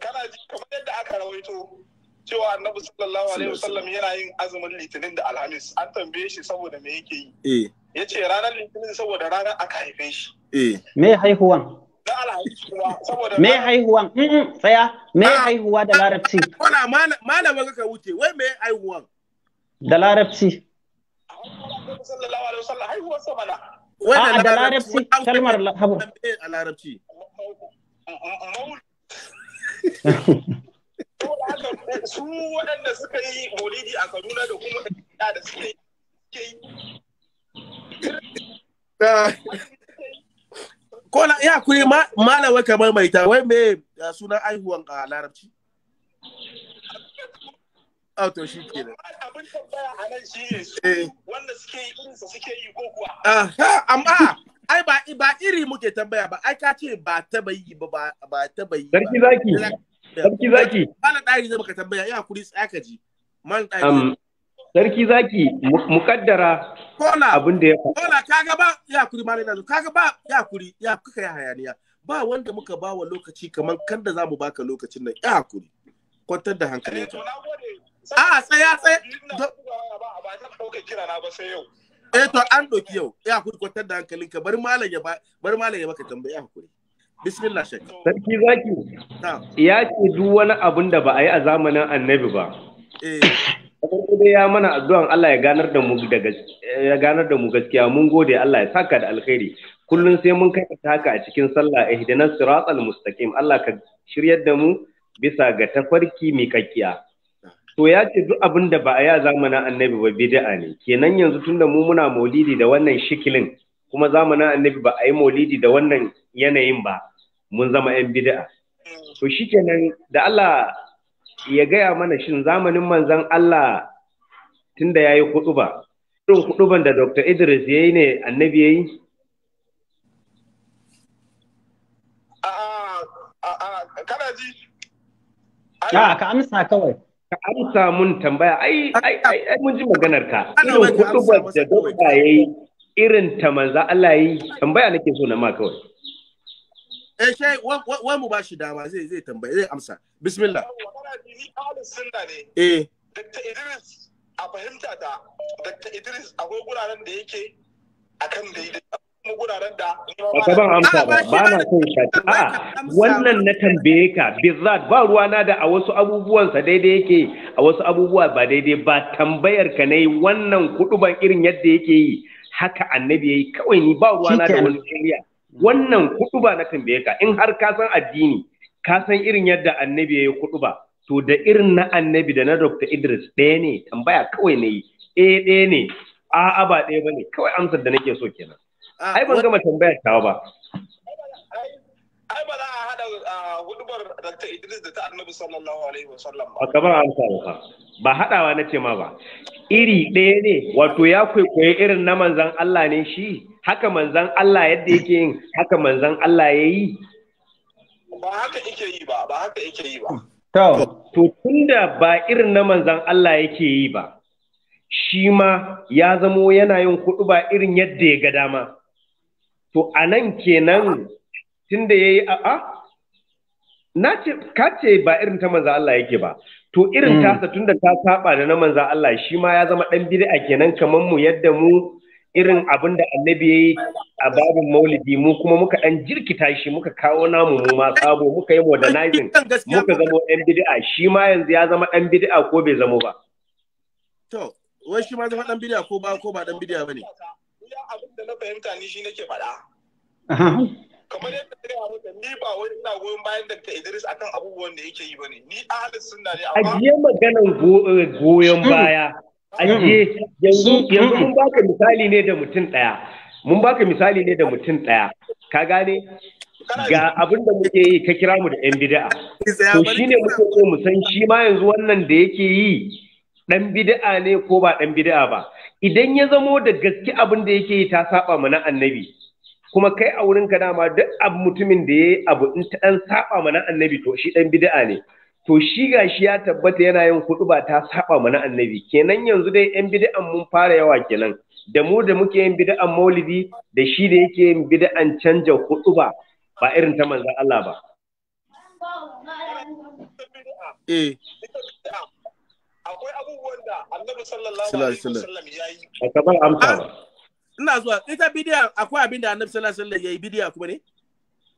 Speaker 1: kana ji kamar yadda aka rawaito cewa annabi sallallahu alaihi wasallam yana yin azumin litinin da alhamis an tambaye shi saboda me yake
Speaker 2: yi eh. ya ce ranar litinin saboda ranar aka haife shi eh. me haihuwan me haihuwan tsaya me ah. haihuwa da larabci
Speaker 1: wana malama kaka wuce wai me haihuwan
Speaker 2: da larabci
Speaker 1: sallallahu alaihi wasallam
Speaker 2: a ah, da larabci
Speaker 1: kalmar habu eh, a larabci
Speaker 9: su waɗanda suka yi maulidi a kaduna da kuma da suke yi
Speaker 1: Kola ya kuri malawa kamar mai ta wai me sunan aihuwan a larabci? A oh, to shi ke nan. a nan shi ne eh. wanda suke yi suke yi ko kuwa. Amma ai ba iri muke tambaya ba ai ka ce ba taba yi ba ba Sarki zaki. Sarki zaki. Malam ɗari zai baka tambaya ya kuri tsaka ji. Malam ɗari.
Speaker 3: Sarki zaki mukaddara abin da ya faru. Kola
Speaker 1: kaga ba ya kuri malam ɗari kaga ba ya kuri ya kuka ya hayaniya. Ba wanda muka ba wa lokaci kamar kan da zamu baka lokacin nan ya kuri. Kwantar da hankali. A'a eh, tsaya tsaya. Ba ɗauka kira
Speaker 3: na ba sai yau. eh
Speaker 1: to an ɗauki yau ya kuri kwantar da hankalinka bari malam ya bari malam ya maka tambaya hakuri Bismillah shek.
Speaker 3: Sarki zaki. Ya ce duk wani abun da ba a yi a zamanin annabi ba. Eh. dai ya mana addu'an Allah ya ganar da mu daga ya ganar da mu gaskiya mun gode Allah ya saka da alkhairi. Kullum sai mun kai haka a cikin sallah ihdinas siratal mustaqim Allah ka shiryar da mu bisa ga tafarki mai miƙaƙƙiya. To ya ce duk abin da ba a yi a zamanin annabi ba bid'a ne. Kenan yanzu tunda mu muna maulidi da wannan shikilin kuma zamanin annabi ba a yi maulidi da wannan yanayin ba mun zama 'yan bid'a to shikenan da Allah ya gaya mana shin zamanin manzon Allah tunda ya yi kutuba irin kutuban da Dr. Idris ya yi ne annabi ya yi? Ka amsa kawai. Ka amsa mun tambaya, ai, ai, ai, mun ji maganar ka. Irin kutuban da Dr. ya yi irin ta manza Allah yi tambaya nake so na ma kawai
Speaker 1: eh shai wa mu bashi dama zai zai tambaya zai amsa bismillah eh Dr. Idris a fahimta da Dr. Idris akwai
Speaker 3: guraren da yake akan da ba ban amsa ba ba na son shati a'a wannan na tambaye ka bizzat ba ruwana da a wasu abubuwansa sa daidai yake a wasu abubuwa ba daidai ba tambayar ka na yi wannan kuduban irin yadda yake yi haka annabi yayi kawai ni ba ruwa na da wani shari'a wannan kudu ba na tambaye ka in har ka san addini ka san irin yadda annabi yayi kudu ba to da irin na annabi da na Dr. Idris ɗaya ne tambaya kawai na yi eh ɗaya ne a'a ba ɗaya bane kawai amsar da nake so kenan ah, ai ban gama tambayar ta ba ai ba za a hada ah, hudubar Dr. Idris da ta annabi sallallahu alaihi wasallam ba ba amsa ba ba haɗawa na ce ma ba iri ɗaya ne wato ya kwaikwayi irin na manzan Allah ne shi haka manzan Allah yadda yake yin haka manzan Allah ya yi
Speaker 9: ba haka yake yi ba ba haka yake yi ba
Speaker 3: to tunda ba irin na manzan Allah yake yi ba shi ma ya zamo yana yin kuɗu ba irin yadda ya ga dama to anan kenan tunda yayi a'a na ce ka ce ba irin ta manzo Allah yake ba to irin mm. tasa tunda ta saba da na manzo Allah shi ma ya zama dan bid'a kenan kaman mu yadda mu irin abin da annabi ya yi a babin maulidi mu kuma muka dan jirkita shi muka kawo namu mu ma sabo muka yi modernizing muka zama dan bid'a shi ma yanzu ya zama dan bid'a ko bai zama ba
Speaker 1: to wai shi ma zama dan bid'a ko ba ko ba dan bid'a bane abin da na fahimta
Speaker 3: ni shi nake faɗa kamar
Speaker 1: yadda ta gaya maka ni ba wai ina goyon bayan Dr. Idris akan abubuwan da yake yi bane ni
Speaker 3: ahalin sunna ne amma ajiye maganan eh, goyon hmm. baya hmm. ajiye yanzu hmm. yanzu mun baka misali ne da mutum daya mun baka misali ne da mutum daya ka gane ga abin da muke yi ka kira mu da yan bid'a to shine muke so mu san shi ma yanzu wannan da yake yi dan bid'a ne ko ba dan bid'a ba idan ya zamo da gaske abin da yake yi ta saba mana annabi kuma kai a wurin ka dama duk abu mutumin da yi abu in ta dan saba mana annabi to shi dan bid'a ne to shi gashi ya tabbata yana yin hudu ba ta saba mana annabi kenan yanzu dai yan bid'an mun fara yawa kenan da mu da muke yin bid'an maulidi da shi da yake yin bid'an canja hudu ba ba irin ta manzon Allah ba eh akwai abubuwan da annabi sallallahu alaihi wasallam
Speaker 6: yayi amsa
Speaker 1: ina zuwa ita bidiya akwai abin da annabi sallallahu alaihi wasallam yayi bidiya kuma ne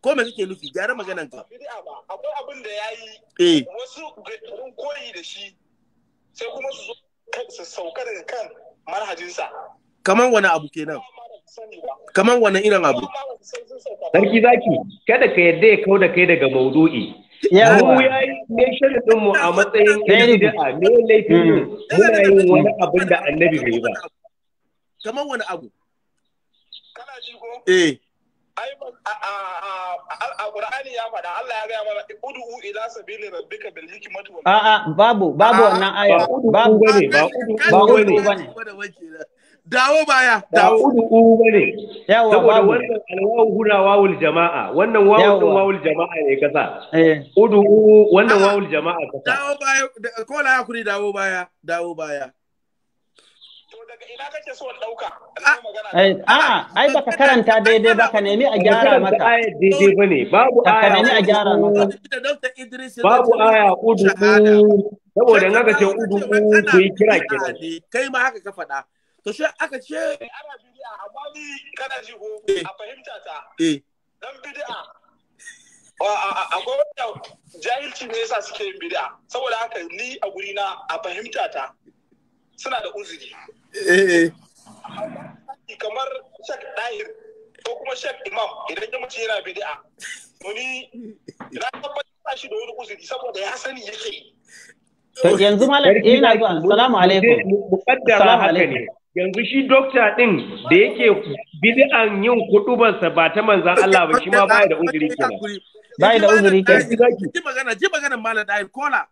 Speaker 1: ko me kake nufi gyara maganan ka bidiya ba akwai
Speaker 2: abin da yayi eh
Speaker 1: wasu sun koyi da shi sai kuma su
Speaker 3: su sauka daga kan sa kaman wani abu kenan kaman wani irin abu sarki zaki kada ka yadda ya kauda kai daga maudu'i yawa ya yi ne sharadin mu a matsayin bid'a ne laifin hmm. muna yin wani abin da annabi bai ba
Speaker 1: kaman wani abu Eh. ai a ya faɗa Allah ya
Speaker 2: gaya mana ud'u ila sabili rabbika bil hikmati wal a'a babu babu wannan aya babu ba ud'u bane
Speaker 1: dawo baya
Speaker 2: dawo ud'u bane yawa saboda wannan alwawu huna
Speaker 3: wawul jama'a wannan wawul din wawul jama'a ne kasa eh. ud'u wannan wawul jama'a
Speaker 2: kasa
Speaker 1: dawo baya kola dawo baya dawo baya daga ina kake so
Speaker 2: in ah, a'a ai baka karanta daidai ba ka nemi a gyara maka aya daidai babu aya ka nemi a gyara maka babu aya udu
Speaker 3: saboda naga ce udu ku yi kira kenan
Speaker 1: kai ma haka ka faɗa to shi aka ce eh, ana amma ni kana ji ko eh. a fahimta ta eh. dan akwai wanda jahilci ne yasa suke yin bid'a saboda haka ni a guri na a fahimta ta suna da uzuri Eh, eh kamar shak dair ko kuma imam idan ya
Speaker 8: mace yana bid'a wani na shi da wani uzuri saboda ya sani yake
Speaker 2: yanzu malam ina zuwa assalamu alaikum muqaddara haka ne
Speaker 3: yanzu shi dokta din da yake bid'an yin kudubarsa ba ta manzan Allah ba shi ma baya da uzuri kenan baya da uzuri kenan ji magana ji magana
Speaker 1: malam dair kola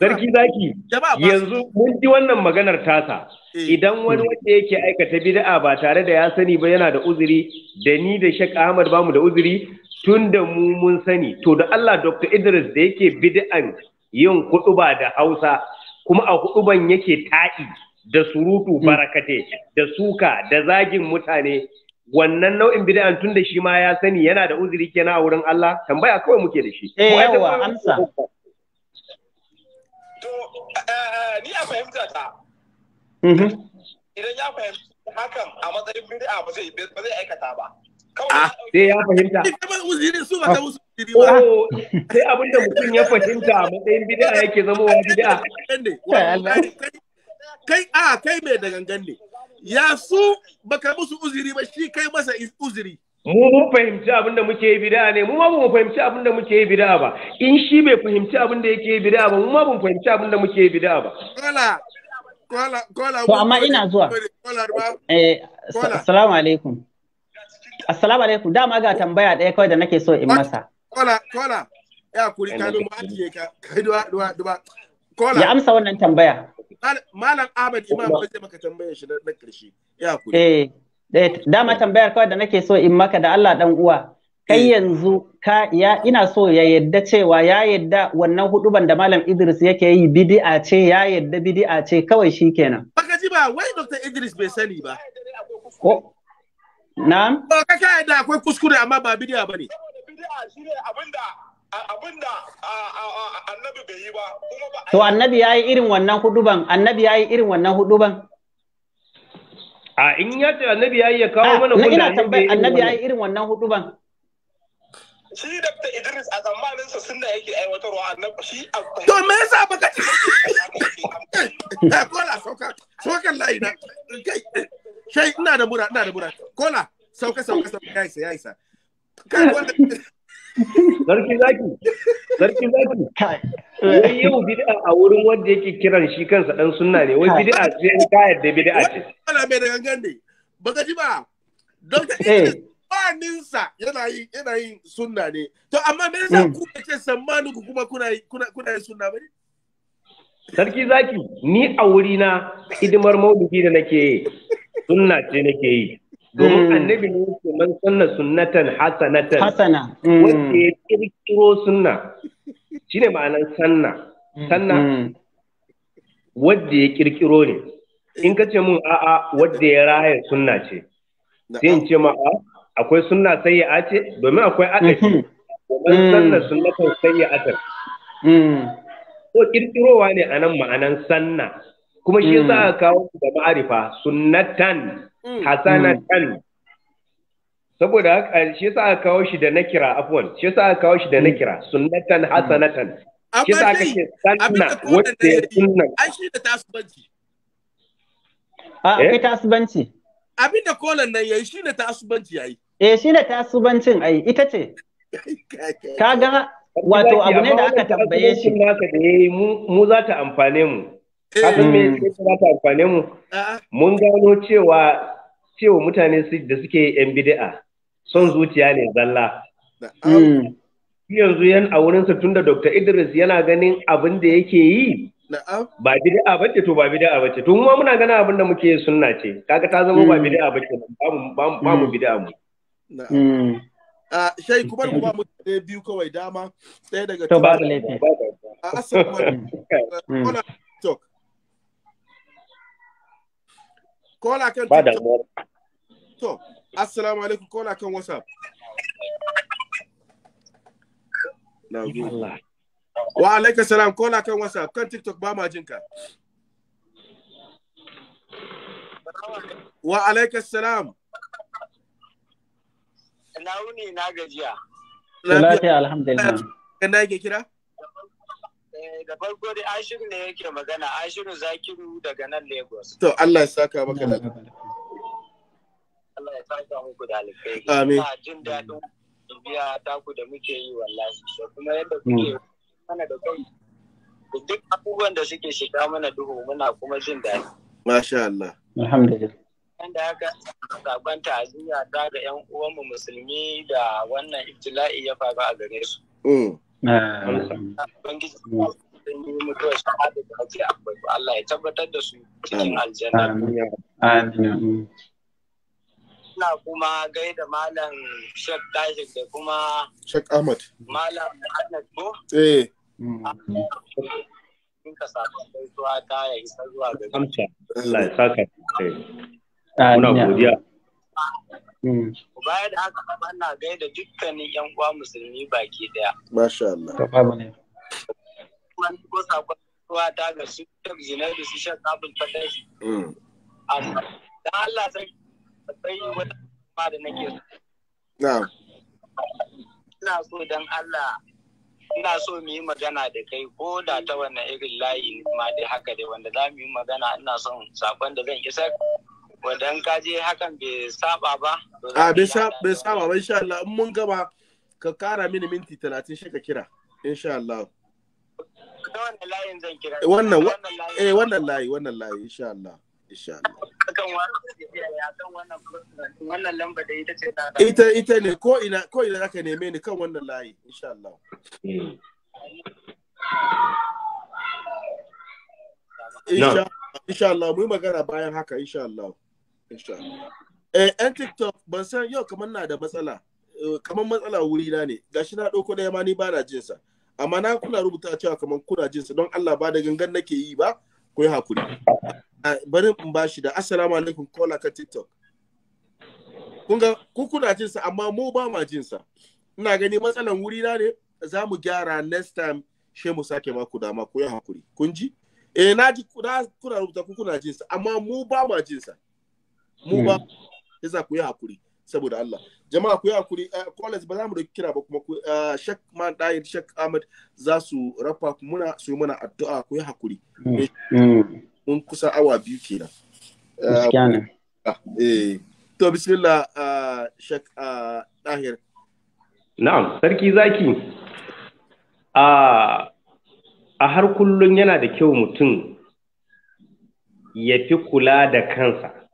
Speaker 3: Sarki zaki yanzu mun ji wannan maganar tasa eh. idan wani wanda yake aikata bid'a ba tare da ya sani ba yana da uzuri da ni da Sheikh Ahmad bamu da uzuri tun da mu mun sani to da Allah Dr. Idris da yake bid'an yin huɗuba da Hausa kuma a huɗuban yake ta'i da surutu mm. barakate da suka da zagin mutane wannan nau'in bid'an tun da shi ma ya sani yana da uzuri kenan a wurin Allah tambaya kawai muke da shi. Eh yawa amsa.
Speaker 9: Eh, ni a fahimta ta
Speaker 7: mhm. idan ya fahimci hakan a matsayin
Speaker 3: bid'a ba zai ba zai aikata ba ah, A, sai ya fahimta uziri uziri su ba. Ah. Oh, sai abin da mutum ya fahimta a matsayin
Speaker 1: bid'a yake zama wa bid'a kai a ah, kai mai da gangan ne
Speaker 3: ya su baka musu uziri ba shi kai masa uziri mu mun fahimci abin da muke yi bid'a ne mu ma mun fahimci abin da muke yi bid'a ba in shi bai fahimci abin da yake yi bid'a
Speaker 2: ba mu ma mun fahimci abin da muke yi bid'a ba
Speaker 1: kola
Speaker 3: kola kola
Speaker 1: to amma ina zuwa
Speaker 2: eh assalamu alaikum assalamu alaikum dama ga tambaya ɗaya kawai da nake so in masa
Speaker 1: kola kola ya kuri ka duba ajiye ka kai duwa duwa duwa
Speaker 2: kola ya amsa wannan tambaya
Speaker 1: malam ahmad imam zai maka tambayar shi na ƙarshe
Speaker 2: ya kuri eh dama eh. tambayar kawai da nake so in maka da Allah dan uwa kai eh. yanzu ka ya ina so ya yadda cewa ya yadda wannan huduban da malam Idris yake yi bid'a ce ya yadda bid'a ce kawai shikenan
Speaker 1: baka ji ba wai Dr Idris bai sani ba
Speaker 2: ko na'am
Speaker 1: ko ka ka yadda akwai kuskure amma ba
Speaker 2: bid'a bane bid'a
Speaker 8: shine abinda abinda
Speaker 1: annabi bai yi ba
Speaker 2: kuma ba to annabi yayi irin wannan huduban annabi yayi irin wannan huduban A in ya ce annabi yayi ya kawo mana kullum. Ina tambayar annabi yayi irin wannan hudu ban. Shi Dr. Idris a
Speaker 1: tsammanin sa sunna yake aiwatarwa annabi shi a To me yasa ka ci? Kola sauka layi na. Shai ina da mura ina da mura. Kola sauka sauka sauka
Speaker 9: Kai wanda
Speaker 3: Sarki zaki, sarki zaki. Wai yau bid'a a wurin wanda yake kiran shi kansa dan sunna ne, wai bid'a ce an ka yarda bid'a ce.
Speaker 1: Wala mai da gangan ne. ba Baka ji ba. Dr. Eh. Idris baninsa yana yi yana yin sunna ne. To amma me yasa hmm. ku ce sammanu ku kuma kuna kuna kuna yin sunna bane?
Speaker 3: Sarki zaki, ni a wurina hidimar maulidi da nake yi, sunna ce nake yi. domin mm. annabi ne yake man sanna sunnatan hasanatan hasana mm. wanda ya kirkiro sunna shine ma'anar sanna mm. sanna wanda ya kirkiro ne in ka ce mun a'a wanda ya raya sunna ce sai in ce ma a akwai sunna sai ya ce domin akwai ce mm-hmm.
Speaker 4: domin sanna
Speaker 3: sunnatan sai ya atar ko kirkirowa ne anan ma'anar sanna kuma shi za a kawo da ma'arifa sunnatan Mm. hasanatan mm. saboda haka shi yasa aka kawo shi da nakira afwan shi yasa aka kawo shi da mm. nakira sunnatan hasanatan shi yasa aka ce
Speaker 2: sanna wacce ya sunna
Speaker 1: ai shi da tasbanci a ah, akwai eh? tasbanci abin da kolan nan yayi shi ne tasbanci yayi
Speaker 2: eh shi ne tasbancin ai ita ce kaga wato abu ne da aka tambaye shi
Speaker 3: mu za ta amfane mu Kafin me mm. ya kamata amfane mu? Mun gano cewa cewa mutane da suke yan bid'a son zuciya ne zalla. Mm. Yanzu yan a wurinsa tun da Dr. Idris yana ganin abin da yake yi ba bid'a bace to ba bid'a bace to kuma muna ganin abin da muke sunna ce kaga ta zama ba mm. bid'a bace ba mu bid'a mu.
Speaker 1: a shai kuma da kuma mutane biyu kawai dama ɗaya daga cikin ba da laifi a asalin call kan ba damuwa to assalamu alaikum kola kan whatsapp Wa alaikum salam ko na kan WhatsApp kan TikTok ba ma jinka. Wa alaikum salam.
Speaker 5: Ina na
Speaker 9: gajiya.
Speaker 1: Lafiya alhamdulillah. Kana yake kira?
Speaker 9: Eh, da farko dai ashiru ne yake magana ashiru zakiru daga nan lagos
Speaker 1: to allah ya saka maka da
Speaker 9: allah ya saka muku da alkhairi amin jin daɗin biya taku da muke yi wallahi da kuma yadda mm. kuke mana da kai duk abubuwan da suke shiga mana duhu muna kuma jin daɗi
Speaker 1: masha allah alhamdulillah da haka sakon ta'aziyya ta ga 'yan uwanmu
Speaker 7: musulmi da wannan ibtila'i ya faru a gare su. Mm. Ubangiji
Speaker 9: mutuwar da Allah ya tabbatar da su
Speaker 7: cikin aljanna.
Speaker 9: Ina kuma gaida malam Sheikh Tajik da kuma Sheikh Ahmad. Malam Ahmad
Speaker 1: ko? Eh. ka gaisuwa ta ya isa zuwa ga Allah ya saka.
Speaker 7: Muna godiya. Mm. baya da haka kuma ana gaida dukkanin yan uwa musulmi baki daya masha Allah wani ko sakon ruwa ta ga su ta zinar su shan abin fadar shi
Speaker 9: amma da Allah sai sai wata ba da nake na'am ina so dan Allah ina so mu yi magana da kai ko da ta wannan irin layi ma dai haka dai wanda za mu yi magana ina son sakon da zan isa wanda in ka je hakan bai saba ba
Speaker 1: a ah, bai saba ba insha Allah in mun gaba ka kara mini minti talatin shi ka kira insha Allah
Speaker 9: wannan layin zan kira eh, wannan
Speaker 1: eh wannan layi wannan layi insha Allah insha
Speaker 9: Allah wannan lamba da ita ce
Speaker 1: ita ita ne ko ina ko ina zaka neme ni kan wannan layi insha Allah insha Allah mu magana bayan haka insha Allah Eh, yan TikTok ban san yau kamar na da matsala. Eh, kamar matsala wuri na ne. Gashi na ɗauko ɗaya ma ni ba na jinsa. Amma na kuna rubuta cewa kamar kuna jinsa don Allah ba da gangan nake yi ba ku yi hakuri. Ah, bari in ba shi da assalamu alaikum kola ka TikTok. Kun ga ku kuna jinsa amma mu ba ma jinsa. Ina gani matsalan wuri na ne za mu gyara next time she mu sake maku dama ku yi hakuri. Kun ji? Eh na ji kuna rubuta ku kuna jinsa amma mu ba ma jinsa. mu ba hmm. yasa ku yi hakuri saboda Allah jama'a ku yi hakuri eh, college ba za mu da kira ba kuma eh, shak man dayir shak ahmed za su rafa muna su yi mana addu'a ku yi hakuri hmm. Hmm. mun kusa awa biyu kenan eh, to bismillah shak dahir
Speaker 3: na'am sarki zaki ah, a har kullun yana da kyau mutum ya fi kula da kansa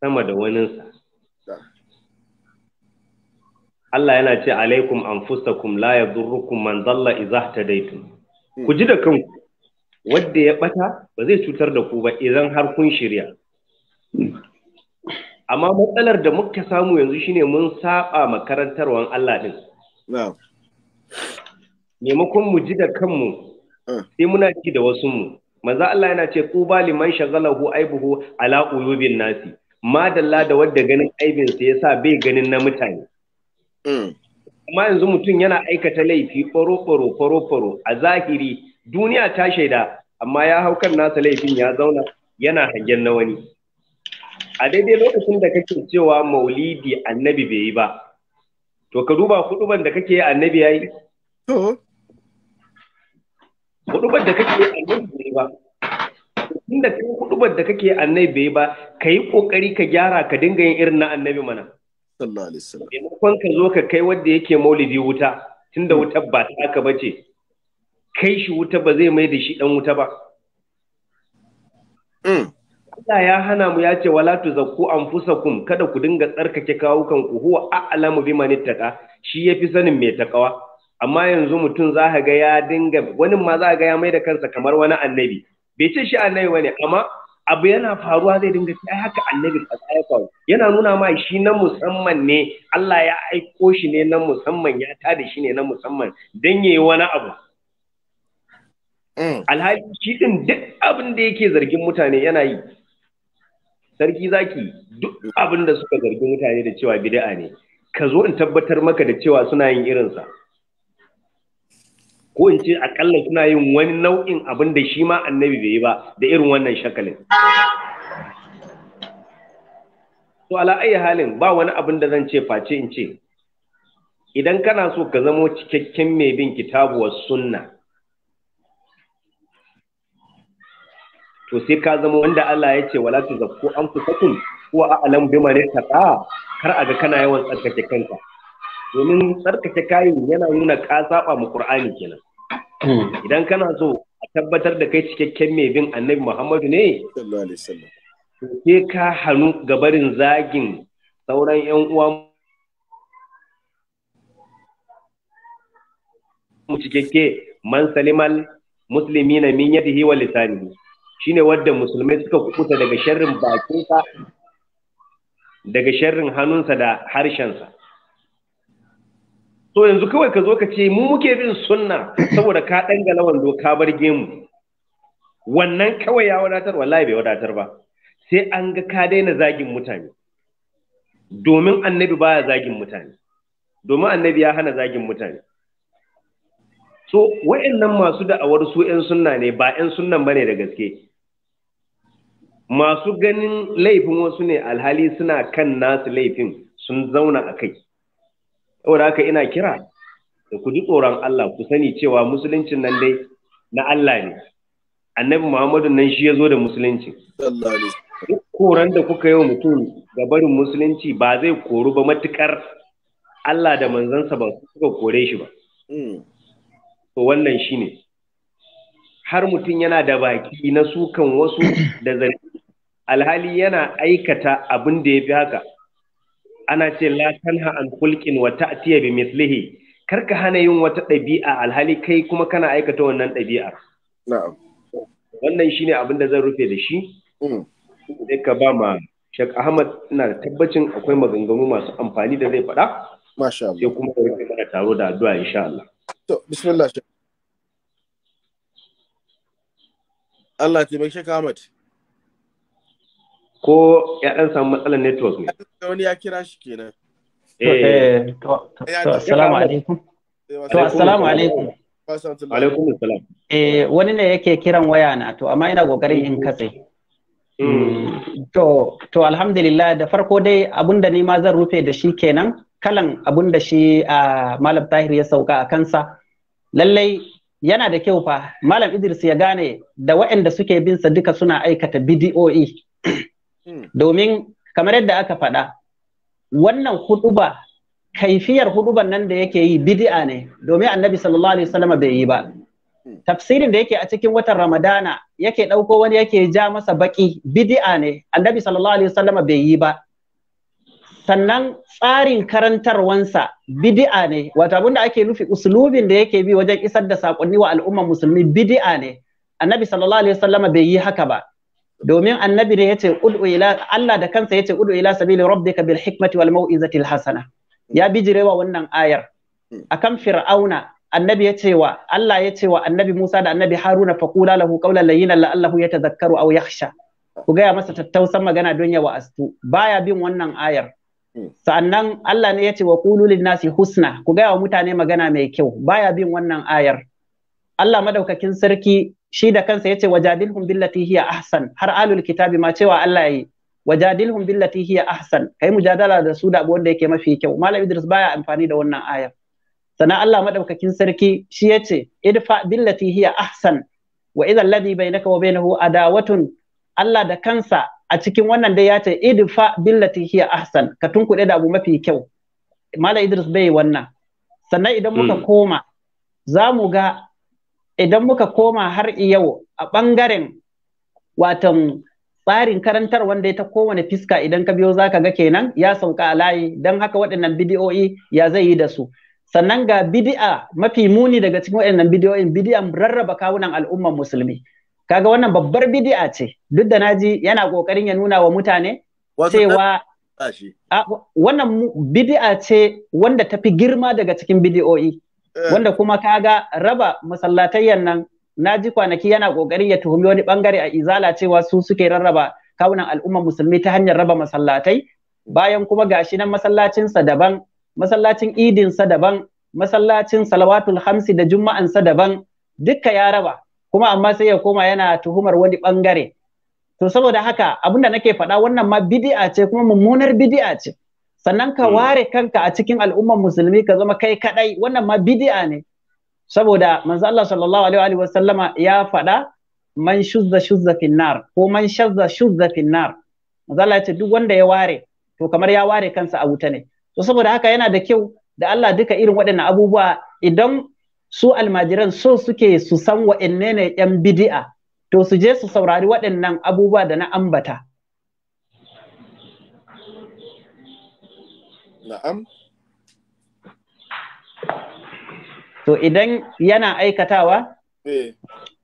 Speaker 3: sama da waninsa Allah yana ce alaikum anfusakum la yadurrukum man dalla idza tadaitum hmm. ku ji da kanku wanda ya bata ba zai cutar da ku ba idan har kun shirya amma matsalar da muka samu yanzu shine mun saba makarantarwan Allah din maimakon mu ji da kanmu hmm. sai muna ci da wasu mu manzo Allah yana ce tuba liman shagalahu aibuhu ala uyubin nasi madalla da wadda ganin aibinsa ya sa bai ganin na mutane. Mm. Amma yanzu mutum yana aikata laifi faro-faro faro-faro a zahiri duniya ta shaida amma ya hau kan nasa laifin ya zauna yana hangen na wani. A daidai lokacin da kake cewa maulidi annabi bai yi ba, to ka duba kuɗuban da kake annabi ya yi? Kuɗuban da kake annabi bai yi ba. inda kai kudubar da kake annabi bai ba kai kokari ka gyara ka dinga yin irin na annabi mana sallallahu ka zo ka kai wanda yake maulidi wuta tunda hmm. wutar ba ta aka bace kai shi wuta ba zai mai da shi dan wuta ba hmm. Allah ya hana mu ya ce wala zakku anfusakum kada ku dinga tsarkake kawukan ku huwa a'lamu biman ittaqa shi yafi sanin mai takawa amma yanzu mutum za ka ga ya dinga wani ma za ga ya mai da kansa kamar wani annabi bai ce shi annabi ne, amma abu yana faruwa zai dinga ta haka annabi kaza ya faru yana nuna ma shi na musamman ne Allah ya aiko shi ne na musamman ya tada shi ne na musamman dan yayi wani abu mm. alhali shi din duk abin da yake zargin mutane yana yi sarki zaki duk abin da suka zargi mutane da cewa bid'a ne ka zo in tabbatar maka da cewa suna yin irinsa ko in ce akalla suna yin wani nau'in abin da shi ma annabi bai yi ba da irin wannan shakalin to ala ayi halin ba wani abin da zan ce face in ce idan kana so ka zamo cikakken mai bin kitabu sunna to sai ka zama wanda Allah ya ce wala tuzakku anfusakum huwa a'lamu bima taqa kar a ga kana yawan tsarkake kanka domin tsarkake kayan yana nuna ka saba mu Qur'ani kenan idan kana so a tabbatar da kai cikakken mai bin annabi Muhammadu ne sai ka hannu ga barin zagin sauran 'yan uwa mu cikakke man salimal musulmi na min yadihi wa Shi shine wadda musulmai suka kukuta daga sharrin bakinsa daga sharrin hannunsa da harshensa To yanzu kawai ka zo ka ce mu muke bin sunna saboda ka dangana wando ka bar gemu wannan kawai ya wadatar wallahi bai wadatar ba sai an ga ka daina zagin mutane domin annabi baya zagin mutane domin annabi ya hana zagin mutane so wa'annan masu da'awar su 'yan sunna ne ba 'yan sunnan bane da gaske masu ganin laifin wasu ne alhali suna kan nasu laifin sun zauna a kai saboda haka ina kira da ku ji tsoron Allah ku sani cewa musuluncin nan dai na Allah ne annabi Muhammadu nan shi ya zo da musulunci duk koran da kuka yi wa mutum ga barin musulunci ba zai koru ba matukar Allah da manzansa ba suka kore shi ba hmm. to wannan shi ne. har mutum yana da baki na sukan wasu da zargi alhali yana aikata abin da ya fi haka ana ce la tanha an kulkin wa ta'tiya bi mithlihi karka hana yin wata ɗabi'a alhali kai kuma kana aikata wannan ɗabi'ar na'am wannan shine abin da zan rufe da shi mm. sai ka ba ma Sheikh Ahmad ina da tabbacin akwai maganganu masu amfani da zai faɗa masha Allah sai kuma rufe mana taro da addu'a insha Allah to bismillah
Speaker 1: Allah ya taimake Sheikh Ahmad
Speaker 3: ko ya dan samu matsalar network ne
Speaker 1: wani ya kira shi kenan
Speaker 3: eh to
Speaker 1: eh, assalamu alaikum eh, to assalamu alaikum alaikum
Speaker 2: assalam eh wani ne yake kiran waya na to amma ina kokarin in katse mm. Mm, to to alhamdulillah da farko dai abinda ni ma zan rufe da shi kenan kalan abun da shi a malam tahir ya sauka a kansa lallai yana da kyau fa malam idris ya gane da waɗanda suke bin sa duka suna aikata bidi'o'i domin kamar yadda aka faɗa wannan huɗuba, kaifiyar huduban nan da yake yi bid'a ne domin annabi sallallahu alaihi wasallam bai yi ba tafsirin da yake a cikin watan ramadana yake ɗauko wani yake ja masa baki bid'a ne annabi sallallahu alaihi wasallam bai yi ba sannan tsarin karantarwansa bid'a ne wato abin da ake nufi uslubin da yake bi wajen isar da sakonni wa al'umman musulmi bid'a ne annabi sallallahu alaihi wasallam bai yi haka ba domin annabi ne yace ud'u ila Allah da kansa yace ud'u ila sabili rabbika bil hikmati wal mau'izati al hasana ya bijirewa wannan ayar akan fir'auna annabi ya ce wa Allah ya ce wa annabi Musa da annabi Haruna faqula lahu qawlan layyinan la'allahu yatadhakkaru aw yakhsha ku gaya masa tattausan magana don ya wa'astu baya bin wannan ayar hmm. sannan Allah ne ya ce wa qulu nasi husna ku gaya wa mutane magana mai kyau baya bin wannan ayar Allah madaukakin sarki shi da kansa yace wajadilhum billati hiya ahsan har alul kitabi ma cewa Allah yi wajadilhum billati hiya ahsan kai mujadala da su da abu wanda yake mafi kyau malam Idris baya amfani da wannan aya sana Allah madaukakin sarki shi yace idfa billati hiya ahsan wa idha alladhi bainaka wa bainahu adawatun Allah da kansa a cikin wannan dai yace ce idfa billati hiya ahsan ka tunkuɗe da abu mafi kyau malam Idris bai wannan sannan idan muka hmm. koma za mu ga idan muka koma har yau a ɓangaren watan tsarin karantar wanda ya ta kowane fiska idan ka biyo zaka ga kenan ya sauka a layi don haka waɗannan bidiyoyi ya zai yi da su sannan ga bidi'a mafi muni daga cikin waɗannan bidiyoyin bidi'an rarraba kawunan al'ummar musulmi kaga wannan babbar bidi'a ce duk da naji yana ƙoƙarin ya nuna wa mutane cewa wannan bidi'a ce wanda ta fi girma daga cikin bidiyoyi Eh. wanda kuma kaga raba masallatayyan nan na ji kwanaki yana kokari ya tuhumi wani bangare a izala cewa su suke rarraba kawunan al'ummar musulmi ta hanyar raba masallatai bayan kuma gashi nan masallacinsa daban masallacin idinsa daban masallacin salawatul hamsi da juma'ansa daban dukka ya raba kuma amma sai ya koma yana tuhumar wani bangare to saboda haka abinda nake faɗa wannan ma bid'a ce kuma mummunar bid'a ce sannan ka hmm. ware kanka a cikin al'ummar musulmi ka zama kai kadai wannan ma bid'a ne saboda manzo Allah sallallahu alaihi wa sallama ya faɗa man shuzza shuzza nar ko man shazza shuzza nar manzo Allah ya ce duk wanda ya ware to kamar ya ware kansa a wuta ne to saboda haka yana da kyau da Allah duka irin waɗannan abubuwa idan su almajiran so suke su san waannene ne yan bid'a to su je su saurari waɗannan abubuwa da na ambata Na'am. To idan yana aikatawa? Eh.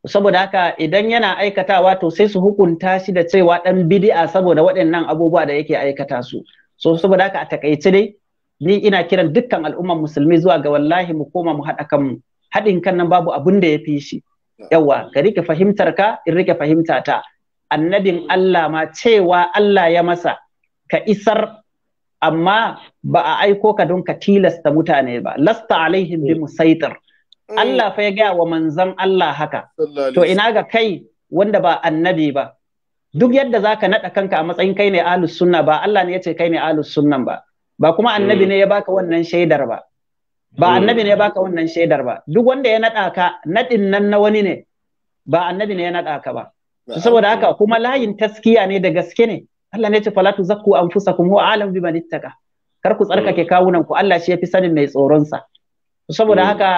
Speaker 2: Saboda haka idan yana aikatawa to sai su hukunta shi da cewa ɗan bidi'a saboda waɗannan abubuwa da yake aikata su. So saboda haka a takaice dai ni ina kiran dukkan al'ummar musulmi zuwa ga wallahi mu koma mu haɗa kanmu. Haɗin kan nan babu abun da ya fi shi. Yawwa, ka rike fahimtar ka, in rike fahimta ta. Annabin Allah ma cewa Allah ya masa ka isar amma ba a aiko ka don ka tilasta mutane ba lasta alaihim bi mm. musaitir mm. Allah fa ya gaya wa manzan Allah haka to ina ga kai wanda ba annabi ba duk yadda zaka naɗa kanka a matsayin kai ne ahlus sunna ba Allah ne ya ce kai ne ahlus sunnan ba ba kuma annabi mm. ne ya baka wannan shaidar ba ba annabi ne ya baka wannan shaidar ba duk wanda ya naɗa ka naɗin nan na wani ne ba annabi ne ya naɗa ka ba saboda haka kuma layin taskiya ne da gaske ne Allah ne ce fala zakku anfusakum huwa a'lamu biman ittaka kar ku tsarkake mm. kawunan ku Allah shi yafi sanin mai tsoron sa saboda mm. haka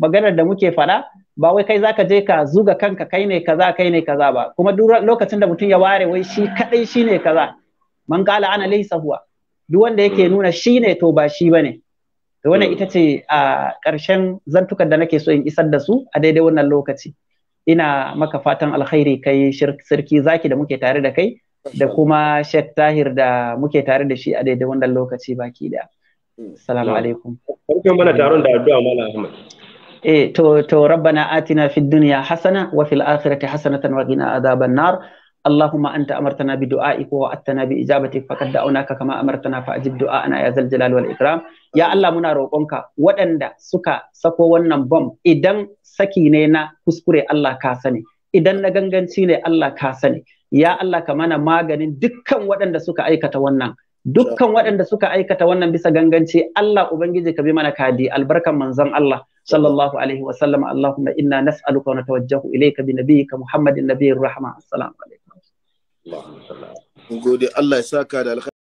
Speaker 2: maganar da muke fada ba wai kai zaka je ka zuga kanka kai ne kaza kai ne kaza ba kuma duk lokacin da mutum ya ware wai shi kadai shi ne kaza man qala ana laysa huwa duk wanda yake mm. nuna shi ne to ba shi bane to wannan ita ce a karshen zantukan da nake so in isar da su a daidai wannan lokaci ina maka fatan alkhairi kai sarki zaki da muke tare da kai da kuma Sheikh Tahir da muke tare da shi a daidai wannan lokaci baki da. Assalamu alaikum.
Speaker 9: Barkan mana taron da addu'a Malam Ahmad.
Speaker 2: Eh to to rabbana atina fid dunya hasana wa fil akhirati hasanatan wa qina adhaban nar. اللهم أنت أمرتنا بدعائك ووعدتنا بإجابتك فقد دعوناك كما ajib du'a دعاءنا يا ذا الجلال والإكرام يا الله منا roƙonka waɗanda suka sako wannan bomb idan saki ne na kuskure Allah ka sani idan na ganganci ne Allah ka sani ya Allah ka mana maganin dukkan waɗanda suka aikata wannan dukkan waɗanda suka aikata wannan bisa ganganci Allah ubangiji ka bi mana kadi albarkan manzon Allah sallallahu alaihi wa sallam Allahumma inna nas'aluka wa natawajjahu ilayka bi nabiyyika Muhammadin nabiyir rahma assalamu alaikum
Speaker 7: Allahumma sallallahu gode Allah ya saka da